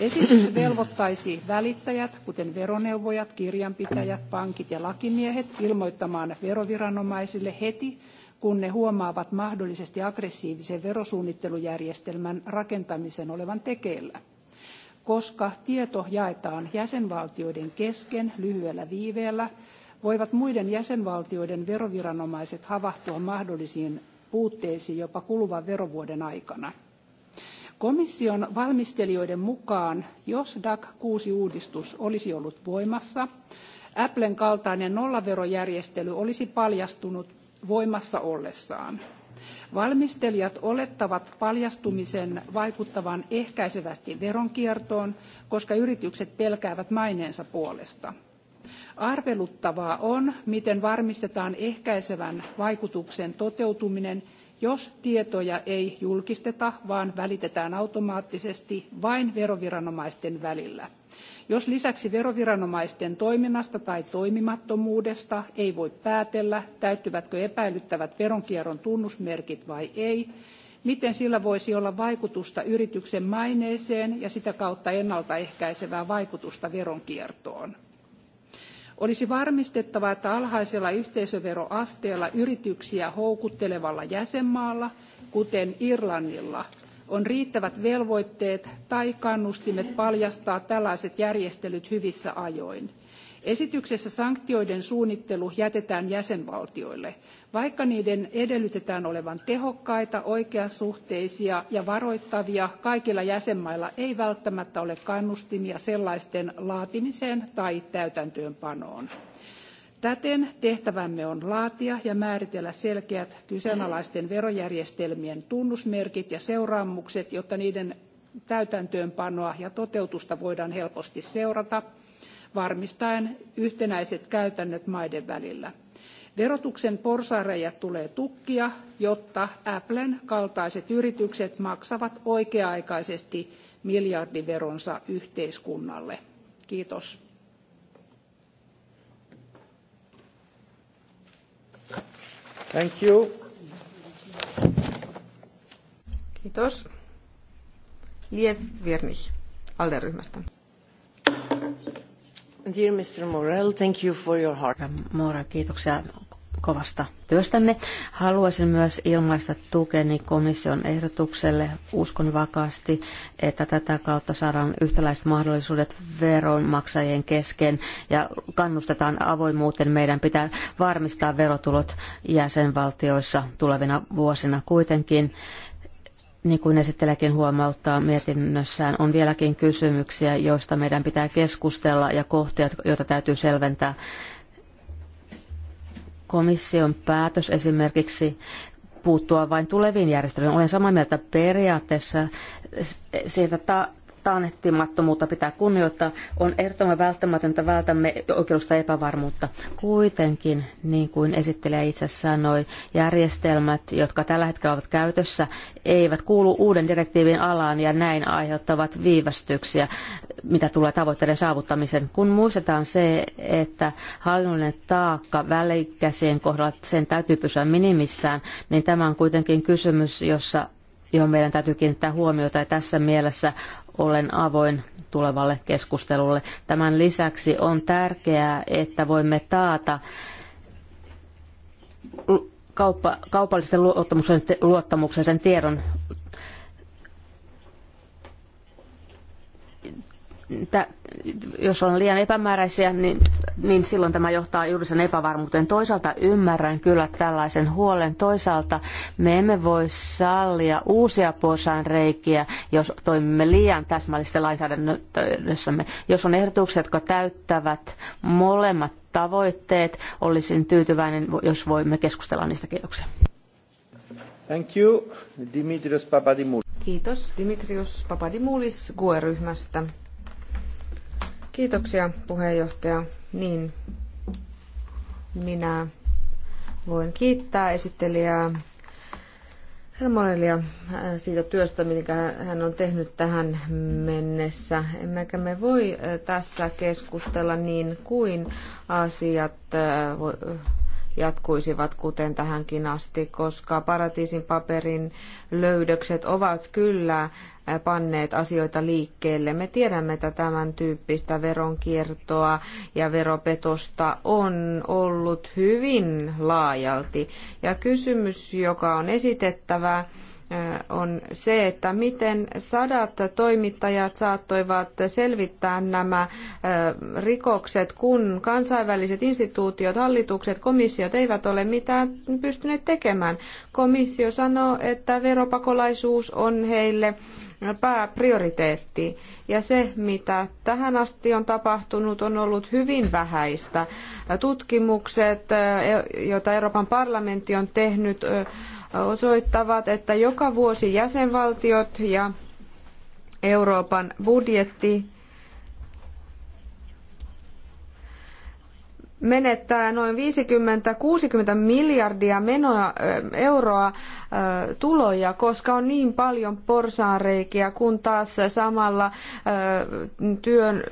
Esitys velvoittaisi välittäjät, kuten veroneuvojat, kirjanpitäjät, pankit ja lakimiehet, ilmoittamaan veroviranomaisille heti, kun ne huomaavat mahdollisesti aggressiivisen verosuunnittelujärjestelmän rakentamisen olevan tekeillä. Koska tieto jaetaan jäsenvaltioiden kesken lyhyellä viiveellä, voivat muiden jäsenvaltioiden veroviranomaiset havahtua mahdollisiin puutteisiin jopa kuluvan verovuoden aikana. Komission valmistelijoiden mukaan, jos DAC 6 uudistus olisi ollut voimassa, Applen kaltainen nollaverojärjestely olisi paljastunut voimassa ollessaan. Valmistelijat olettavat paljastumisen vaikuttavan ehkäisevästi veronkiertoon, koska yritykset pelkäävät maineensa puolesta. Arveluttavaa on, miten varmistetaan ehkäisevän vaikutuksen toteutuminen jos tietoja ei julkisteta, vaan välitetään automaattisesti vain veroviranomaisten välillä. Jos lisäksi veroviranomaisten toiminnasta tai toimimattomuudesta ei voi päätellä, täyttyvätkö epäilyttävät veronkierron tunnusmerkit vai ei, miten sillä voisi olla vaikutusta yrityksen maineeseen ja sitä kautta ennaltaehkäisevää vaikutusta veronkiertoon olisi varmistettava että alhaisella yhteisöveroasteella yrityksiä houkuttelevalla jäsenmaalla kuten irlannilla on riittävät velvoitteet tai kannustimet paljastaa tällaiset järjestelyt hyvissä ajoin. Esityksessä sanktioiden suunnittelu jätetään jäsenvaltioille, vaikka niiden edellytetään olevan tehokkaita, oikeasuhteisia ja varoittavia. Kaikilla jäsenmailla ei välttämättä ole kannustimia sellaisten laatimiseen tai täytäntöönpanoon. Täten tehtävämme on laatia ja määritellä selkeät kyseenalaisten verojärjestelmien tunnusmerkit ja seuraamukset, jotta niiden täytäntöönpanoa ja toteutusta voidaan helposti seurata varmistaen yhtenäiset käytännöt maiden välillä. Verotuksen porsaanreiät tulee tukkia, jotta Applen kaltaiset yritykset maksavat oikea-aikaisesti miljardiveronsa yhteiskunnalle. Kiitos. Thank you. Kiitos. Liev Virnich, alderyhmästä. Dear Mr. Morel, thank you for your kiitoksia kovasta työstänne. Haluaisin myös ilmaista tukeni komission ehdotukselle. Uskon vakaasti, että tätä kautta saadaan yhtäläiset mahdollisuudet veronmaksajien kesken ja kannustetaan avoimuuteen. Meidän pitää varmistaa verotulot jäsenvaltioissa tulevina vuosina kuitenkin niin kuin esittelijäkin huomauttaa mietinnössään, on vieläkin kysymyksiä, joista meidän pitää keskustella ja kohtia, joita täytyy selventää. Komission päätös esimerkiksi puuttua vain tuleviin järjestelyihin. Olen samaa mieltä periaatteessa siitä ta- taannehtimattomuutta pitää kunnioittaa, on ehdottoman välttämätöntä vältämme oikeudesta epävarmuutta. Kuitenkin, niin kuin esittelijä itse sanoi, järjestelmät, jotka tällä hetkellä ovat käytössä, eivät kuulu uuden direktiivin alaan ja näin aiheuttavat viivästyksiä, mitä tulee tavoitteiden saavuttamisen. Kun muistetaan se, että hallinnollinen taakka välikäsien kohdalla sen täytyy pysyä minimissään, niin tämä on kuitenkin kysymys, jossa johon meidän täytyy kiinnittää huomiota. Ja tässä mielessä olen avoin tulevalle keskustelulle. Tämän lisäksi on tärkeää, että voimme taata kauppa, kaupallisten luottamuksen, luottamuksen sen tiedon jos on liian epämääräisiä, niin niin silloin tämä johtaa juuri sen epävarmuuteen. Toisaalta ymmärrän kyllä tällaisen huolen. Toisaalta me emme voi sallia uusia reikiä jos toimimme liian täsmällisesti lainsäädännössämme. Jos on ehdotukset, jotka täyttävät molemmat tavoitteet, olisin tyytyväinen, jos voimme keskustella niistä. Kiitoksia. Thank you, Dimitrios Papadimoulis. Kiitos, Dimitrios Papadimoulis GUE-ryhmästä. Kiitoksia, puheenjohtaja. Niin, minä voin kiittää esittelijää Helmonelia äh, siitä työstä, mitä hän on tehnyt tähän mennessä. Emmekä me voi äh, tässä keskustella niin kuin asiat äh, jatkuisivat kuten tähänkin asti, koska paratiisin paperin löydökset ovat kyllä panneet asioita liikkeelle. Me tiedämme, että tämän tyyppistä veronkiertoa ja veropetosta on ollut hyvin laajalti. Ja kysymys, joka on esitettävä, on se, että miten sadat toimittajat saattoivat selvittää nämä rikokset, kun kansainväliset instituutiot, hallitukset, komissiot eivät ole mitään pystyneet tekemään. Komissio sanoo, että veropakolaisuus on heille pääprioriteetti. Ja se, mitä tähän asti on tapahtunut, on ollut hyvin vähäistä. Tutkimukset, e, joita Euroopan parlamentti on tehnyt, osoittavat, että joka vuosi jäsenvaltiot ja Euroopan budjetti menettää noin 50-60 miljardia menoa, euroa tuloja, koska on niin paljon porsaanreikiä, kun taas samalla työn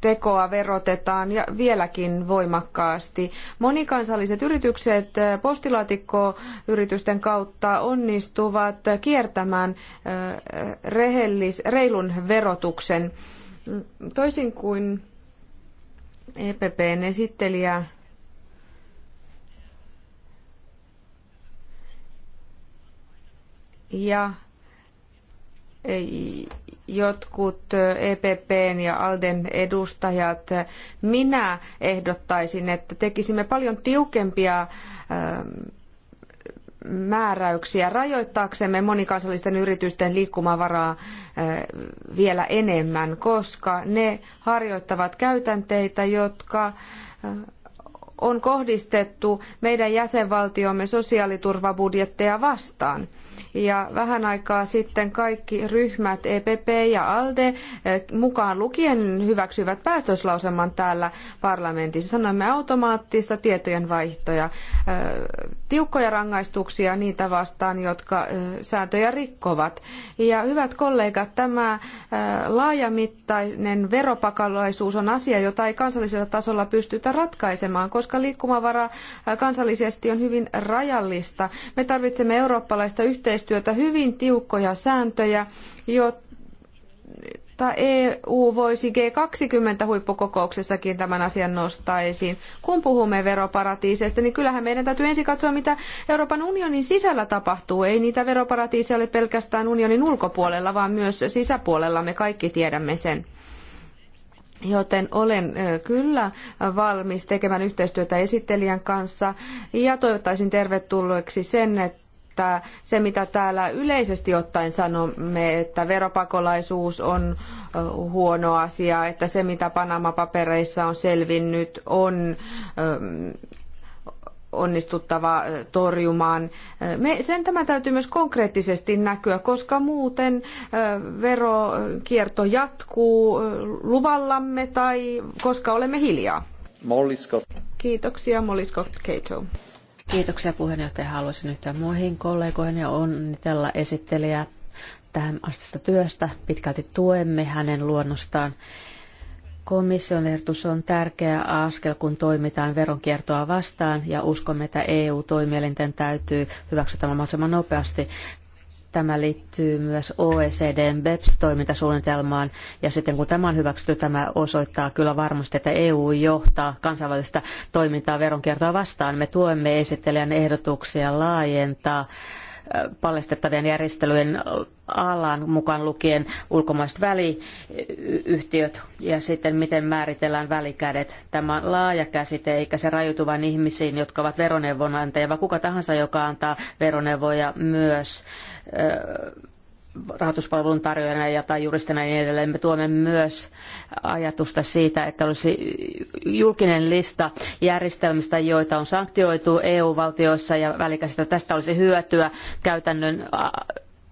tekoa verotetaan ja vieläkin voimakkaasti. Monikansalliset yritykset eh, postilaatikkoyritysten kautta onnistuvat kiertämään eh, rehellis, reilun verotuksen. Toisin kuin EPPn esittelijä ja ei, eh, jotkut EPPn ja ALDEn edustajat, minä ehdottaisin, että tekisimme paljon tiukempia ähm, määräyksiä rajoittaaksemme monikansallisten yritysten liikkumavaraa äh, vielä enemmän, koska ne harjoittavat käytänteitä, jotka äh, on kohdistettu meidän jäsenvaltiomme sosiaaliturvabudjetteja vastaan. Ja vähän aikaa sitten kaikki ryhmät EPP ja ALDE eh, mukaan lukien hyväksyivät päästöslauseman täällä parlamentissa. Sanoimme automaattista tietojen vaihtoja, eh, tiukkoja rangaistuksia niitä vastaan, jotka eh, sääntöjä rikkovat. Ja hyvät kollegat, tämä laajamittainen veropakalaisuus on asia, jota ei kansallisella tasolla pystytä ratkaisemaan, koska koska liikkumavara äh, kansallisesti on hyvin rajallista. Me tarvitsemme eurooppalaista yhteistyötä, hyvin tiukkoja sääntöjä, jotta EU voisi G20-huippukokouksessakin tämän asian nostaa esiin. Kun puhumme veroparatiiseista, niin kyllähän meidän täytyy ensin katsoa, mitä Euroopan unionin sisällä tapahtuu. Ei niitä veroparatiiseja ole pelkästään unionin ulkopuolella, vaan myös sisäpuolella. Me kaikki tiedämme sen. Joten olen kyllä valmis tekemään yhteistyötä esittelijän kanssa ja toivottaisin tervetulleeksi sen, että että se mitä täällä yleisesti ottaen sanomme, että veropakolaisuus on huono asia, että se mitä Panama-papereissa on selvinnyt on onnistuttava torjumaan. Me, sen tämä täytyy myös konkreettisesti näkyä, koska muuten verokierto jatkuu luvallamme tai koska olemme hiljaa. Molliskot. Kiitoksia Molly Scott Kiitoksia puheenjohtaja. Haluaisin yhtyä muihin kollegoihin ja onnitella esittelijää tähän astista työstä. Pitkälti tuemme hänen luonnostaan Komission ehdotus on tärkeä askel, kun toimitaan veronkiertoa vastaan ja uskomme, että EU-toimielinten täytyy hyväksyä tämä mahdollisimman nopeasti. Tämä liittyy myös OECDn BEPS-toimintasuunnitelmaan ja sitten kun tämä on hyväksytty, tämä osoittaa kyllä varmasti, että EU johtaa kansainvälistä toimintaa veronkiertoa vastaan. Me tuemme esittelijän ehdotuksia laajentaa paljastettavien järjestelyjen alan mukaan lukien ulkomaiset väliyhtiöt ja sitten miten määritellään välikädet. Tämä on laaja käsite eikä se rajoitu vain ihmisiin, jotka ovat veroneuvonantajia, vaan kuka tahansa, joka antaa veroneuvoja myös rahoituspalvelun tarjoajana ja tai juristina ja niin edelleen. Me tuomme myös ajatusta siitä, että olisi julkinen lista järjestelmistä, joita on sanktioitu EU-valtioissa ja välikäsistä. Tästä olisi hyötyä käytännön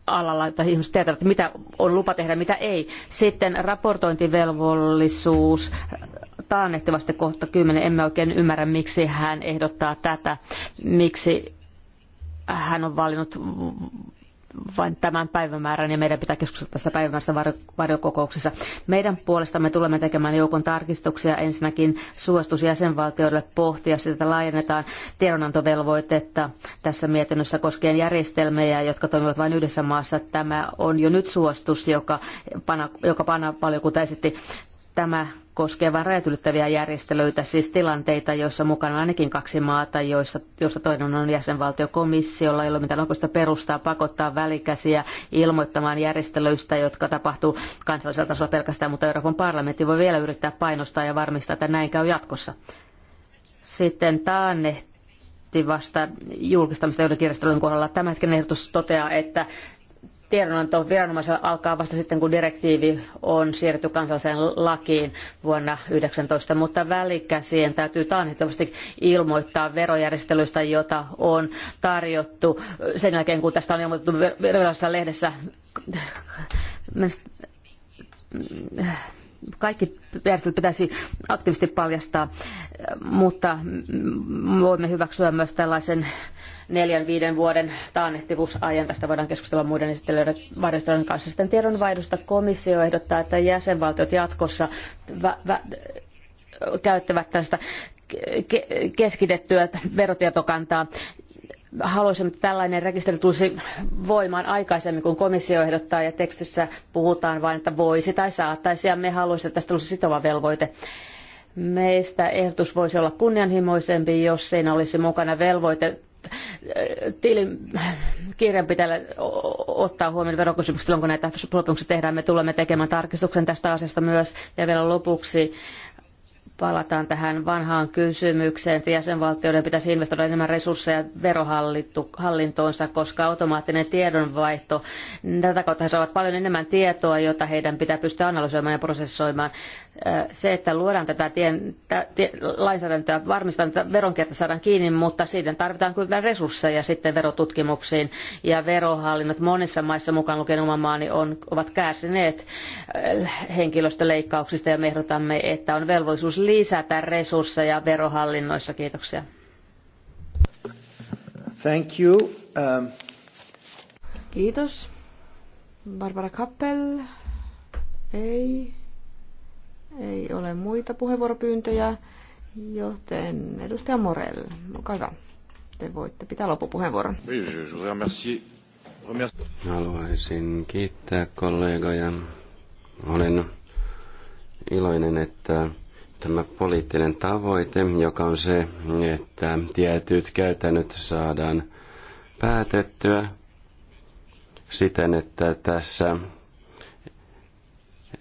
alalla, että ihmiset tietävät, mitä on lupa tehdä, mitä ei. Sitten raportointivelvollisuus taannehtivasti kohta 10. Emme oikein ymmärrä, miksi hän ehdottaa tätä, miksi hän on valinnut vain tämän päivämäärän ja meidän pitää keskustella tässä päivämäärästä varjokokouksessa. Meidän puolestamme tulemme tekemään joukon tarkistuksia. Ensinnäkin suositus jäsenvaltioille pohtia sitä, että laajennetaan tiedonantovelvoitetta tässä mietinnössä koskien järjestelmiä, jotka toimivat vain yhdessä maassa. Tämä on jo nyt suositus, joka, pana, joka pana valiokunta esitti. Tämä koskee vain rajat ylittäviä järjestelyitä, siis tilanteita, joissa mukana on ainakin kaksi maata, joissa, joista toinen on jolla ei ole mitään oikeastaan perustaa pakottaa välikäsiä ilmoittamaan järjestelyistä, jotka tapahtuu kansallisella tasolla pelkästään, mutta Euroopan parlamentti voi vielä yrittää painostaa ja varmistaa, että näin käy jatkossa. Sitten taannehti vasta julkistamista joiden kirjastolun kohdalla. hetken ehdotus toteaa, että tiedonanto viranomaisella alkaa vasta sitten, kun direktiivi on siirretty kansalliseen lakiin vuonna 19, mutta välikäsien täytyy taannehtivasti ilmoittaa verojärjestelyistä, jota on tarjottu sen jälkeen, kun tästä on ilmoitettu virallisessa lehdessä kaikki järjestöt pitäisi aktiivisesti paljastaa, mutta voimme hyväksyä myös tällaisen neljän, viiden vuoden taannehtivuusajan. Tästä voidaan keskustella muiden varjostojen kanssa. Sitten tiedonvaihdosta komissio ehdottaa, että jäsenvaltiot jatkossa käyttävät tällaista keskitettyä verotietokantaa haluaisimme, että tällainen rekisteri tulisi voimaan aikaisemmin kuin komissio ehdottaa ja tekstissä puhutaan vain, että voisi tai saattaisi ja me haluaisimme, että tästä tulisi sitova velvoite. Meistä ehdotus voisi olla kunnianhimoisempi, jos siinä olisi mukana velvoite äh, tilin kirjanpitäjälle ottaa huomioon verokysymykset, silloin kun näitä sopimuksia tehdään. Me tulemme tekemään tarkistuksen tästä asiasta myös. Ja vielä lopuksi palataan tähän vanhaan kysymykseen, että jäsenvaltioiden pitäisi investoida enemmän resursseja verohallintoonsa, koska automaattinen tiedonvaihto, tätä kautta he saavat paljon enemmän tietoa, jota heidän pitää pystyä analysoimaan ja prosessoimaan. Äh, se, että luodaan tätä tien, tä, tie, lainsäädäntöä, varmistetaan, että veronkierto saadaan kiinni, mutta siitä tarvitaan kyllä resursseja sitten verotutkimuksiin. Ja verohallinnot monissa maissa, mukaan lukien oma maani, on, ovat kärsineet äh, henkilöstöleikkauksista ja me ehdotamme, että on velvollisuus lisätä resursseja verohallinnoissa. Kiitoksia. Thank you. Um... Kiitos. Barbara Kappel. Ei. Ei ole muita puheenvuoropyyntöjä, joten edustaja Morel, olkaa hyvä. Te voitte pitää loppupuheenvuoron. Haluaisin kiittää kollegoja. Olen iloinen, että tämä poliittinen tavoite, joka on se, että tietyt käytännöt saadaan päätettyä siten, että tässä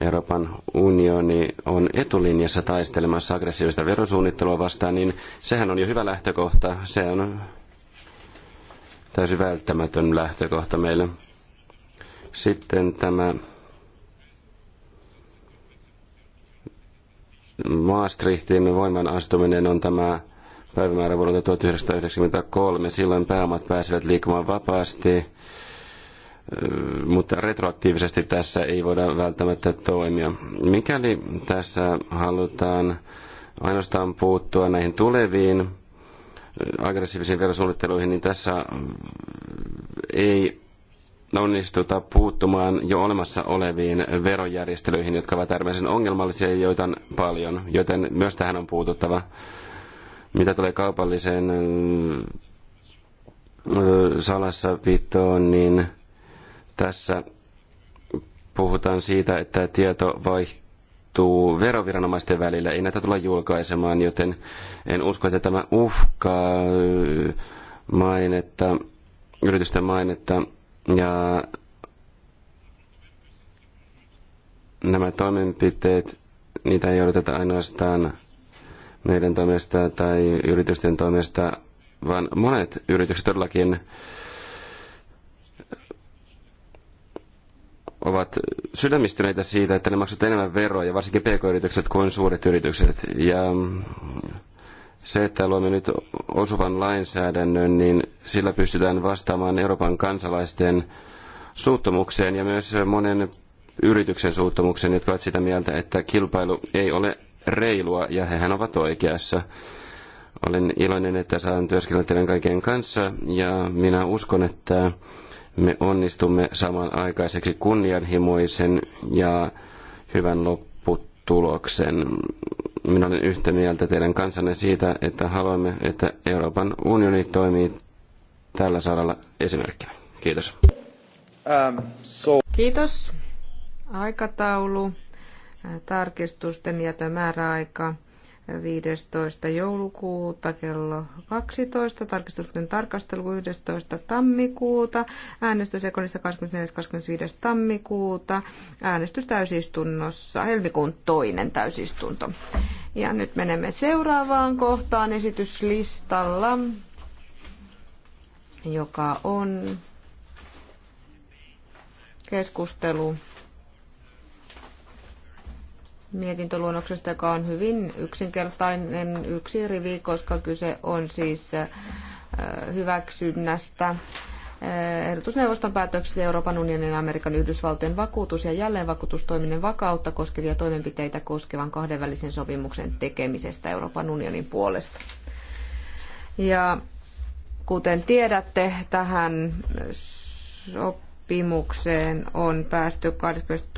Euroopan unioni on etulinjassa taistelemassa aggressiivista verosuunnittelua vastaan, niin sehän on jo hyvä lähtökohta. Se on täysin välttämätön lähtökohta meille. Sitten tämä Maastrichtin voiman astuminen on tämä päivämäärä vuodelta 1993. Silloin pääomat pääsevät liikkumaan vapaasti, mutta retroaktiivisesti tässä ei voida välttämättä toimia. Mikäli tässä halutaan ainoastaan puuttua näihin tuleviin aggressiivisiin verosuunnitteluihin, niin tässä ei onnistuta puuttumaan jo olemassa oleviin verojärjestelyihin, jotka ovat äärimmäisen ongelmallisia ja joita on paljon, joten myös tähän on puututtava. Mitä tulee kaupalliseen salassapitoon, niin tässä puhutaan siitä, että tieto vaihtuu veroviranomaisten välillä. Ei näitä tulla julkaisemaan, joten en usko, että tämä uhkaa mainetta, yritysten mainetta ja nämä toimenpiteet, niitä ei odoteta ainoastaan meidän toimesta tai yritysten toimesta, vaan monet yritykset todellakin ovat sydämistyneitä siitä, että ne maksavat enemmän veroja, varsinkin pk-yritykset kuin suuret yritykset. Ja se, että luomme nyt osuvan lainsäädännön, niin sillä pystytään vastaamaan Euroopan kansalaisten suuttumukseen ja myös monen yrityksen suuttumukseen, jotka ovat sitä mieltä, että kilpailu ei ole reilua ja hehän ovat oikeassa. Olen iloinen, että saan työskennellä teidän kaikkien kanssa ja minä uskon, että me onnistumme samanaikaiseksi kunnianhimoisen ja hyvän loppuun tuloksen. Minä olen yhtä mieltä teidän kanssanne siitä, että haluamme, että Euroopan unioni toimii tällä saralla esimerkkinä. Kiitos. Ähm, Kiitos. Aikataulu, äh, tarkistusten jätömääräaika 15. joulukuuta kello 12, tarkistusten tarkastelu 11. tammikuuta, äänestys Ekonissa 24 tammikuuta, äänestys täysistunnossa, helmikuun toinen täysistunto. Ja nyt menemme seuraavaan kohtaan esityslistalla, joka on keskustelu mietintöluonnoksesta, joka on hyvin yksinkertainen yksi rivi, koska kyse on siis äh, hyväksynnästä. Äh, ehdotusneuvoston päätöksistä Euroopan unionin ja Amerikan Yhdysvaltojen vakuutus- ja jälleenvakuutustoiminnan vakautta koskevia toimenpiteitä koskevan kahdenvälisen sopimuksen tekemisestä Euroopan unionin puolesta. Ja kuten tiedätte, tähän sop- sopimukseen on päästy 22.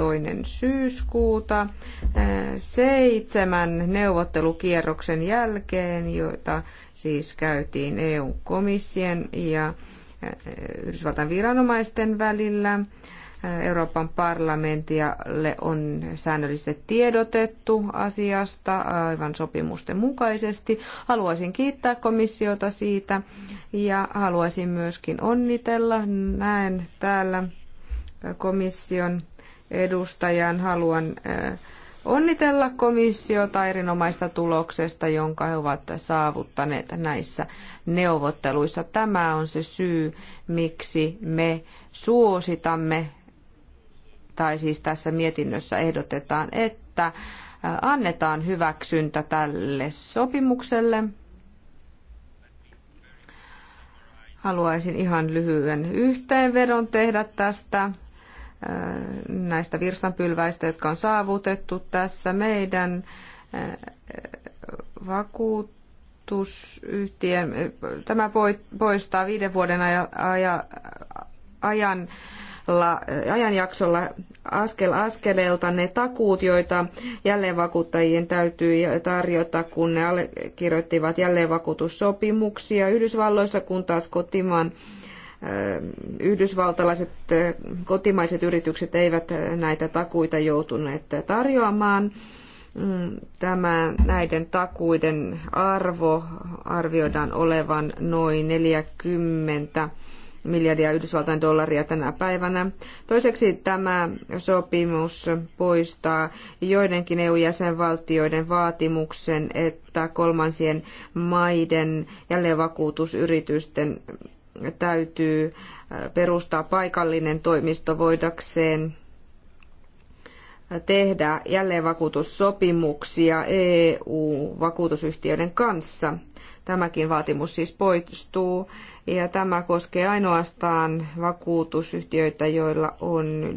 syyskuuta seitsemän neuvottelukierroksen jälkeen, joita siis käytiin EU-komission ja Yhdysvaltain viranomaisten välillä. Euroopan parlamentille on säännöllisesti tiedotettu asiasta aivan sopimusten mukaisesti. Haluaisin kiittää komissiota siitä ja haluaisin myöskin onnitella. Näen täällä komission edustajan. Haluan eh, onnitella komissiota erinomaista tuloksesta, jonka he ovat saavuttaneet näissä neuvotteluissa. Tämä on se syy, miksi me suositamme tai siis tässä mietinnössä ehdotetaan, että annetaan hyväksyntä tälle sopimukselle. Haluaisin ihan lyhyen yhteenvedon tehdä tästä näistä virstanpylväistä, jotka on saavutettu tässä meidän vakuutusyhtiön. Tämä poistaa viiden vuoden ajan ajanjaksolla askel askeleelta ne takuut, joita jälleenvakuuttajien täytyy tarjota, kun ne allekirjoittivat jälleenvakuutussopimuksia Yhdysvalloissa, kun taas kotimaan yhdysvaltalaiset kotimaiset yritykset eivät näitä takuita joutuneet tarjoamaan. Mm, tämä näiden takuiden arvo arvioidaan olevan noin 40 miljardia Yhdysvaltain dollaria tänä päivänä. Toiseksi tämä sopimus poistaa joidenkin EU-jäsenvaltioiden vaatimuksen, että kolmansien maiden jälleenvakuutusyritysten täytyy perustaa paikallinen toimisto voidakseen tehdä jälleenvakuutussopimuksia EU-vakuutusyhtiöiden kanssa. Tämäkin vaatimus siis poistuu ja tämä koskee ainoastaan vakuutusyhtiöitä, joilla on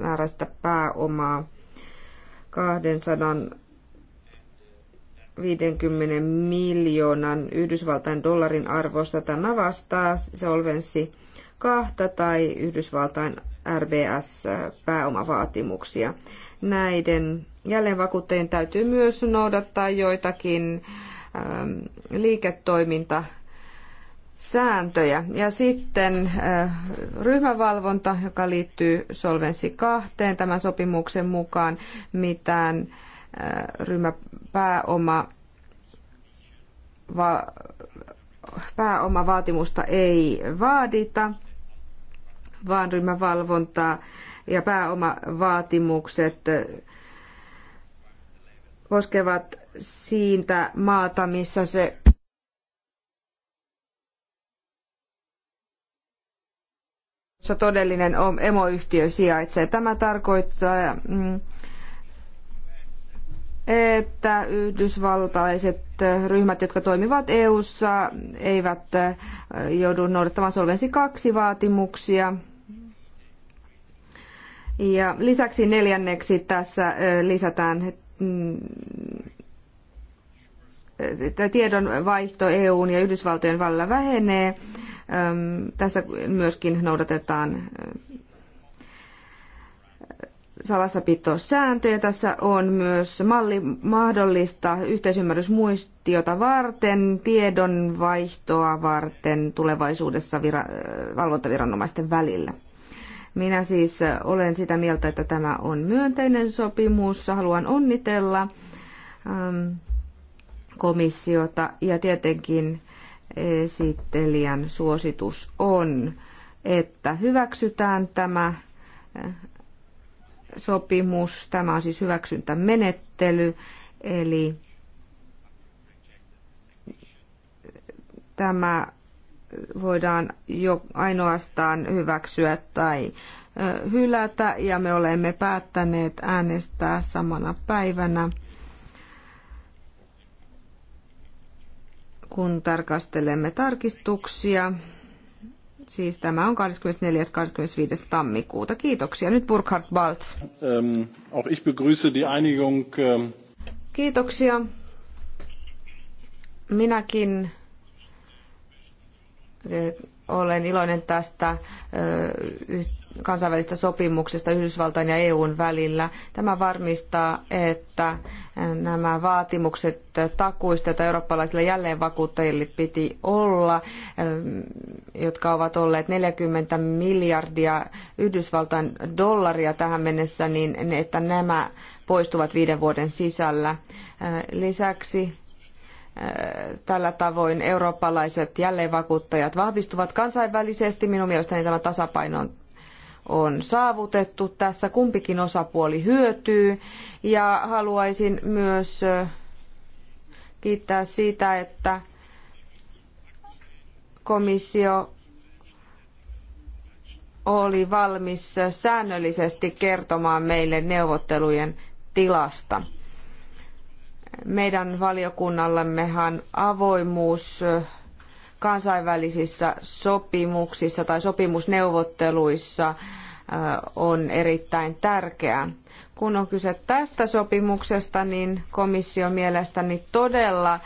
määräistä pääomaa 250 miljoonan Yhdysvaltain dollarin arvosta. Tämä vastaa solvenssi kahta tai Yhdysvaltain RBS-pääomavaatimuksia. Näiden jälleenvakuuttajien täytyy myös noudattaa joitakin Ähm, liiketoiminta sääntöjä. Ja sitten äh, ryhmävalvonta, joka liittyy Solvenssi kahteen tämän sopimuksen mukaan, mitään äh, ryhmäpääoma va, pääomavaatimusta ei vaadita, vaan ryhmävalvontaa ja pääomavaatimukset äh, koskevat siitä maata, missä se todellinen emoyhtiö sijaitsee. Tämä tarkoittaa, mm, että yhdysvaltalaiset ryhmät, jotka toimivat EU:ssa, eivät joudu noudattamaan solvensi kaksi vaatimuksia. Ja lisäksi neljänneksi tässä lisätään mm, tiedon vaihto EUn ja Yhdysvaltojen välillä vähenee. Tässä myöskin noudatetaan salassapitosääntöjä. Tässä on myös malli mahdollista yhteisymmärrysmuistiota varten, tiedonvaihtoa varten tulevaisuudessa vira- valvontaviranomaisten välillä. Minä siis olen sitä mieltä, että tämä on myönteinen sopimus. Haluan onnitella. Ähm, komissiota ja tietenkin esittelijän suositus on, että hyväksytään tämä eh, sopimus. Tämä on siis hyväksyntämenettely, eli tämä voidaan jo ainoastaan hyväksyä tai eh, hylätä, ja me olemme päättäneet äänestää samana päivänä kun tarkastelemme tarkistuksia. Siis tämä on 24. 25. tammikuuta. Kiitoksia. Nyt Burkhard Balz. Ähm, auch ich begrüße die Einigung. Ähm... Kiitoksia. Minäkin äh, olen iloinen tästä äh, kansainvälistä sopimuksesta Yhdysvaltain ja EUn välillä. Tämä varmistaa, että nämä vaatimukset takuista, joita eurooppalaisilla jälleenvakuuttajille piti olla, eh, jotka ovat olleet 40 miljardia Yhdysvaltain dollaria tähän mennessä, niin että nämä poistuvat viiden vuoden sisällä. Eh, lisäksi eh, tällä tavoin eurooppalaiset jälleenvakuuttajat vahvistuvat kansainvälisesti. Minun mielestäni tämä tasapaino on on saavutettu. Tässä kumpikin osapuoli hyötyy ja haluaisin myös kiittää siitä, että komissio oli valmis säännöllisesti kertomaan meille neuvottelujen tilasta. Meidän valiokunnallemmehan avoimuus kansainvälisissä sopimuksissa tai sopimusneuvotteluissa on erittäin tärkeää. Kun on kyse tästä sopimuksesta, niin komissio mielestäni todella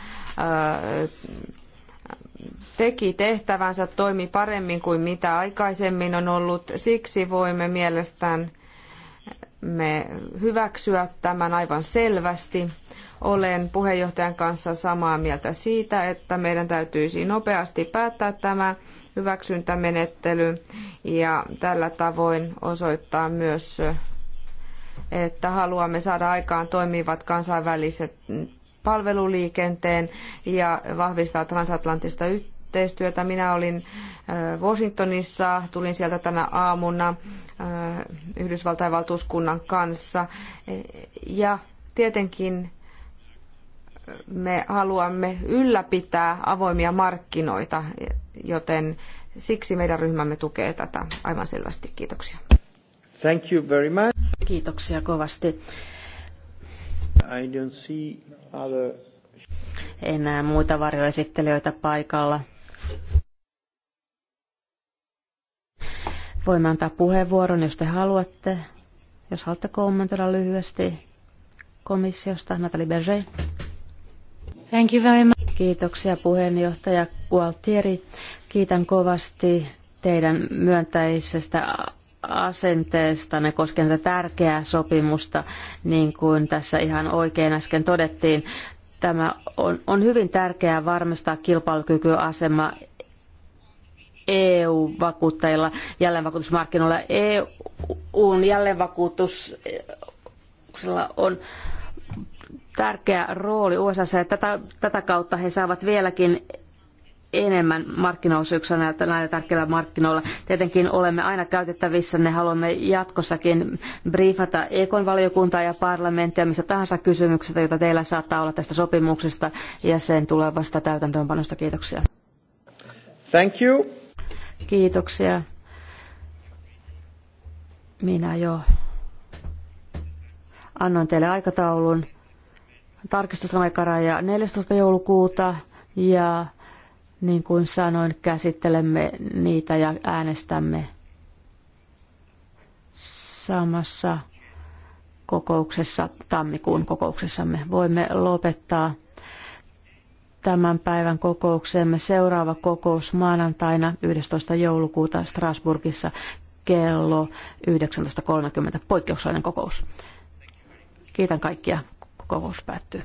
teki tehtävänsä, toimi paremmin kuin mitä aikaisemmin on ollut. Siksi voimme mielestämme hyväksyä tämän aivan selvästi. Olen puheenjohtajan kanssa samaa mieltä siitä, että meidän täytyisi nopeasti päättää tämä hyväksyntämenettely ja tällä tavoin osoittaa myös, että haluamme saada aikaan toimivat kansainväliset palveluliikenteen ja vahvistaa transatlanttista yhteistyötä. Minä olin Washingtonissa, tulin sieltä tänä aamuna Yhdysvaltain valtuuskunnan kanssa ja tietenkin me haluamme ylläpitää avoimia markkinoita, joten siksi meidän ryhmämme tukee tätä aivan selvästi. Kiitoksia. Thank you very much. Kiitoksia kovasti. I don't see other... En näe muita varjoesittelijöitä paikalla. Voimme antaa puheenvuoron, jos te haluatte. Jos haluatte kommentoida lyhyesti komissiosta, Nathalie Berger. Thank you very much. Kiitoksia puheenjohtaja Gualtieri. Kiitän kovasti teidän myönteisestä asenteestanne koskien tätä tärkeää sopimusta, niin kuin tässä ihan oikein äsken todettiin. Tämä on, on hyvin tärkeää varmistaa kilpailukykyasema EU-vakuuttajilla jälleenvakuutusmarkkinoilla. EUn jälleenvakuutuksella on tärkeä rooli USA ja tätä, tätä kautta he saavat vieläkin enemmän markkinaosuuksia näillä tärkeillä markkinoilla. Tietenkin olemme aina käytettävissä, ne haluamme jatkossakin briefata Ekon valiokuntaa ja parlamenttia missä tahansa kysymyksestä, joita teillä saattaa olla tästä sopimuksesta ja sen tulevasta täytäntöönpanosta. Kiitoksia. Thank you. Kiitoksia. Minä jo annoin teille aikataulun tarkistusten aikaraja 14. joulukuuta ja niin kuin sanoin, käsittelemme niitä ja äänestämme samassa kokouksessa, tammikuun kokouksessamme. Voimme lopettaa tämän päivän kokouksemme seuraava kokous maanantaina 11. joulukuuta Strasbourgissa kello 19.30 poikkeuksellinen kokous. Kiitän kaikkia. Kokous päättyy.